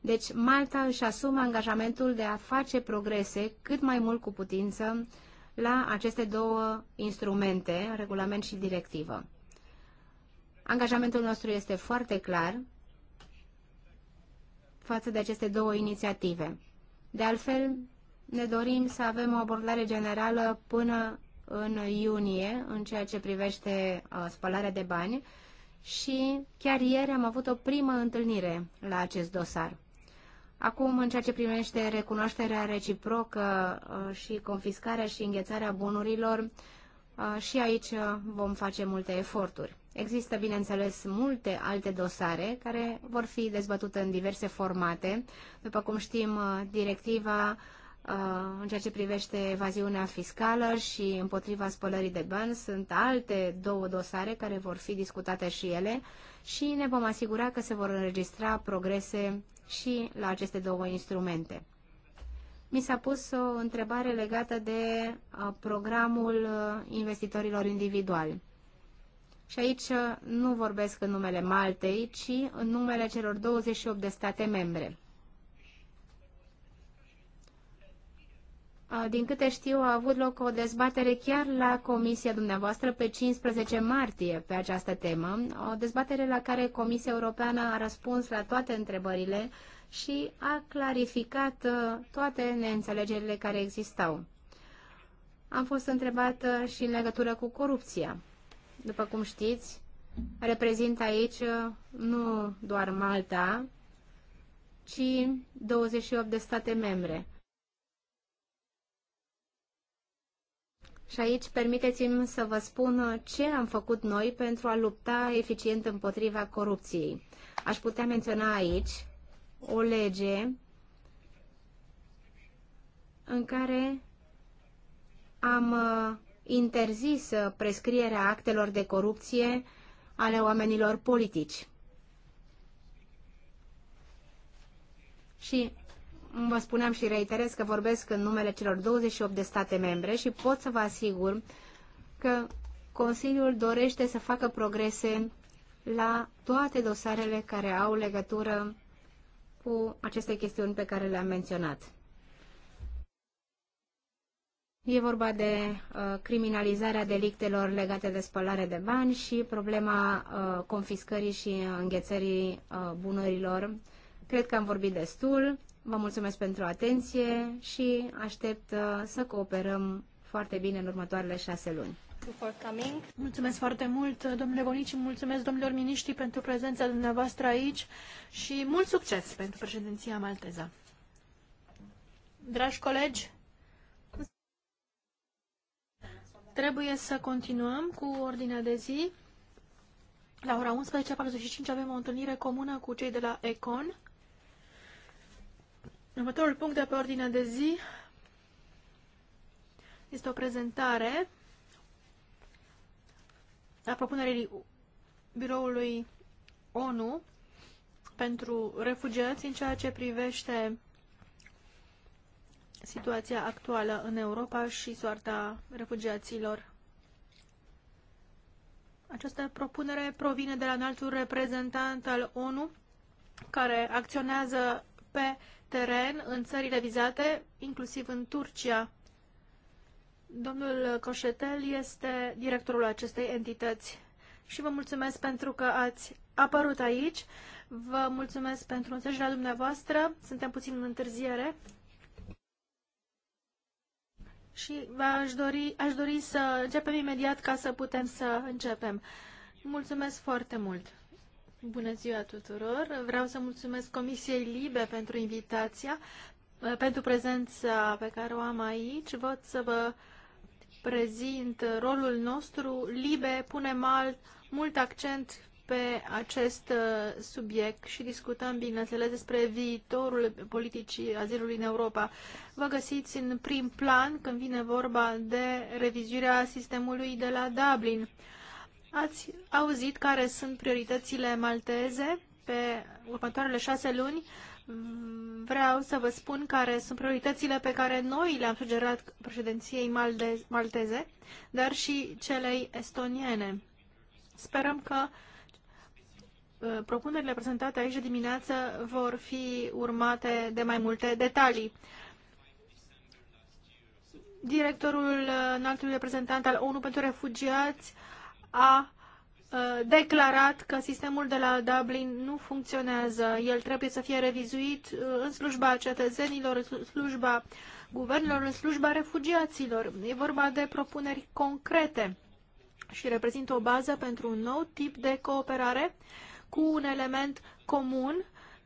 Deci, Malta își asumă angajamentul de a face progrese cât mai mult cu putință la aceste două instrumente, regulament și directivă. Angajamentul nostru este foarte clar față de aceste două inițiative. De altfel, ne dorim să avem o abordare generală până în iunie în ceea ce privește uh, spălarea de bani și chiar ieri am avut o primă întâlnire la acest dosar. Acum, în ceea ce primește recunoașterea reciprocă uh, și confiscarea și înghețarea bunurilor, uh, și aici vom face multe eforturi. Există, bineînțeles, multe alte dosare care vor fi dezbătute în diverse formate. După cum știm, directiva în ceea ce privește evaziunea fiscală și împotriva spălării de bani. Sunt alte două dosare care vor fi discutate și ele și ne vom asigura că se vor înregistra progrese și la aceste două instrumente. Mi s-a pus o întrebare legată de programul investitorilor individuali. Și aici nu vorbesc în numele Maltei, ci în numele celor 28 de state membre. Din câte știu, a avut loc o dezbatere chiar la comisia dumneavoastră pe 15 martie pe această temă, o dezbatere la care Comisia Europeană a răspuns la toate întrebările și a clarificat uh, toate neînțelegerile care existau. Am fost întrebată uh, și în legătură cu corupția. După cum știți, reprezint aici uh, nu doar Malta, ci 28 de state membre. Și aici permiteți-mi să vă spun ce am făcut noi pentru a lupta eficient împotriva corupției. Aș putea menționa aici o lege în care am uh, interzis uh, prescrierea actelor de corupție ale oamenilor politici. Și Vă spuneam și reiterez că vorbesc în numele celor 28 de state membre și pot să vă asigur că Consiliul dorește să facă progrese la toate dosarele care au legătură cu aceste chestiuni pe care le-am menționat. E vorba de uh, criminalizarea delictelor legate de spălare de bani și problema uh, confiscării și înghețării uh, bunurilor. Cred că am vorbit destul. Vă mulțumesc pentru atenție și aștept uh, să cooperăm foarte bine în următoarele șase luni. Mulțumesc foarte mult, domnule Bonici, mulțumesc domnilor miniștri pentru prezența dumneavoastră aici și mult succes pentru președinția malteză. Dragi colegi, trebuie să continuăm cu ordinea de zi. La ora 11.45 avem o întâlnire comună cu cei de la ECON. Următorul punct de pe ordinea de zi este o prezentare a propunerii biroului ONU pentru refugiați în ceea ce privește situația actuală în Europa și soarta refugiaților. Această propunere provine de la înaltul reprezentant al ONU, care acționează pe teren în țările vizate, inclusiv în Turcia. Domnul Coșetel este directorul acestei entități și vă mulțumesc pentru că ați apărut aici. Vă mulțumesc pentru înțelegerea dumneavoastră. Suntem puțin în întârziere. Și aș dori, aș dori să începem imediat ca să putem să începem. Mulțumesc foarte mult! Bună ziua tuturor! Vreau să mulțumesc Comisiei Libe pentru invitația, eh, pentru prezența pe care o am aici. Văd să vă prezint rolul nostru. Libe pune mal mult accent pe acest eh, subiect și discutăm, bineînțeles, despre viitorul politicii azilului în Europa. Vă găsiți în prim plan când vine vorba de revizuirea sistemului de la Dublin. Ați auzit care sunt prioritățile malteze pe următoarele șase luni. Vreau să vă spun care sunt prioritățile pe care noi le-am sugerat președinției malteze, dar și celei estoniene. Sperăm că uh, propunerile prezentate aici de dimineață vor fi urmate de mai multe detalii. Directorul uh, înaltului reprezentant al ONU pentru refugiați a declarat că sistemul de la Dublin nu funcționează. El trebuie să fie revizuit uh, în slujba cetățenilor, în slujba guvernelor, în slujba refugiaților. E vorba de propuneri concrete și reprezintă o bază pentru un nou tip de cooperare cu un element comun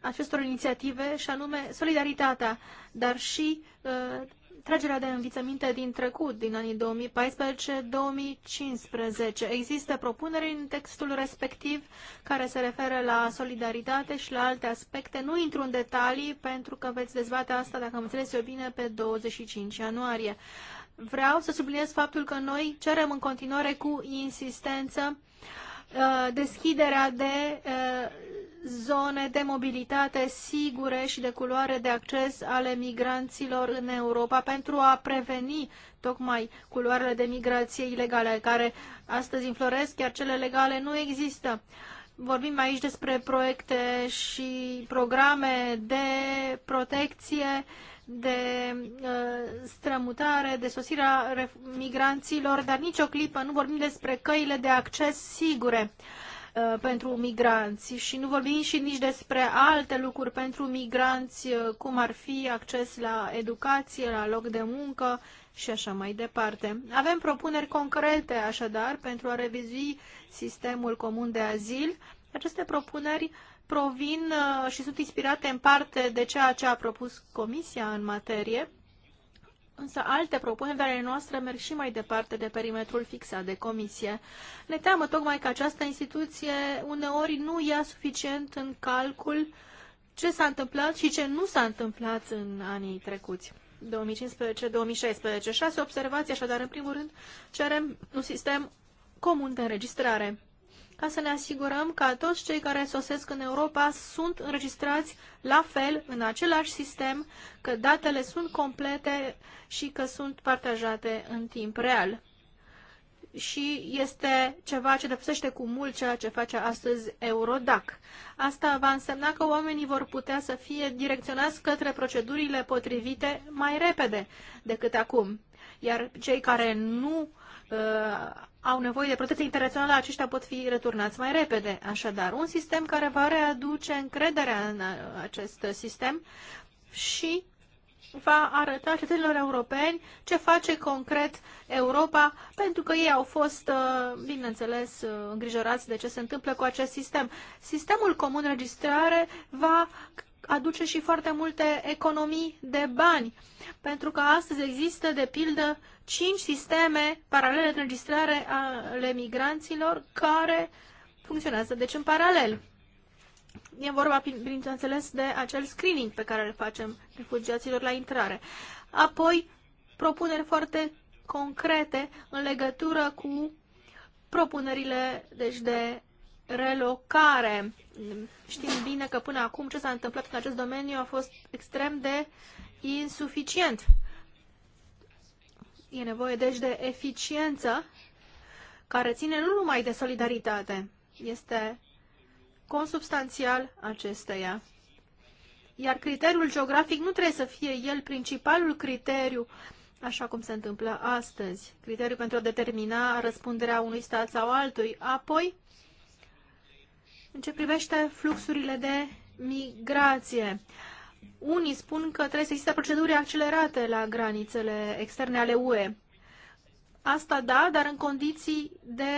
acestor inițiative și anume solidaritatea, dar și uh, tragerea de învițăminte din trecut, din anii 2014-2015. Există propuneri în textul respectiv care se referă la solidaritate și la alte aspecte. Nu intru în detalii pentru că veți dezbate asta, dacă am înțeles eu bine, pe 25 ianuarie. Vreau să subliniez faptul că noi cerem în continuare cu insistență uh, deschiderea de uh, zone de mobilitate sigure și de culoare de acces ale migranților în Europa pentru a preveni tocmai culoarele de migrație ilegale care astăzi înfloresc, iar cele legale nu există. Vorbim aici despre proiecte și programe de protecție, de uh, strămutare, de sosirea migranților, dar nicio clipă nu vorbim despre căile de acces sigure. Uh, Uh, pentru migranți și nu vorbim și nici despre alte lucruri pentru migranți, uh, cum ar fi acces la educație, la loc de muncă și așa mai departe. Avem propuneri concrete, așadar, pentru a revizui sistemul comun de azil. Aceste propuneri provin uh, și sunt inspirate în parte de ceea ce a propus Comisia în materie Însă alte propuneri ale noastre merg și mai departe de perimetrul fixat de comisie. Ne teamă tocmai că această instituție uneori nu ia suficient în calcul ce s-a întâmplat și ce nu s-a întâmplat în anii trecuți. 2015-2016. Șase observații, așadar, în primul rând, cerem un sistem comun de înregistrare ca să ne asigurăm că toți cei care sosesc în Europa sunt înregistrați la fel, în același sistem, că datele sunt complete și că sunt partajate în timp real. Și este ceva ce depășește cu mult ceea ce face astăzi Eurodac. Asta va însemna că oamenii vor putea să fie direcționați către procedurile potrivite mai repede decât acum. Iar cei care nu uh, au nevoie de protecție internațională, aceștia pot fi returnați mai repede. Așadar, un sistem care va readuce încrederea în acest sistem și va arăta cetățenilor europeni ce face concret Europa, pentru că ei au fost, uh, bineînțeles, uh, îngrijorați de ce se întâmplă cu acest sistem. Sistemul comun registrare va aduce și foarte multe economii de bani, pentru că astăzi există, de pildă, cinci sisteme paralele de înregistrare ale migranților care funcționează, deci în paralel. E vorba, bineînțeles, de acel screening pe care îl facem refugiaților la intrare. Apoi, propuneri foarte concrete în legătură cu propunerile deci de relocare. Știm bine că până acum ce s-a întâmplat în acest domeniu a fost extrem de insuficient. E nevoie deci de eficiență care ține nu numai de solidaritate, este consubstanțial acesteia. Iar criteriul geografic nu trebuie să fie el principalul criteriu, așa cum se întâmplă astăzi, criteriul pentru a determina răspunderea unui stat sau altui. Apoi, în ce privește fluxurile de migrație, unii spun că trebuie să existe proceduri accelerate la granițele externe ale UE. Asta da, dar în condiții de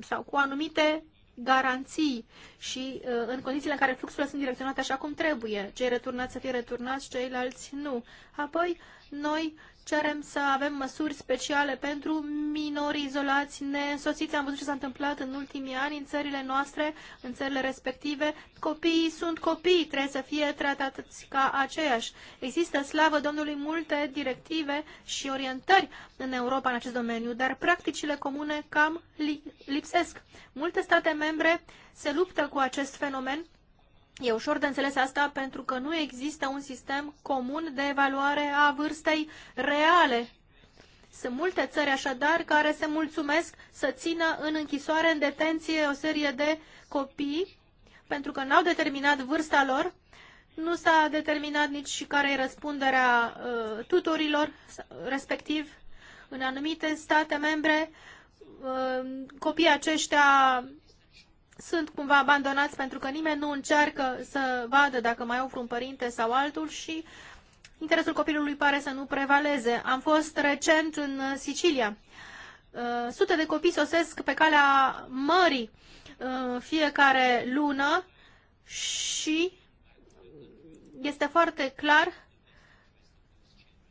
sau cu anumite garanții și uh, în condițiile în care fluxurile sunt direcționate așa cum trebuie. Cei returnați să fie returnați, ceilalți nu. Apoi, noi cerem să avem măsuri speciale pentru minori izolați, nesoțiți. Am văzut ce s-a întâmplat în ultimii ani în țările noastre, în țările respective. Copiii sunt copii, trebuie să fie tratați ca aceiași. Există, slavă Domnului, multe directive și orientări în Europa în acest domeniu, dar practicile comune cam lipsesc. Multe state membre se luptă cu acest fenomen E ușor de înțeles asta pentru că nu există un sistem comun de evaluare a vârstei reale. Sunt multe țări așadar care se mulțumesc să țină în închisoare, în detenție, o serie de copii pentru că n-au determinat vârsta lor, nu s-a determinat nici care e răspunderea uh, tutorilor, respectiv în anumite state membre, uh, copiii aceștia sunt cumva abandonați pentru că nimeni nu încearcă să vadă dacă mai au un părinte sau altul și interesul copilului pare să nu prevaleze. Am fost recent în Sicilia. Uh, sute de copii sosesc pe calea mării uh, fiecare lună și este foarte clar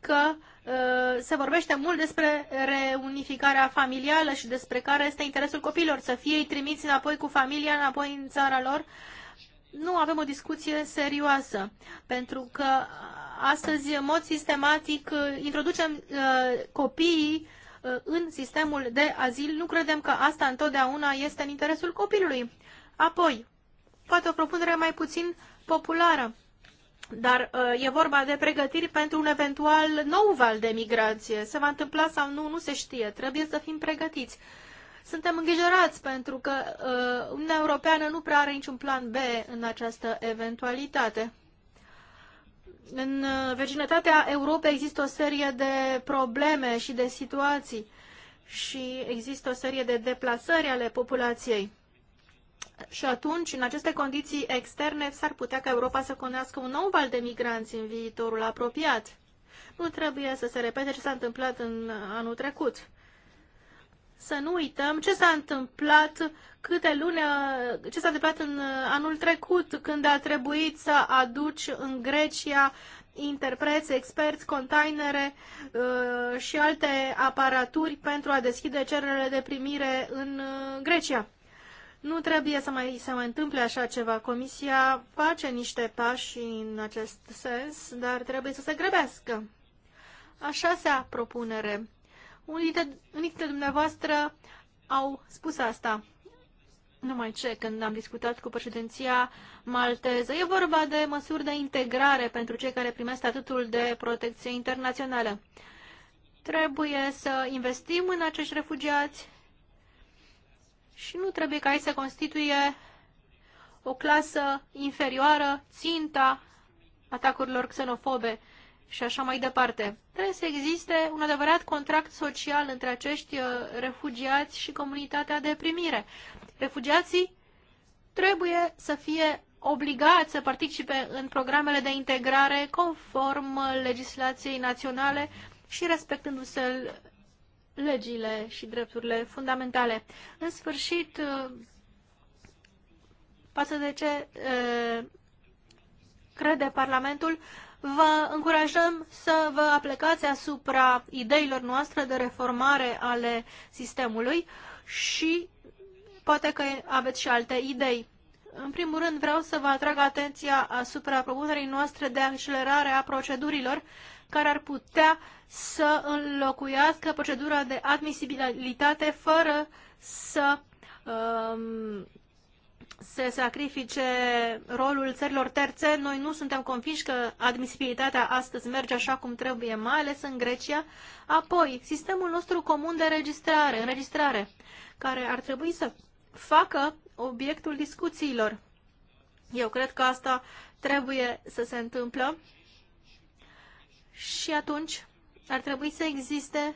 că Uh, se vorbește mult despre reunificarea familială și despre care este interesul copiilor, să fie ei trimiți înapoi cu familia, înapoi în țara lor. Nu avem o discuție serioasă, pentru că astăzi, în mod sistematic, uh, introducem uh, copiii în sistemul de azil. Nu credem că asta întotdeauna este în interesul copilului. Apoi, poate o propunere mai puțin populară dar uh, e vorba de pregătiri pentru un eventual nou val de migrație. Se va întâmpla sau nu, nu se știe. Trebuie să fim pregătiți. Suntem îngrijorați pentru că uh, Uniunea Europeană nu prea are niciun plan B în această eventualitate. În uh, vecinătatea Europei există o serie de probleme și de situații și există o serie de deplasări ale populației. Și atunci, în aceste condiții externe, s-ar putea ca Europa să cunească un nou val de migranți în viitorul apropiat. Nu trebuie să se repete ce s-a întâmplat în anul trecut. Să nu uităm ce s-a întâmplat câte luni, ce s-a întâmplat în anul trecut, când a trebuit să aduci în Grecia interpreți, experți, containere uh, și alte aparaturi pentru a deschide cererile de primire în uh, Grecia nu trebuie să mai se mai întâmple așa ceva. Comisia face niște pași în acest sens, dar trebuie să se grăbească. Așa se propunere. Unii dintre dumneavoastră au spus asta. Numai ce, când am discutat cu președinția malteză. E vorba de măsuri de integrare pentru cei care primesc statutul de protecție internațională. Trebuie să investim în acești refugiați, și nu trebuie ca ei să constituie o clasă inferioară, ținta atacurilor xenofobe și așa mai departe. Trebuie să existe un adevărat contract social între acești uh, refugiați și comunitatea de primire. Refugiații trebuie să fie obligați să participe în programele de integrare conform legislației naționale și respectându-se legile și drepturile fundamentale. În sfârșit, uh, față de ce uh, crede Parlamentul, vă încurajăm să vă aplicați asupra ideilor noastre de reformare ale sistemului și poate că aveți și alte idei. În primul rând, vreau să vă atrag atenția asupra propunerii noastre de accelerare a procedurilor care ar putea să înlocuiască procedura de admisibilitate fără să um, se sacrifice rolul țărilor terțe. Noi nu suntem convinși că admisibilitatea astăzi merge așa cum trebuie, mai ales în Grecia. Apoi, sistemul nostru comun de registrare, înregistrare, care ar trebui să facă obiectul discuțiilor. Eu cred că asta trebuie să se întâmplă și atunci ar trebui să existe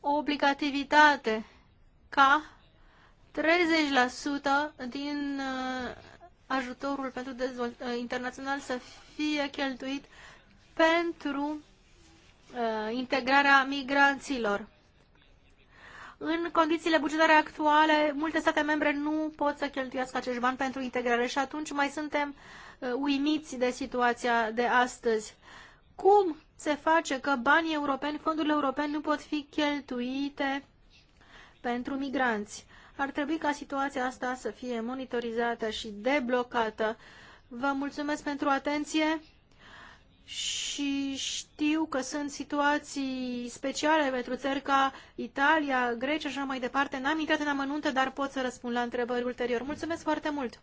o obligativitate ca 30% din uh, ajutorul pentru dezvolt uh, internațional să fie cheltuit pentru uh, integrarea migranților. În condițiile bugetare actuale, multe state membre nu pot să cheltuiască acești bani pentru integrare și atunci mai suntem Uh, uimiți de situația de astăzi. Cum se face că banii europeni, fondurile europene nu pot fi cheltuite pentru migranți? Ar trebui ca situația asta să fie monitorizată și deblocată. Vă mulțumesc pentru atenție și știu că sunt situații speciale pentru țări ca Italia, Grecia și așa mai departe. N-am intrat în amănunte, dar pot să răspund la întrebări ulterior. Mulțumesc foarte mult!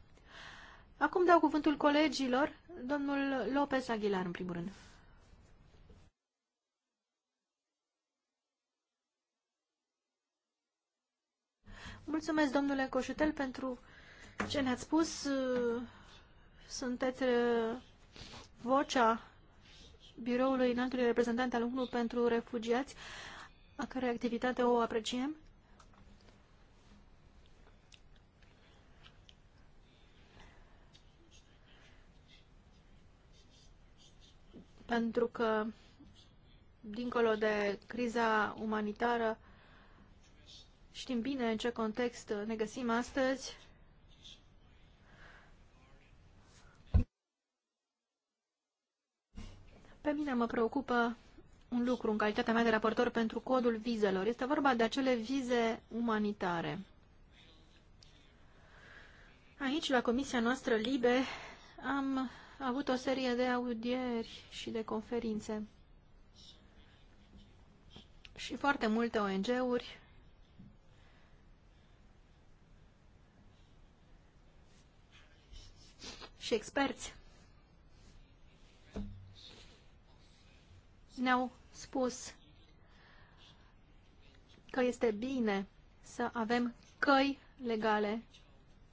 Acum dau cuvântul colegilor, domnul Lopez Aguilar, în primul rând. Mulțumesc, domnule Coșutel, pentru ce ne-ați spus. Sunteți uh, vocea biroului înaltului reprezentant al UNU pentru refugiați, a cărei activitate o apreciem. pentru că, dincolo de criza umanitară, știm bine în ce context ne găsim astăzi. Pe mine mă preocupă un lucru în calitatea mea de raportor pentru codul vizelor. Este vorba de acele vize umanitare. Aici, la comisia noastră LIBE, am a avut o serie de audieri și de conferințe. Și foarte multe ONG-uri și experți ne-au spus că este bine să avem căi legale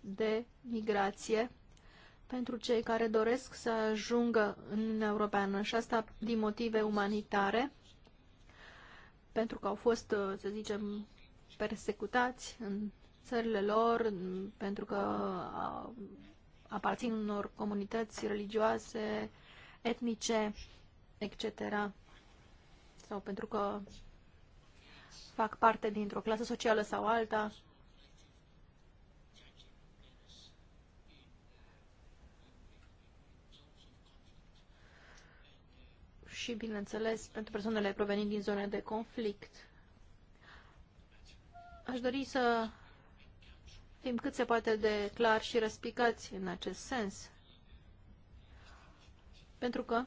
de migrație pentru cei care doresc să ajungă în Uniunea Europeană și asta din motive umanitare, pentru că au fost, să zicem, persecutați în țările lor, pentru că aparțin unor comunități religioase, etnice, etc. Sau pentru că fac parte dintr-o clasă socială sau alta și, bineînțeles, pentru persoanele provenind din zone de conflict. Aș dori să fim cât se poate de clar și răspicați în acest sens. Pentru că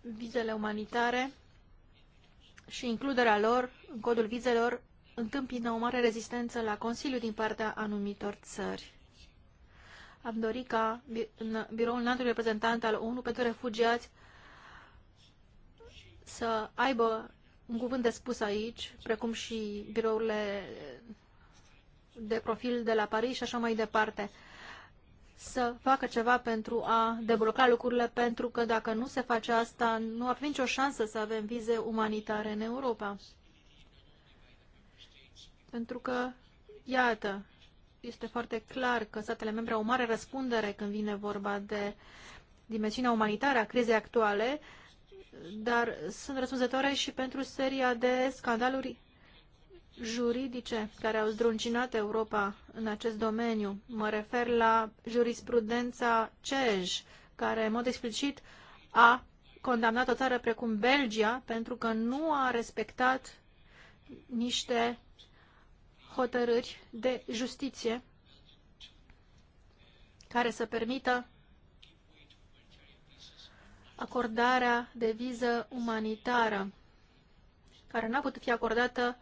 vizele umanitare și includerea lor în codul vizelor întâmpină o mare rezistență la Consiliu din partea anumitor țări. Am dorit ca în biroul înaltului reprezentant al ONU pentru refugiați să aibă un cuvânt de spus aici, precum și birourile de profil de la Paris și așa mai departe, să facă ceva pentru a debloca lucrurile, pentru că dacă nu se face asta, nu avem nicio șansă să avem vize umanitare în Europa. Pentru că, iată, este foarte clar că statele membre au o mare răspundere când vine vorba de dimensiunea umanitară a crizei actuale, dar sunt răspunzătoare și pentru seria de scandaluri juridice care au zdruncinat Europa în acest domeniu. Mă refer la jurisprudența CEJ, care în mod explicit a condamnat o țară precum Belgia pentru că nu a respectat niște hotărâri de justiție care să permită acordarea de viză umanitară, care n-a putut fi acordată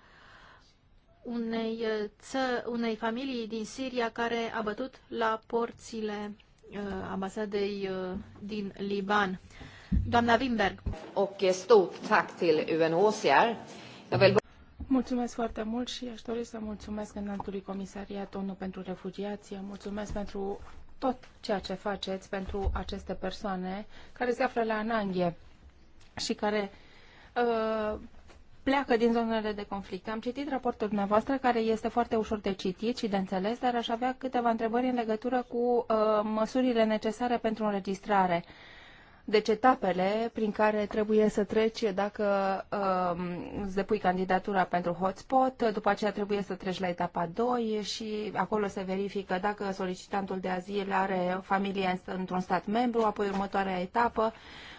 unei, uh, ță, unei familii din Siria care a bătut la porțile uh, ambasadei uh, din Liban. Doamna Wimberg. Och stort tack till UNHCR. Jag vill Mulțumesc foarte mult și aș dori să mulțumesc înaltului comisariat ONU pentru refugiație, mulțumesc pentru tot ceea ce faceți pentru aceste persoane care se află la ananghe și care uh, pleacă din zonele de conflict. Am citit raportul dumneavoastră, care este foarte ușor de citit și de înțeles, dar aș avea câteva întrebări în legătură cu uh, măsurile necesare pentru înregistrare. Uh, deci etapele prin care trebuie să treci dacă uh, îți depui candidatura pentru hotspot, după aceea trebuie să treci la etapa 2 și acolo se verifică dacă solicitantul de azil are familie într-un stat membru, apoi următoarea etapă,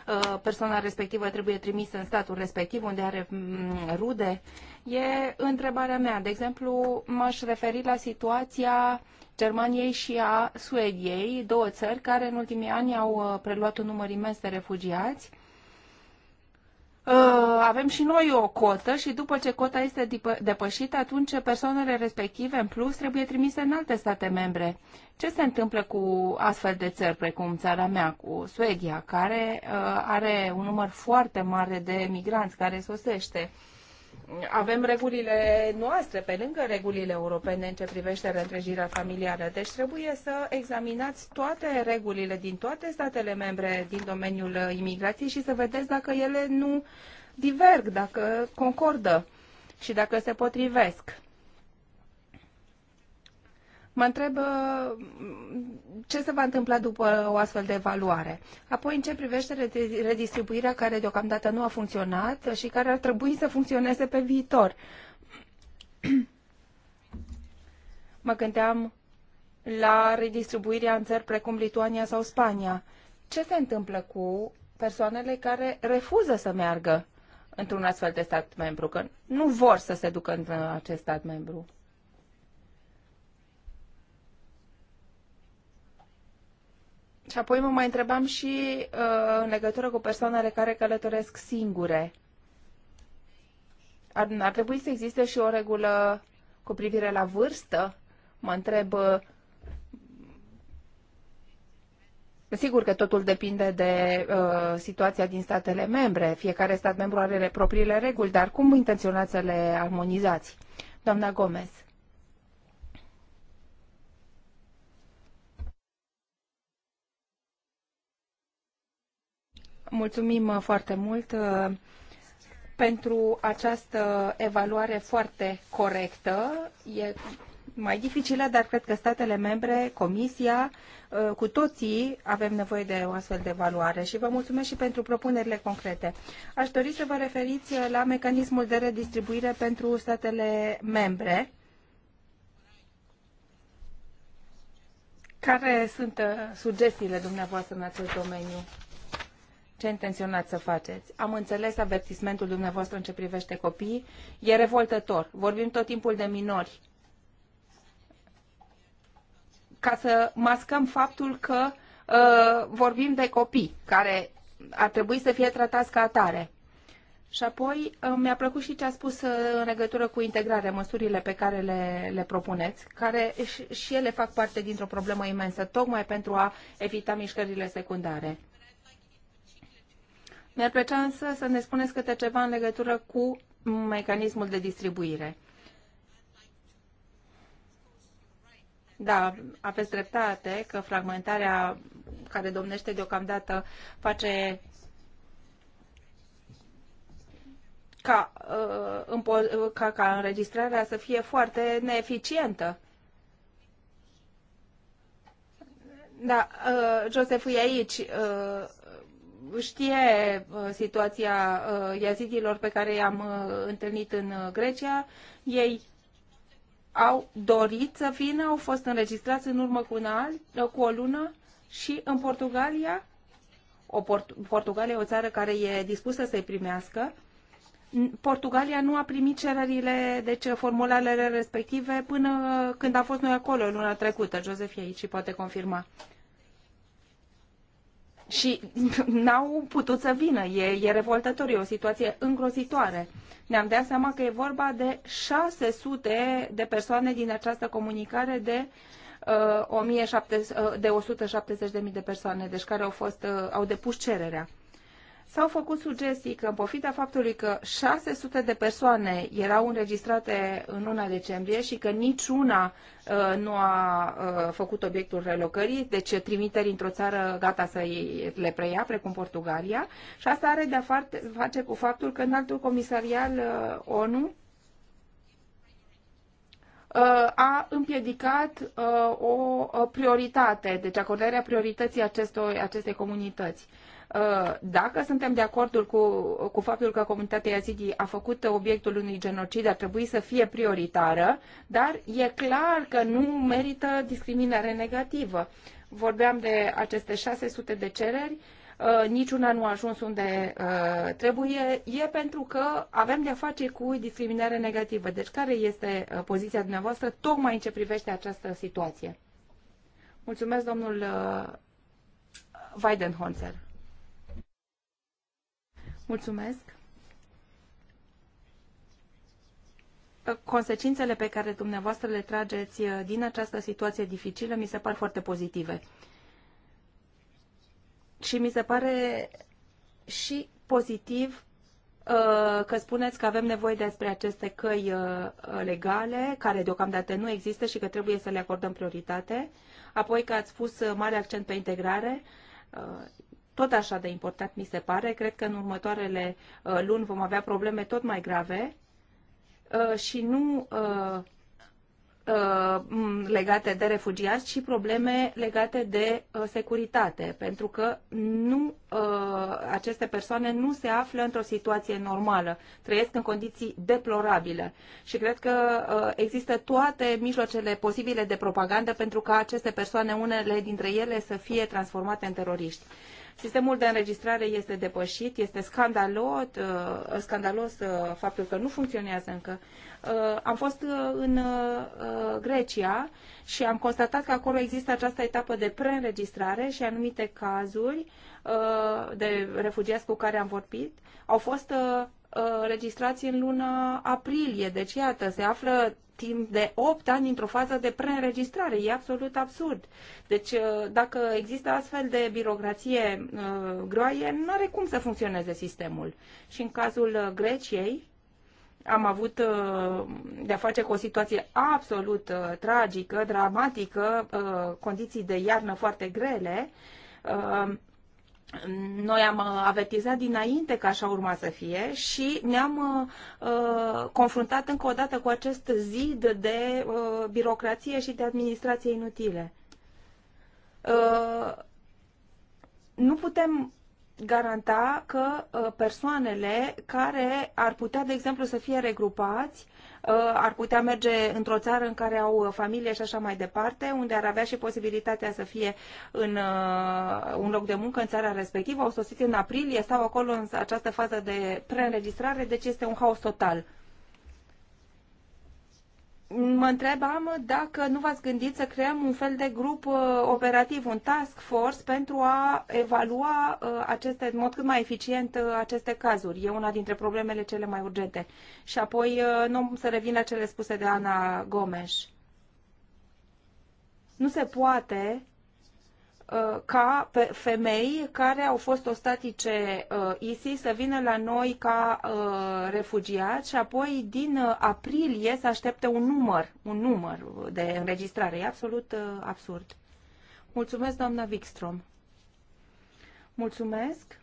uh, persoana respectivă trebuie trimisă în statul respectiv unde are mm, rude. E întrebarea mea. De exemplu, m-aș referi la situația uh, Germaniei și a Suediei, două țări care în ultimii ani au uh, preluat un număr imens de refugiați. Uh, avem și noi o cotă și după ce cota este depășită, atunci persoanele respective în plus trebuie trimise în alte state membre. Ce se întâmplă cu astfel de țări precum țara mea, cu Suedia, care uh, are un număr foarte mare de migranți care sosește? avem regulile noastre pe lângă regulile europene în ce privește reîntregirea familială. Deci trebuie să examinați toate regulile din toate statele membre din domeniul imigrației și să vedeți dacă ele nu diverg, dacă concordă și dacă se potrivesc. Mă întreb uh, ce se va întâmpla după o astfel de evaluare. Apoi, în ce privește redistribuirea care deocamdată nu a funcționat și care ar trebui să funcționeze pe viitor. mă gândeam la redistribuirea în țări precum Lituania sau Spania. Ce se întâmplă cu persoanele care refuză să meargă într-un astfel de stat membru, că nu vor să se ducă în acest stat membru? Și apoi mă mai întrebam și uh, în legătură cu persoanele care călătoresc singure. Ar, ar trebui să existe și o regulă cu privire la vârstă? Mă întreb. Uh, sigur că totul depinde de uh, situația din statele membre. Fiecare stat membru are propriile reguli, dar cum intenționați să le armonizați? Doamna Gomez. Mulțumim uh, foarte mult uh, pentru această evaluare foarte corectă. E mai dificilă, dar cred că statele membre, Comisia, uh, cu toții avem nevoie de o astfel de evaluare și vă mulțumesc și pentru propunerile concrete. Aș dori să vă referiți la mecanismul de redistribuire pentru statele membre. Care sunt sugestiile dumneavoastră în acest domeniu? ce intenționați să faceți. Am înțeles avertismentul dumneavoastră în ce privește copiii. E revoltător. Vorbim tot timpul de minori. Ca să mascăm faptul că uh, vorbim de copii care ar trebui să fie tratați ca atare. Și apoi uh, mi-a plăcut și ce a spus uh, în legătură cu integrarea, măsurile pe care le, le propuneți, care și ele fac parte dintr-o problemă imensă, tocmai pentru a evita mișcările secundare. Mi-ar plăcea însă să ne spuneți câte ceva în legătură cu mecanismul de distribuire. Da, aveți dreptate că fragmentarea care domnește deocamdată face ca, uh, ca, ca înregistrarea să fie foarte neeficientă. Da, uh, Joseph e aici. Uh, știe uh, situația uh, iazidilor pe care i-am uh, întâlnit în Grecia. Ei au dorit să vină, au fost înregistrați în urmă cu, un an, cu o lună și în Portugalia, o Port- Portugalia e o țară care e dispusă să-i primească, Portugalia nu a primit cererile, deci formularele respective, până când a fost noi acolo luna trecută. Josef e aici și poate confirma și n-au putut să vină. E, e revoltător, e o situație îngrozitoare. Ne-am dat seama că e vorba de 600 de persoane din această comunicare de, uh, 1700, uh, de 170.000 de persoane, deci care au, fost, uh, au depus cererea. S-au făcut sugestii că, în pofida faptului că 600 de persoane erau înregistrate în luna decembrie și că niciuna uh, nu a uh, făcut obiectul relocării, deci trimiteri într-o țară gata să le preia, precum Portugalia, și asta are de-a face cu faptul că în altul comisarial uh, ONU uh, a împiedicat uh, o uh, prioritate, deci acordarea priorității acestor, acestei comunități. Uh, dacă suntem de acordul cu, cu faptul că comunitatea Yazidi a făcut obiectul unui genocid, ar trebui să fie prioritară, dar e clar că nu merită discriminare negativă. Vorbeam de aceste 600 de cereri, uh, niciuna nu a ajuns unde uh, trebuie, e pentru că avem de-a face cu discriminare negativă. Deci care este poziția dumneavoastră tocmai în ce privește această situație? Mulțumesc, domnul Weidenholzer. Mulțumesc. Consecințele pe care dumneavoastră le trageți uh, din această situație dificilă mi se par foarte pozitive. Și mi se pare și pozitiv uh, că spuneți că avem nevoie despre aceste căi uh, legale, care deocamdată nu există și că trebuie să le acordăm prioritate. Apoi că ați pus mare accent pe integrare tot așa de important mi se pare. Cred că în următoarele uh, luni vom avea probleme tot mai grave uh, și nu uh, legate de refugiați, ci probleme legate de securitate, pentru că nu, aceste persoane nu se află într-o situație normală, trăiesc în condiții deplorabile și cred că există toate mijloacele posibile de propagandă pentru ca aceste persoane, unele dintre ele, să fie transformate în teroriști. Sistemul de înregistrare este depășit, este scandalos, uh, scandalos uh, faptul că nu funcționează încă. Uh, am fost în Grecia și am constatat că acolo există această etapă de preînregistrare și anumite cazuri de refugiați cu care am vorbit au fost registrați în luna aprilie. Deci, iată, se află timp de 8 ani într-o fază de preînregistrare. E absolut absurd. Deci, uh, dacă există astfel de birocrație uh, groaie, nu are cum să funcționeze sistemul. Și în cazul uh, Greciei, am avut de-a face cu o situație absolut tragică, dramatică, condiții de iarnă foarte grele, noi am uh, avertizat dinainte că așa urma să fie și ne-am uh, uh, confruntat încă o dată cu acest zid de uh, birocrație și de administrație inutile. Uh, nu putem garanta că uh, persoanele care ar putea, de exemplu, să fie regrupați, uh, ar putea merge într-o țară în care au uh, familie și așa mai departe, unde ar avea și posibilitatea să fie în un loc de muncă în țara respectivă. Au sosit în aprilie, stau acolo în această fază de preînregistrare, deci este un haos total. Mă întrebam dacă nu v-ați gândit să creăm un fel de grup uh, operativ, un task force, pentru a evalua uh, aceste, în mod cât mai eficient uh, aceste cazuri. E una dintre problemele cele mai urgente. Și apoi nu să revin la cele spuse de Ana Gomes. Nu se poate Uh, ca pe femei care au fost ostatice uh, ISIS să vină la noi ca uh, refugiați și apoi din aprilie să aștepte un număr, un număr de înregistrare. E absolut absurd. Mulțumesc, doamna Wikstrom. Mulțumesc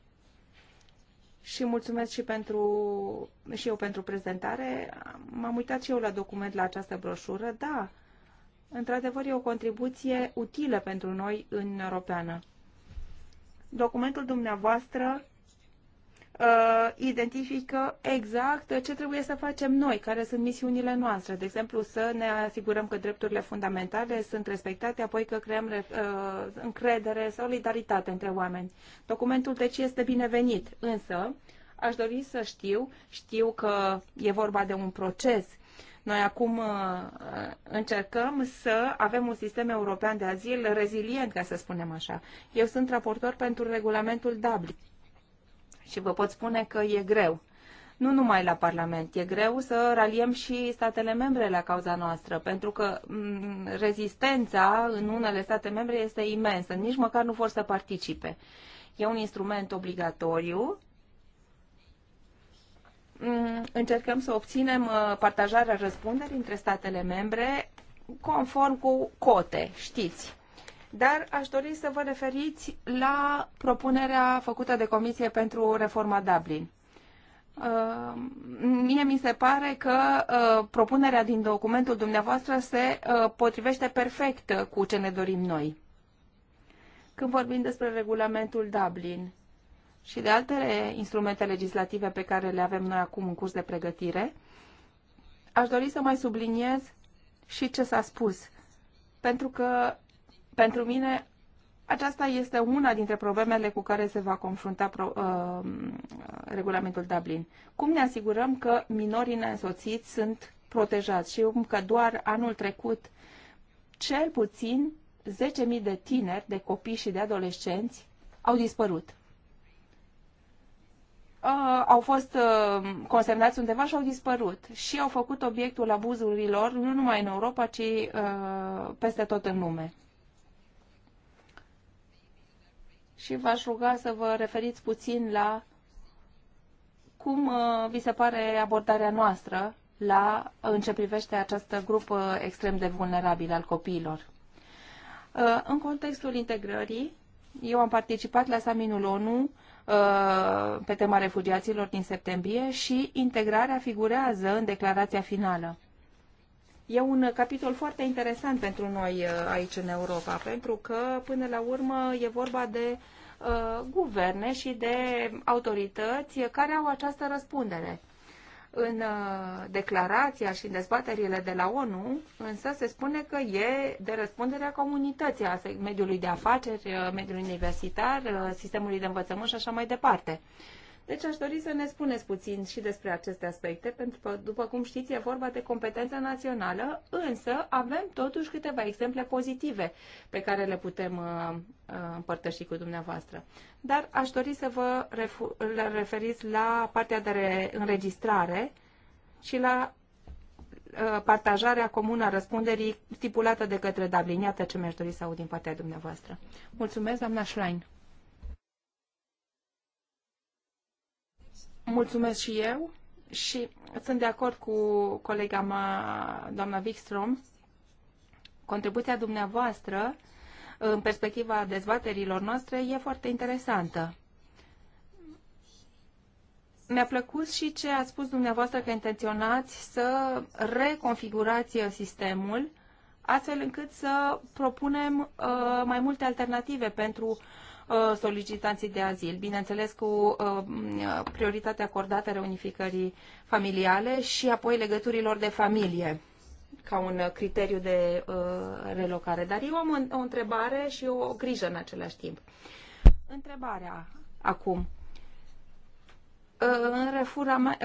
și mulțumesc și, pentru, și eu pentru prezentare. M-am uitat și eu la document, la această broșură. Da, într-adevăr, e o contribuție utilă pentru noi în Europeană. Documentul dumneavoastră uh, identifică exact ce trebuie să facem noi, care sunt misiunile noastre. De exemplu, să ne asigurăm că drepturile fundamentale sunt respectate, apoi că creăm uh, încredere, solidaritate între oameni. Documentul deci este binevenit, însă aș dori să știu, știu că e vorba de un proces noi acum uh, uh, încercăm să avem un sistem european de azil rezilient, ca să spunem așa. Eu sunt raportor pentru regulamentul Dublin și vă pot spune că e greu nu numai la Parlament. E greu să raliem și statele membre la cauza noastră, pentru că mm, rezistența în unele state membre este imensă, nici măcar nu vor să participe. E un instrument obligatoriu Mm, încercăm să obținem uh, partajarea răspunderii între statele membre conform cu cote, știți. Dar aș dori să vă referiți la propunerea făcută de Comisie pentru reforma Dublin. Uh, mie mi se pare că uh, propunerea din documentul dumneavoastră se potrivește perfect cu ce ne dorim noi. Când vorbim despre regulamentul Dublin, și de altele instrumente legislative pe care le avem noi acum în curs de pregătire, aș dori să mai subliniez și ce s-a spus, pentru că pentru mine aceasta este una dintre problemele cu care se va confrunta pro, uh, regulamentul Dublin. Cum ne asigurăm că minorii neînsoțiți sunt protejați? Și eu că doar anul trecut cel puțin 10.000 de tineri, de copii și de adolescenți au dispărut. Uh, au fost uh, consemnați undeva și au dispărut și au făcut obiectul abuzurilor nu numai în Europa, ci uh, peste tot în lume. Și v-aș ruga să vă referiți puțin la cum vi se pare abordarea noastră la, în ce privește acest grup extrem de vulnerabil al copiilor. în contextul integrării, eu am participat la summitul ONU Uh, pe tema refugiaților din septembrie și integrarea figurează în declarația finală. E un capitol foarte interesant pentru noi uh, aici în Europa, pentru că până la urmă e vorba de uh, guverne și de autorități care au această răspundere. În uh, declarația și în dezbaterile de la ONU, însă, se spune că e de răspunderea comunității, a mediului de afaceri, uh, mediului universitar, uh, sistemului de învățământ și așa mai departe. Deci aș dori să ne spuneți puțin și despre aceste aspecte, pentru că, după cum știți, e vorba de competență națională, însă avem totuși câteva exemple pozitive pe care le putem uh, uh împărtăși cu dumneavoastră. Dar aș dori să vă referiți la partea de înregistrare și la uh, partajarea comună a răspunderii stipulată de către Dublin. Iată ce mi-aș dori să aud din partea dumneavoastră. Mulțumesc, doamna Schlein. Mulțumesc și eu și sunt de acord cu colega mea, doamna Wikström. Contribuția dumneavoastră în perspectiva dezbaterilor noastre e foarte interesantă. Mi-a plăcut și ce a spus dumneavoastră că intenționați să reconfigurați sistemul astfel încât să propunem uh, mai multe alternative pentru uh, Uh, solicitanții de azil, bineînțeles cu uh, prioritate acordată reunificării familiale și apoi legăturilor de familie ca un criteriu de uh, relocare. Dar eu am o întrebare și o grijă în același timp. Întrebarea acum. În refura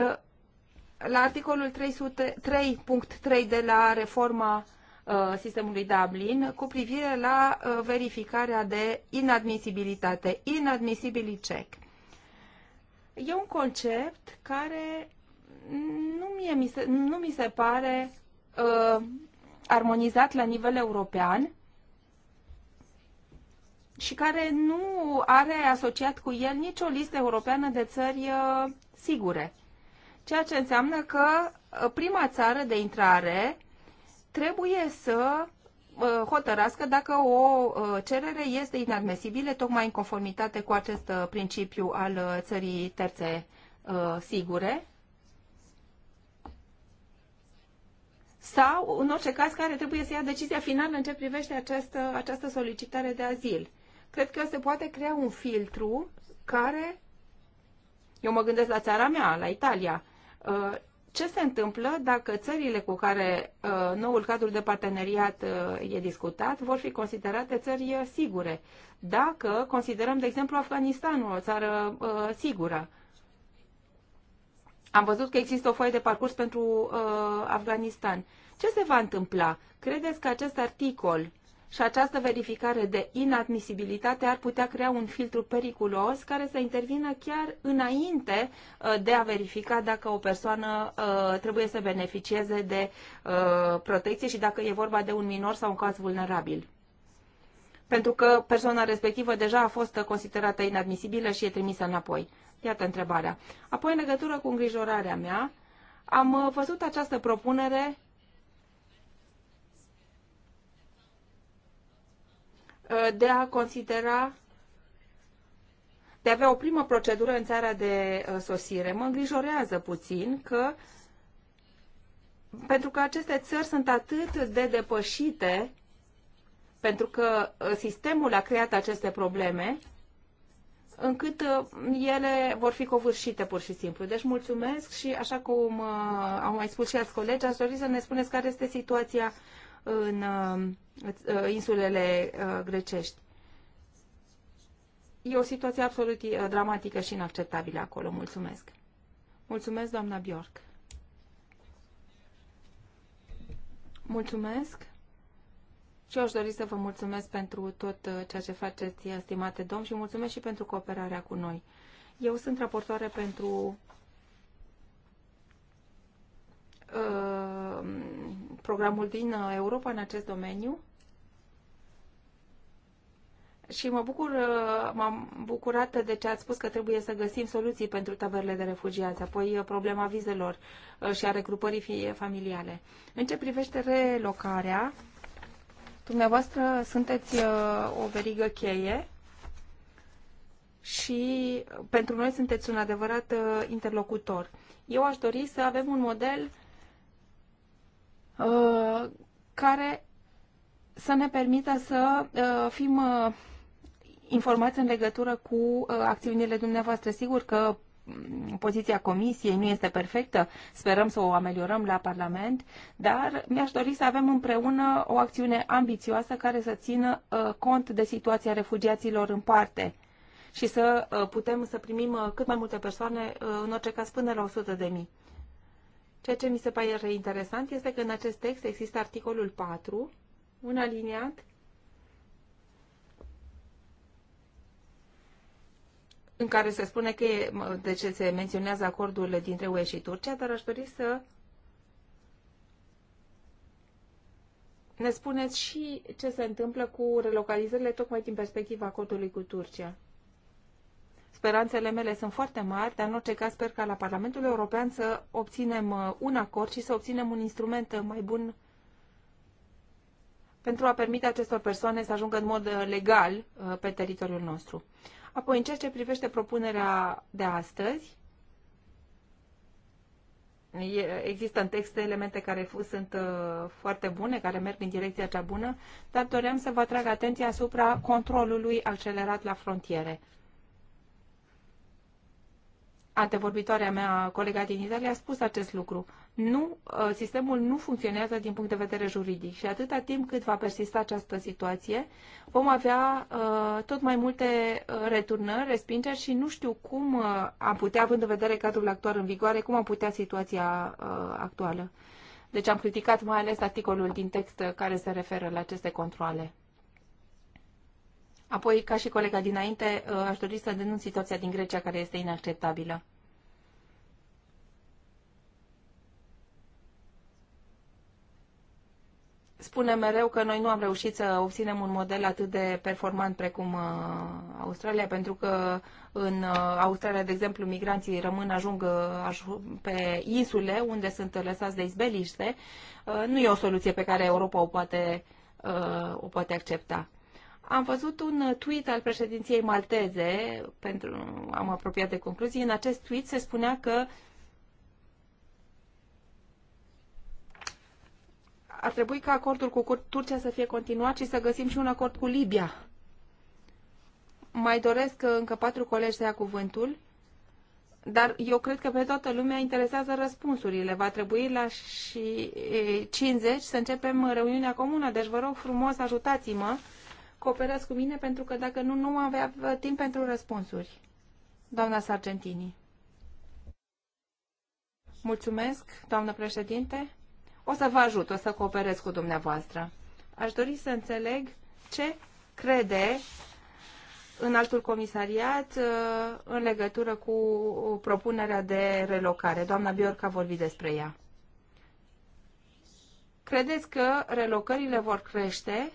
la articolul 3.3 de la reforma Uh, sistemului Dublin cu privire la uh, verificarea de inadmisibilitate, inadmisibili check. E un concept care nu, mie, mi, se, nu mi se pare uh, armonizat la nivel european și care nu are asociat cu el nicio listă europeană de țări uh, sigure. Ceea ce înseamnă că uh, prima țară de intrare trebuie să uh, hotărască dacă o uh, cerere este inadmisibilă tocmai în conformitate cu acest uh, principiu al țării terțe sigure sau, în orice caz, care trebuie să ia decizia finală în ce privește această, această solicitare de azil. Cred că se poate crea un filtru care, eu mă gândesc la țara mea, la Italia, ce se întâmplă dacă țările cu care uh, noul cadru de parteneriat uh, e discutat vor fi considerate țări sigure. Dacă considerăm, de exemplu, Afganistanul o țară uh, sigură, am văzut că există o foaie de parcurs pentru Afganistan. Ce se va întâmpla? Credeți că acest articol și această verificare de inadmisibilitate ar putea crea un filtru periculos care să intervină chiar înainte uh, de a verifica dacă o persoană uh, trebuie să beneficieze de uh, protecție și dacă e vorba de un minor sau un caz vulnerabil. Pentru că persoana respectivă deja a fost considerată inadmisibilă și e trimisă înapoi. Iată întrebarea. Apoi, în legătură cu îngrijorarea mea, am văzut această propunere Uh, de a considera de a avea o primă procedură în țara de uh, sosire. Mă îngrijorează puțin că pentru că aceste țări sunt atât de depășite pentru că uh, sistemul a creat aceste probleme, încât ele vor fi covârșite pur și simplu. Deci mulțumesc și așa cum au mai spus și alți colegi, aș dori să ne spuneți care este situația în uh, insulele uh, grecești. E o situație absolut uh, dramatică și inacceptabilă acolo. Mulțumesc. Mulțumesc, doamna Bjork. Mulțumesc. Și eu aș dori să vă mulțumesc pentru tot ceea ce faceți, stimate domn, și mulțumesc și pentru cooperarea cu noi. Eu sunt raportoare pentru uh, programul din uh, Europa în acest domeniu. Și mă bucur, uh, m-am bucurat de ce ați spus că trebuie să găsim soluții pentru taberele de refugiați, apoi uh, problema vizelor și a regrupării familiale. În ce privește relocarea, dumneavoastră sunteți o verigă cheie și pentru noi sunteți un adevărat interlocutor. Eu aș dori să avem un model Uh, care să ne permită să uh, fim uh, informați în legătură cu acțiunile dumneavoastră. Sigur că mm, poziția comisiei nu este perfectă, sperăm să o ameliorăm la Parlament, dar mi-aș dori să avem împreună o acțiune ambițioasă care să țină cont de situația refugiaților în parte și să putem să primim cât mai multe persoane, în orice caz până la 100 de mii. Ceea ce mi se pare interesant este că în acest text există articolul 4, un aliniat, în care se spune că e, de ce se menționează acordul dintre UE și Turcia, dar aș dori să ne spuneți și ce se întâmplă cu relocalizările tocmai din perspectiva acordului cu Turcia. Speranțele mele sunt foarte mari, dar în orice caz sper ca la Parlamentul European să obținem uh, un acord și să obținem un instrument uh, mai bun pentru a permite acestor persoane să ajungă în mod uh, legal pe teritoriul nostru. Apoi, în ceea ce privește propunerea de astăzi, există în text elemente care sunt foarte bune, care merg în direcția cea bună, dar doream să vă atrag atenția asupra controlului accelerat la frontiere antevorbitoarea mea, colega din Italia, a spus acest lucru. Nu, uh, sistemul nu funcționează din punct de vedere juridic și atâta timp cât va persista această situație, vom avea uh, tot mai multe uh, returnări, respingeri și nu știu cum uh, am putea, având în vedere cadrul actual în vigoare, cum am putea situația uh, actuală. Deci am criticat mai ales articolul din text care se referă la aceste controle. Apoi, ca și colega dinainte, uh, aș dori să denunț situația din Grecia, care este inacceptabilă. spunem mereu că noi nu am reușit să obținem un model atât de performant precum uh, Australia, pentru că în uh, Australia, de exemplu, migranții rămân, ajung pe insule unde sunt lăsați de izbeliște. Nu e o soluție pe care Europa o poate, o poate accepta. Am văzut un tweet al președinției malteze, pentru am apropiat de concluzie. În acest tweet se spunea că ar trebui ca acordul cu Turcia să fie continuat și să găsim și un acord cu Libia. Mai doresc încă patru colegi să ia cuvântul, dar eu cred că pe toată lumea interesează răspunsurile. Va trebui la și 50 să începem reuniunea comună, deci vă rog frumos ajutați-mă cooperați cu mine pentru că dacă nu, nu avea timp pentru răspunsuri. Doamna Sargentini. Mulțumesc, doamnă președinte. O să vă ajut, o să cooperez cu dumneavoastră. Aș dori să înțeleg ce crede în altul comisariat uh, în legătură cu propunerea de relocare. Doamna Biorca a vorbit despre ea. Credeți că relocările vor crește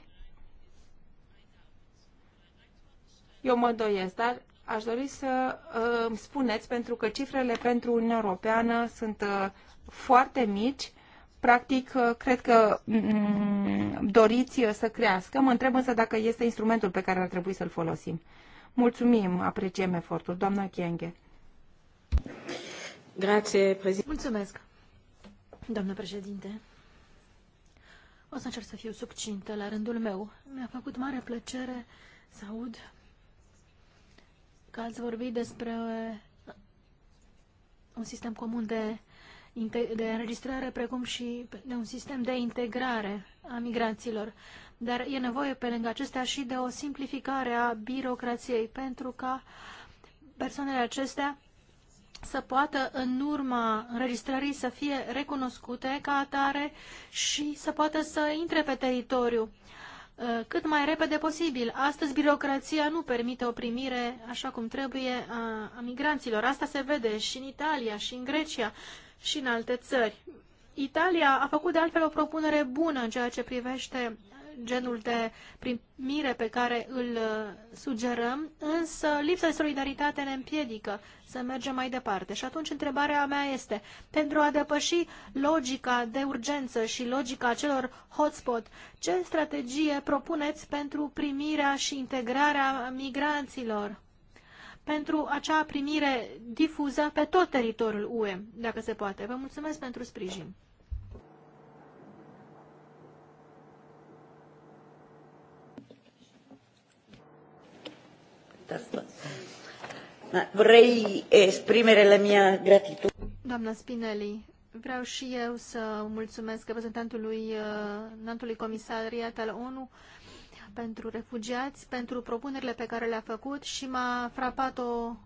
Eu mă îndoiesc, dar aș dori să uh, îmi spuneți, pentru că cifrele pentru Uniunea Europeană sunt uh, foarte mici, practic, uh, cred că mm, doriți să crească. Mă întreb însă dacă este instrumentul pe care ar trebui să-l folosim. Mulțumim, apreciem efortul. Doamna Chienghe. Grație, Mulțumesc, doamnă președinte. O să încerc să fiu succintă la rândul meu. Mi-a făcut mare plăcere să aud că ați vorbit despre un sistem comun de, de înregistrare, precum și de un sistem de integrare a migranților. Dar e nevoie, pe lângă acestea, și de o simplificare a birocrației, pentru ca persoanele acestea să poată în urma înregistrării să fie recunoscute ca atare și să poată să intre pe teritoriu. Uh, Uh, cât mai repede posibil. Astăzi, birocrația nu permite o primire așa cum trebuie a, a migranților. Asta se vede și în Italia, și în Grecia, și în alte țări. Italia a făcut de altfel o propunere bună în ceea ce privește genul de primire pe care îl uh, sugerăm, însă lipsa de solidaritate ne împiedică să mergem mai departe. Și atunci întrebarea mea este, pentru a depăși logica de urgență și logica celor hotspot, ce strategie propuneți pentru primirea și integrarea migranților? pentru acea primire difuză pe tot teritoriul UE, dacă se poate. Vă mulțumesc pentru sprijin. aceasta. Vrei exprimere la gratitudine. Doamna Spinelli, vreau și eu să mulțumesc reprezentantului uh, înaltului comisariat al ONU pentru refugiați, pentru propunerile pe care le-a făcut și m-a frapat o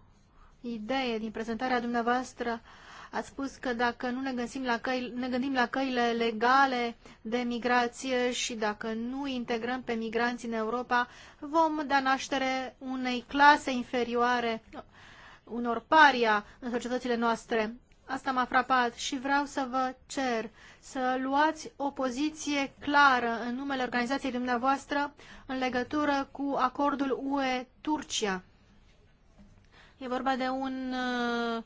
idee din prezentarea dumneavoastră uh, Ați spus că dacă nu ne gândim la, căi, ne gândim la căile legale de migrație și dacă nu integrăm pe migranți în Europa, vom da naștere unei clase inferioare, unor paria în societățile noastre. Asta m-a frapat și vreau să vă cer să luați o poziție clară în numele organizației dumneavoastră în legătură cu acordul UE-Turcia. E vorba de un uh,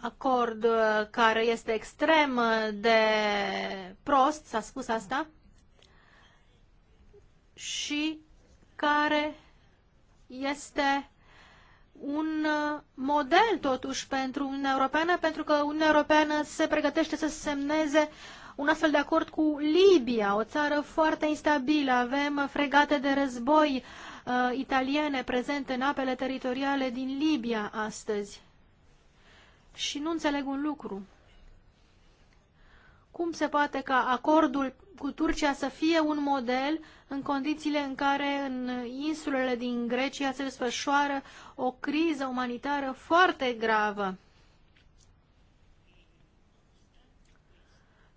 acord uh, care este extrem uh, de prost, s-a spus asta, și care este un uh, model totuși pentru Uniunea Europeană, pentru că Uniunea Europeană se pregătește să semneze un astfel de acord cu Libia, o țară foarte instabilă. Avem fregate de război uh, italiene prezente în apele teritoriale din Libia astăzi și nu înțeleg un lucru. Cum se poate ca acordul cu Turcia să fie un model în condițiile în care în insulele din Grecia se desfășoară o criză umanitară foarte gravă?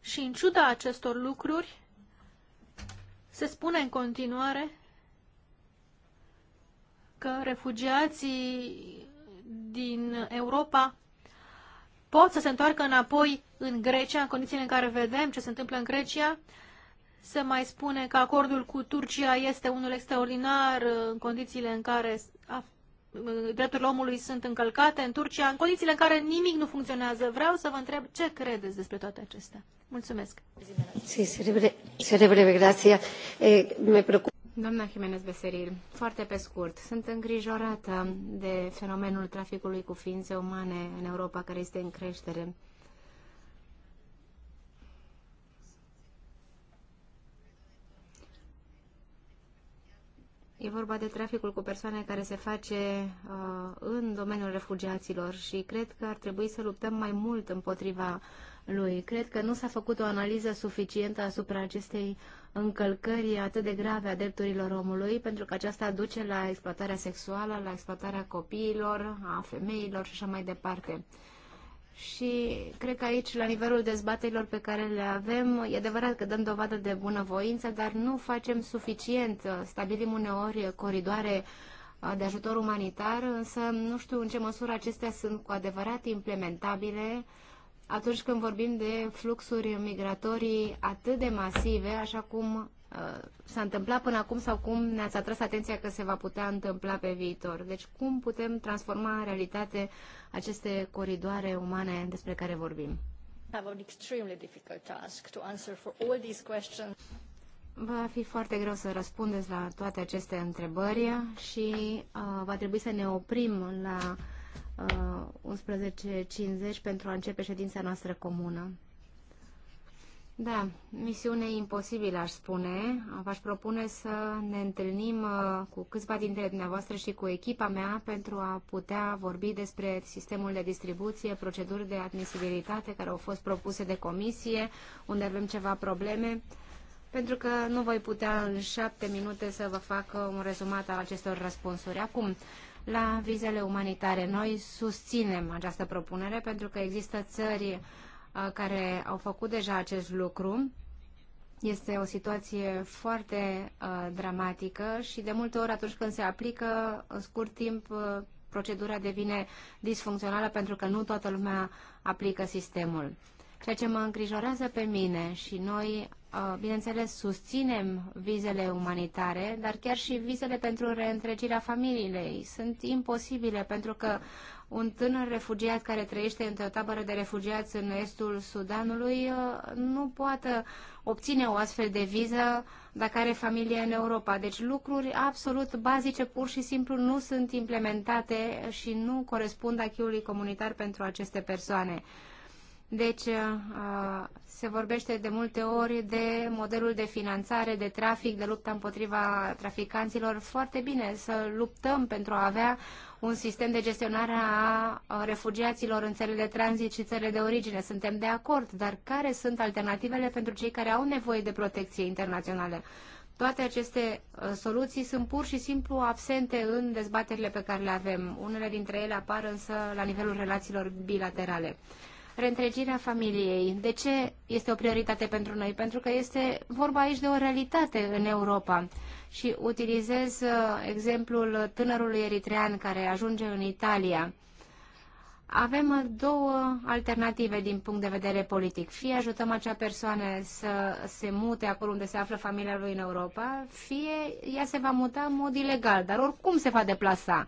Și în ciuda acestor lucruri, se spune în continuare că refugiații din Europa pot să se întoarcă înapoi în Grecia, în condițiile în care vedem ce se întâmplă în Grecia. Se mai spune că acordul cu Turcia este unul extraordinar uh, în condițiile în care uh, drepturile omului sunt încălcate în Turcia, în condițiile în care nimic nu funcționează. Vreau să vă întreb ce credeți despre toate acestea. Mulțumesc. Sí, seré breve, seré breve gracias. Eh, me preocup... Doamna Jimenez Beseril, foarte pe scurt, sunt îngrijorată de fenomenul traficului cu ființe umane în Europa, care este în creștere. E vorba de traficul cu persoane care se face uh, în domeniul refugiaților și cred că ar trebui să luptăm mai mult împotriva uh, lui. Cred că nu s-a făcut o analiză suficientă asupra acestei încălcări atât de grave a drepturilor omului, pentru că aceasta duce la exploatarea sexuală, la exploatarea copiilor, a femeilor și așa mai departe. Și cred că aici, la nivelul dezbaterilor pe care le avem, e adevărat că dăm dovadă de bunăvoință, dar nu facem suficient. Stabilim uneori coridoare de ajutor umanitar, însă nu știu în ce măsură acestea sunt cu adevărat implementabile atunci când vorbim de fluxuri migratorii atât de masive, așa cum uh, s-a întâmplat până acum sau cum ne-ați atras atenția că se va putea întâmpla pe viitor. Deci cum putem transforma în realitate aceste coridoare umane despre care vorbim? Va fi foarte greu să răspundeți la toate aceste întrebări și uh, va trebui să ne oprim la 11.50 pentru a începe ședința noastră comună. Da, misiune imposibilă, aș spune. V-aș propune să ne întâlnim uh, cu câțiva dintre dumneavoastră și cu echipa mea pentru a putea vorbi despre sistemul de distribuție, proceduri de admisibilitate care au fost propuse de comisie, unde avem ceva probleme, pentru că nu voi putea în șapte minute să vă fac un rezumat al acestor răspunsuri. Acum, la vizele umanitare. Noi susținem această propunere pentru că există țări uh, care au făcut deja acest lucru. Este o situație foarte uh, dramatică și de multe ori atunci când se aplică în scurt timp uh, procedura devine disfuncțională pentru că nu toată lumea aplică sistemul. Ceea ce mă îngrijorează pe mine și noi bineînțeles, susținem vizele umanitare, dar chiar și vizele pentru reîntregirea familiei sunt imposibile pentru că un tânăr refugiat care trăiește într-o tabără de refugiați în estul Sudanului nu poate obține o astfel de viză dacă are familie în Europa. Deci lucruri absolut bazice, pur și simplu, nu sunt implementate și nu corespund achiului comunitar pentru aceste persoane. Deci uh, se vorbește de multe ori de modelul de finanțare, de trafic, de lupta împotriva traficanților. Foarte bine să luptăm pentru a avea un sistem de gestionare a refugiaților în țările de tranzit și țările de origine. Suntem de acord, dar care sunt alternativele pentru cei care au nevoie de protecție internațională? Toate aceste uh, soluții sunt pur și simplu absente în dezbaterile pe care le avem. Unele dintre ele apar însă la nivelul relațiilor bilaterale reîntregirea familiei. De ce este o prioritate pentru noi? Pentru că este vorba aici de o realitate în Europa. Și utilizez uh, exemplul tânărului eritrean care ajunge în Italia. Avem uh, două alternative din punct de vedere politic. Fie ajutăm acea persoană să se mute acolo unde se află familia lui în Europa, fie ea se va muta în mod ilegal, dar oricum se va deplasa.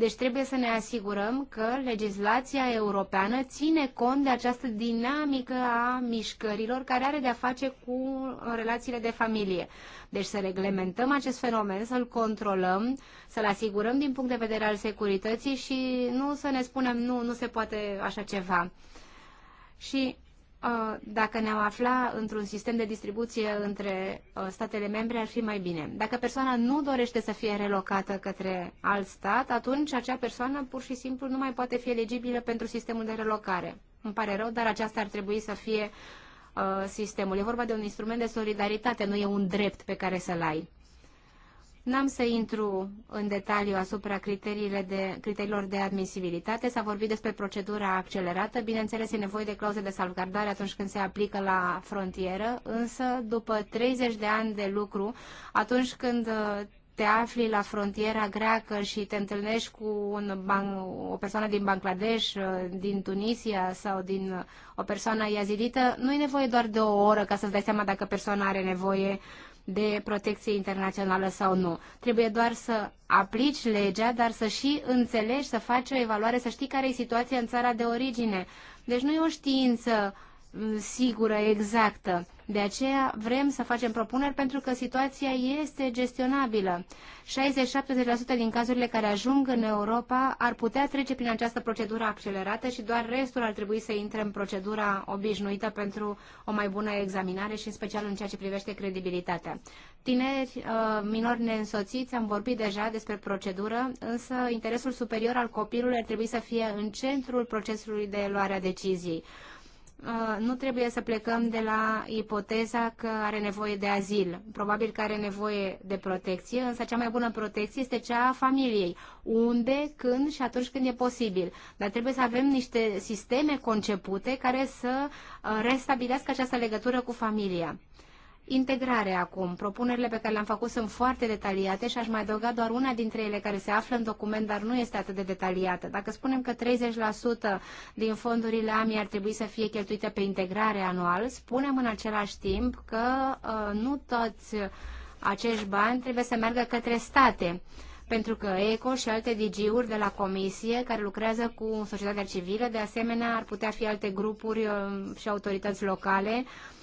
Deci trebuie să ne asigurăm că legislația europeană ține cont de această dinamică a mișcărilor care are de-a face cu relațiile de familie. Deci să reglementăm acest fenomen, să-l controlăm, să-l asigurăm din punct de vedere al securității și nu să ne spunem nu, nu se poate așa ceva. Și Uh, dacă ne-am afla într-un sistem de distribuție între uh, statele membre, ar fi mai bine. Dacă persoana nu dorește să fie relocată către alt stat, atunci acea persoană pur și simplu nu mai poate fi eligibilă pentru sistemul de relocare. Îmi pare rău, dar aceasta ar trebui să fie uh, sistemul. E vorba de un instrument de solidaritate, nu e un drept pe care să-l ai. N-am să intru în detaliu asupra criteriile de, criteriilor de admisibilitate. S-a vorbit despre procedura accelerată. Bineînțeles, e nevoie de clauze de salvgardare atunci când se aplică la frontieră, însă după 30 de ani de lucru, atunci când uh, te afli la frontiera greacă și te întâlnești cu un ban, o persoană din Bangladesh, uh, din Tunisia sau din uh, o persoană iazidită, nu e nevoie doar de o oră ca să-ți dai seama dacă persoana are nevoie uh, de protecție internațională sau nu. Trebuie doar să aplici legea, dar să și înțelegi, să faci o evaluare, să știi care e situația în țara de origine. Deci nu e o știință mm, sigură, exactă. De aceea vrem să facem propuneri pentru că situația este gestionabilă. 60-70% din cazurile care ajung în Europa ar putea trece prin această procedură accelerată și doar restul ar trebui să intre în procedura obișnuită pentru o mai bună examinare și în special în ceea ce privește credibilitatea. Tineri, uh, minori neînsoțiți, am vorbit deja despre procedură, însă interesul superior al copilului ar trebui să fie în centrul procesului de luare a deciziei. Uh, nu trebuie să plecăm de la ipoteza că are nevoie de azil. Probabil că are nevoie de protecție, însă cea mai bună protecție este cea a familiei. Unde, când și atunci când e posibil. Dar trebuie să avem niște sisteme concepute care să uh, restabilească această legătură cu familia. Integrare acum. Propunerile pe care le-am făcut sunt foarte detaliate și aș mai adăuga doar una dintre ele care se află în document, dar nu este atât de detaliată. Dacă spunem că 30% din fondurile AMI ar trebui să fie cheltuite pe integrare anual, spunem în același timp că uh, nu toți acești bani trebuie să meargă către state pentru că ECO și alte DG-uri de la Comisie care lucrează cu societatea civilă, de asemenea ar putea fi alte grupuri uh, și autorități locale uh,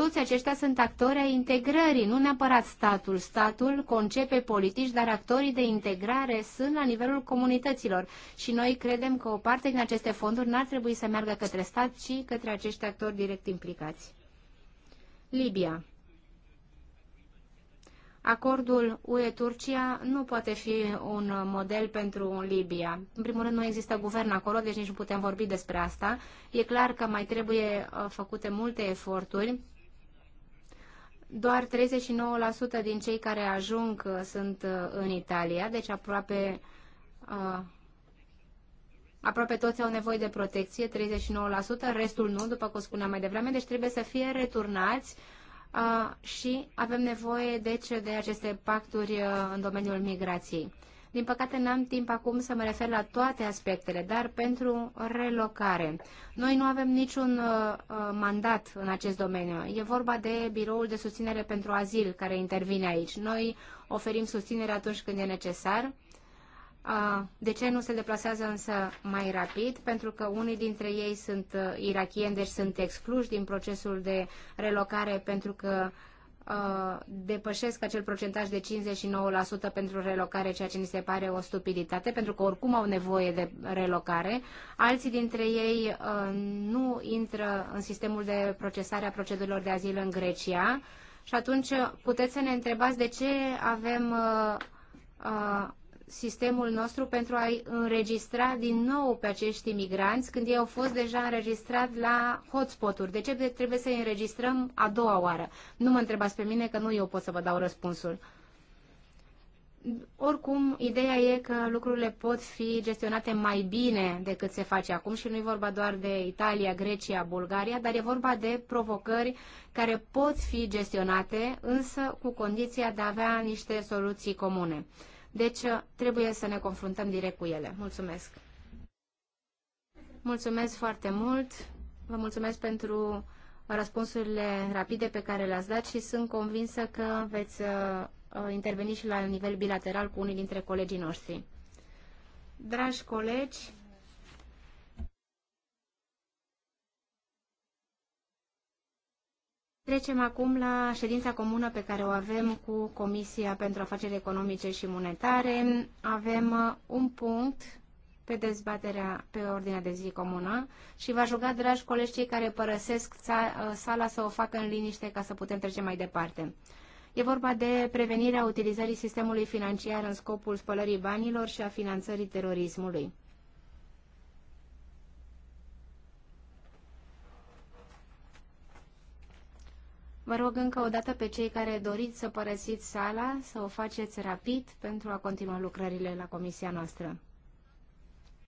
toți aceștia sunt actori ai integrării, nu neapărat statul. Statul concepe politici, dar actorii de integrare sunt la nivelul comunităților. Și noi credem că o parte din aceste fonduri n-ar trebui să meargă către stat, ci către acești actori direct implicați. Libia. Acordul UE-Turcia nu poate fi un model pentru Libia. În primul rând, nu există guvern acolo, deci nici nu putem vorbi despre asta. E clar că mai trebuie uh, făcute multe eforturi doar 39% din cei care ajung uh, sunt uh, în Italia, deci aproape, uh, aproape toți au nevoie de protecție, 39%, restul nu, după cum spuneam mai devreme, deci trebuie să fie returnați și avem nevoie deci de aceste pacturi în domeniul migrației. Din păcate n-am timp acum să mă refer la toate aspectele, dar pentru relocare. Noi nu avem niciun uh, uh, mandat în acest domeniu. E vorba de biroul de susținere pentru azil care intervine aici. Noi oferim susținere atunci când e necesar. Uh, de ce nu se deplasează însă mai rapid? Pentru că unii dintre ei sunt uh, irachieni, deci sunt excluși din procesul de relocare pentru că Uh, depășesc acel procentaj de 59% pentru relocare, ceea ce mi se pare o stupiditate, pentru că oricum au nevoie de relocare. Alții dintre ei uh, nu intră în sistemul de procesare a procedurilor de azil în Grecia și atunci puteți să ne întrebați de ce avem uh, sistemul nostru pentru a-i înregistra din nou pe acești imigranți când ei au fost deja înregistrați la hotspot-uri. De ce trebuie să-i înregistrăm a doua oară? Nu mă întrebați pe mine că nu eu pot să vă dau răspunsul. Oricum, ideea e că lucrurile pot fi gestionate mai bine decât se face acum și nu e vorba doar de Italia, Grecia, Bulgaria, dar e vorba de provocări care pot fi gestionate, însă cu condiția de a avea niște soluții comune. Deci uh, trebuie să ne confruntăm direct cu ele. Mulțumesc! Mulțumesc foarte mult! Vă mulțumesc pentru răspunsurile rapide pe care le-ați dat și sunt convinsă că veți uh, uh, interveni și la nivel bilateral cu unii dintre colegii noștri. Dragi colegi, Trecem acum la ședința comună pe care o avem cu Comisia pentru Afaceri Economice și Monetare. Avem uh, un punct pe dezbaterea pe ordinea de zi comună și va aș dragi colegi, cei care părăsesc uh, sala să o facă în liniște ca să putem trece mai departe. E vorba de prevenirea utilizării sistemului financiar în scopul spălării banilor și a finanțării terorismului. Vă rog încă o dată pe cei care doriți să părăsiți sala să o faceți rapid pentru a continua lucrările la comisia noastră.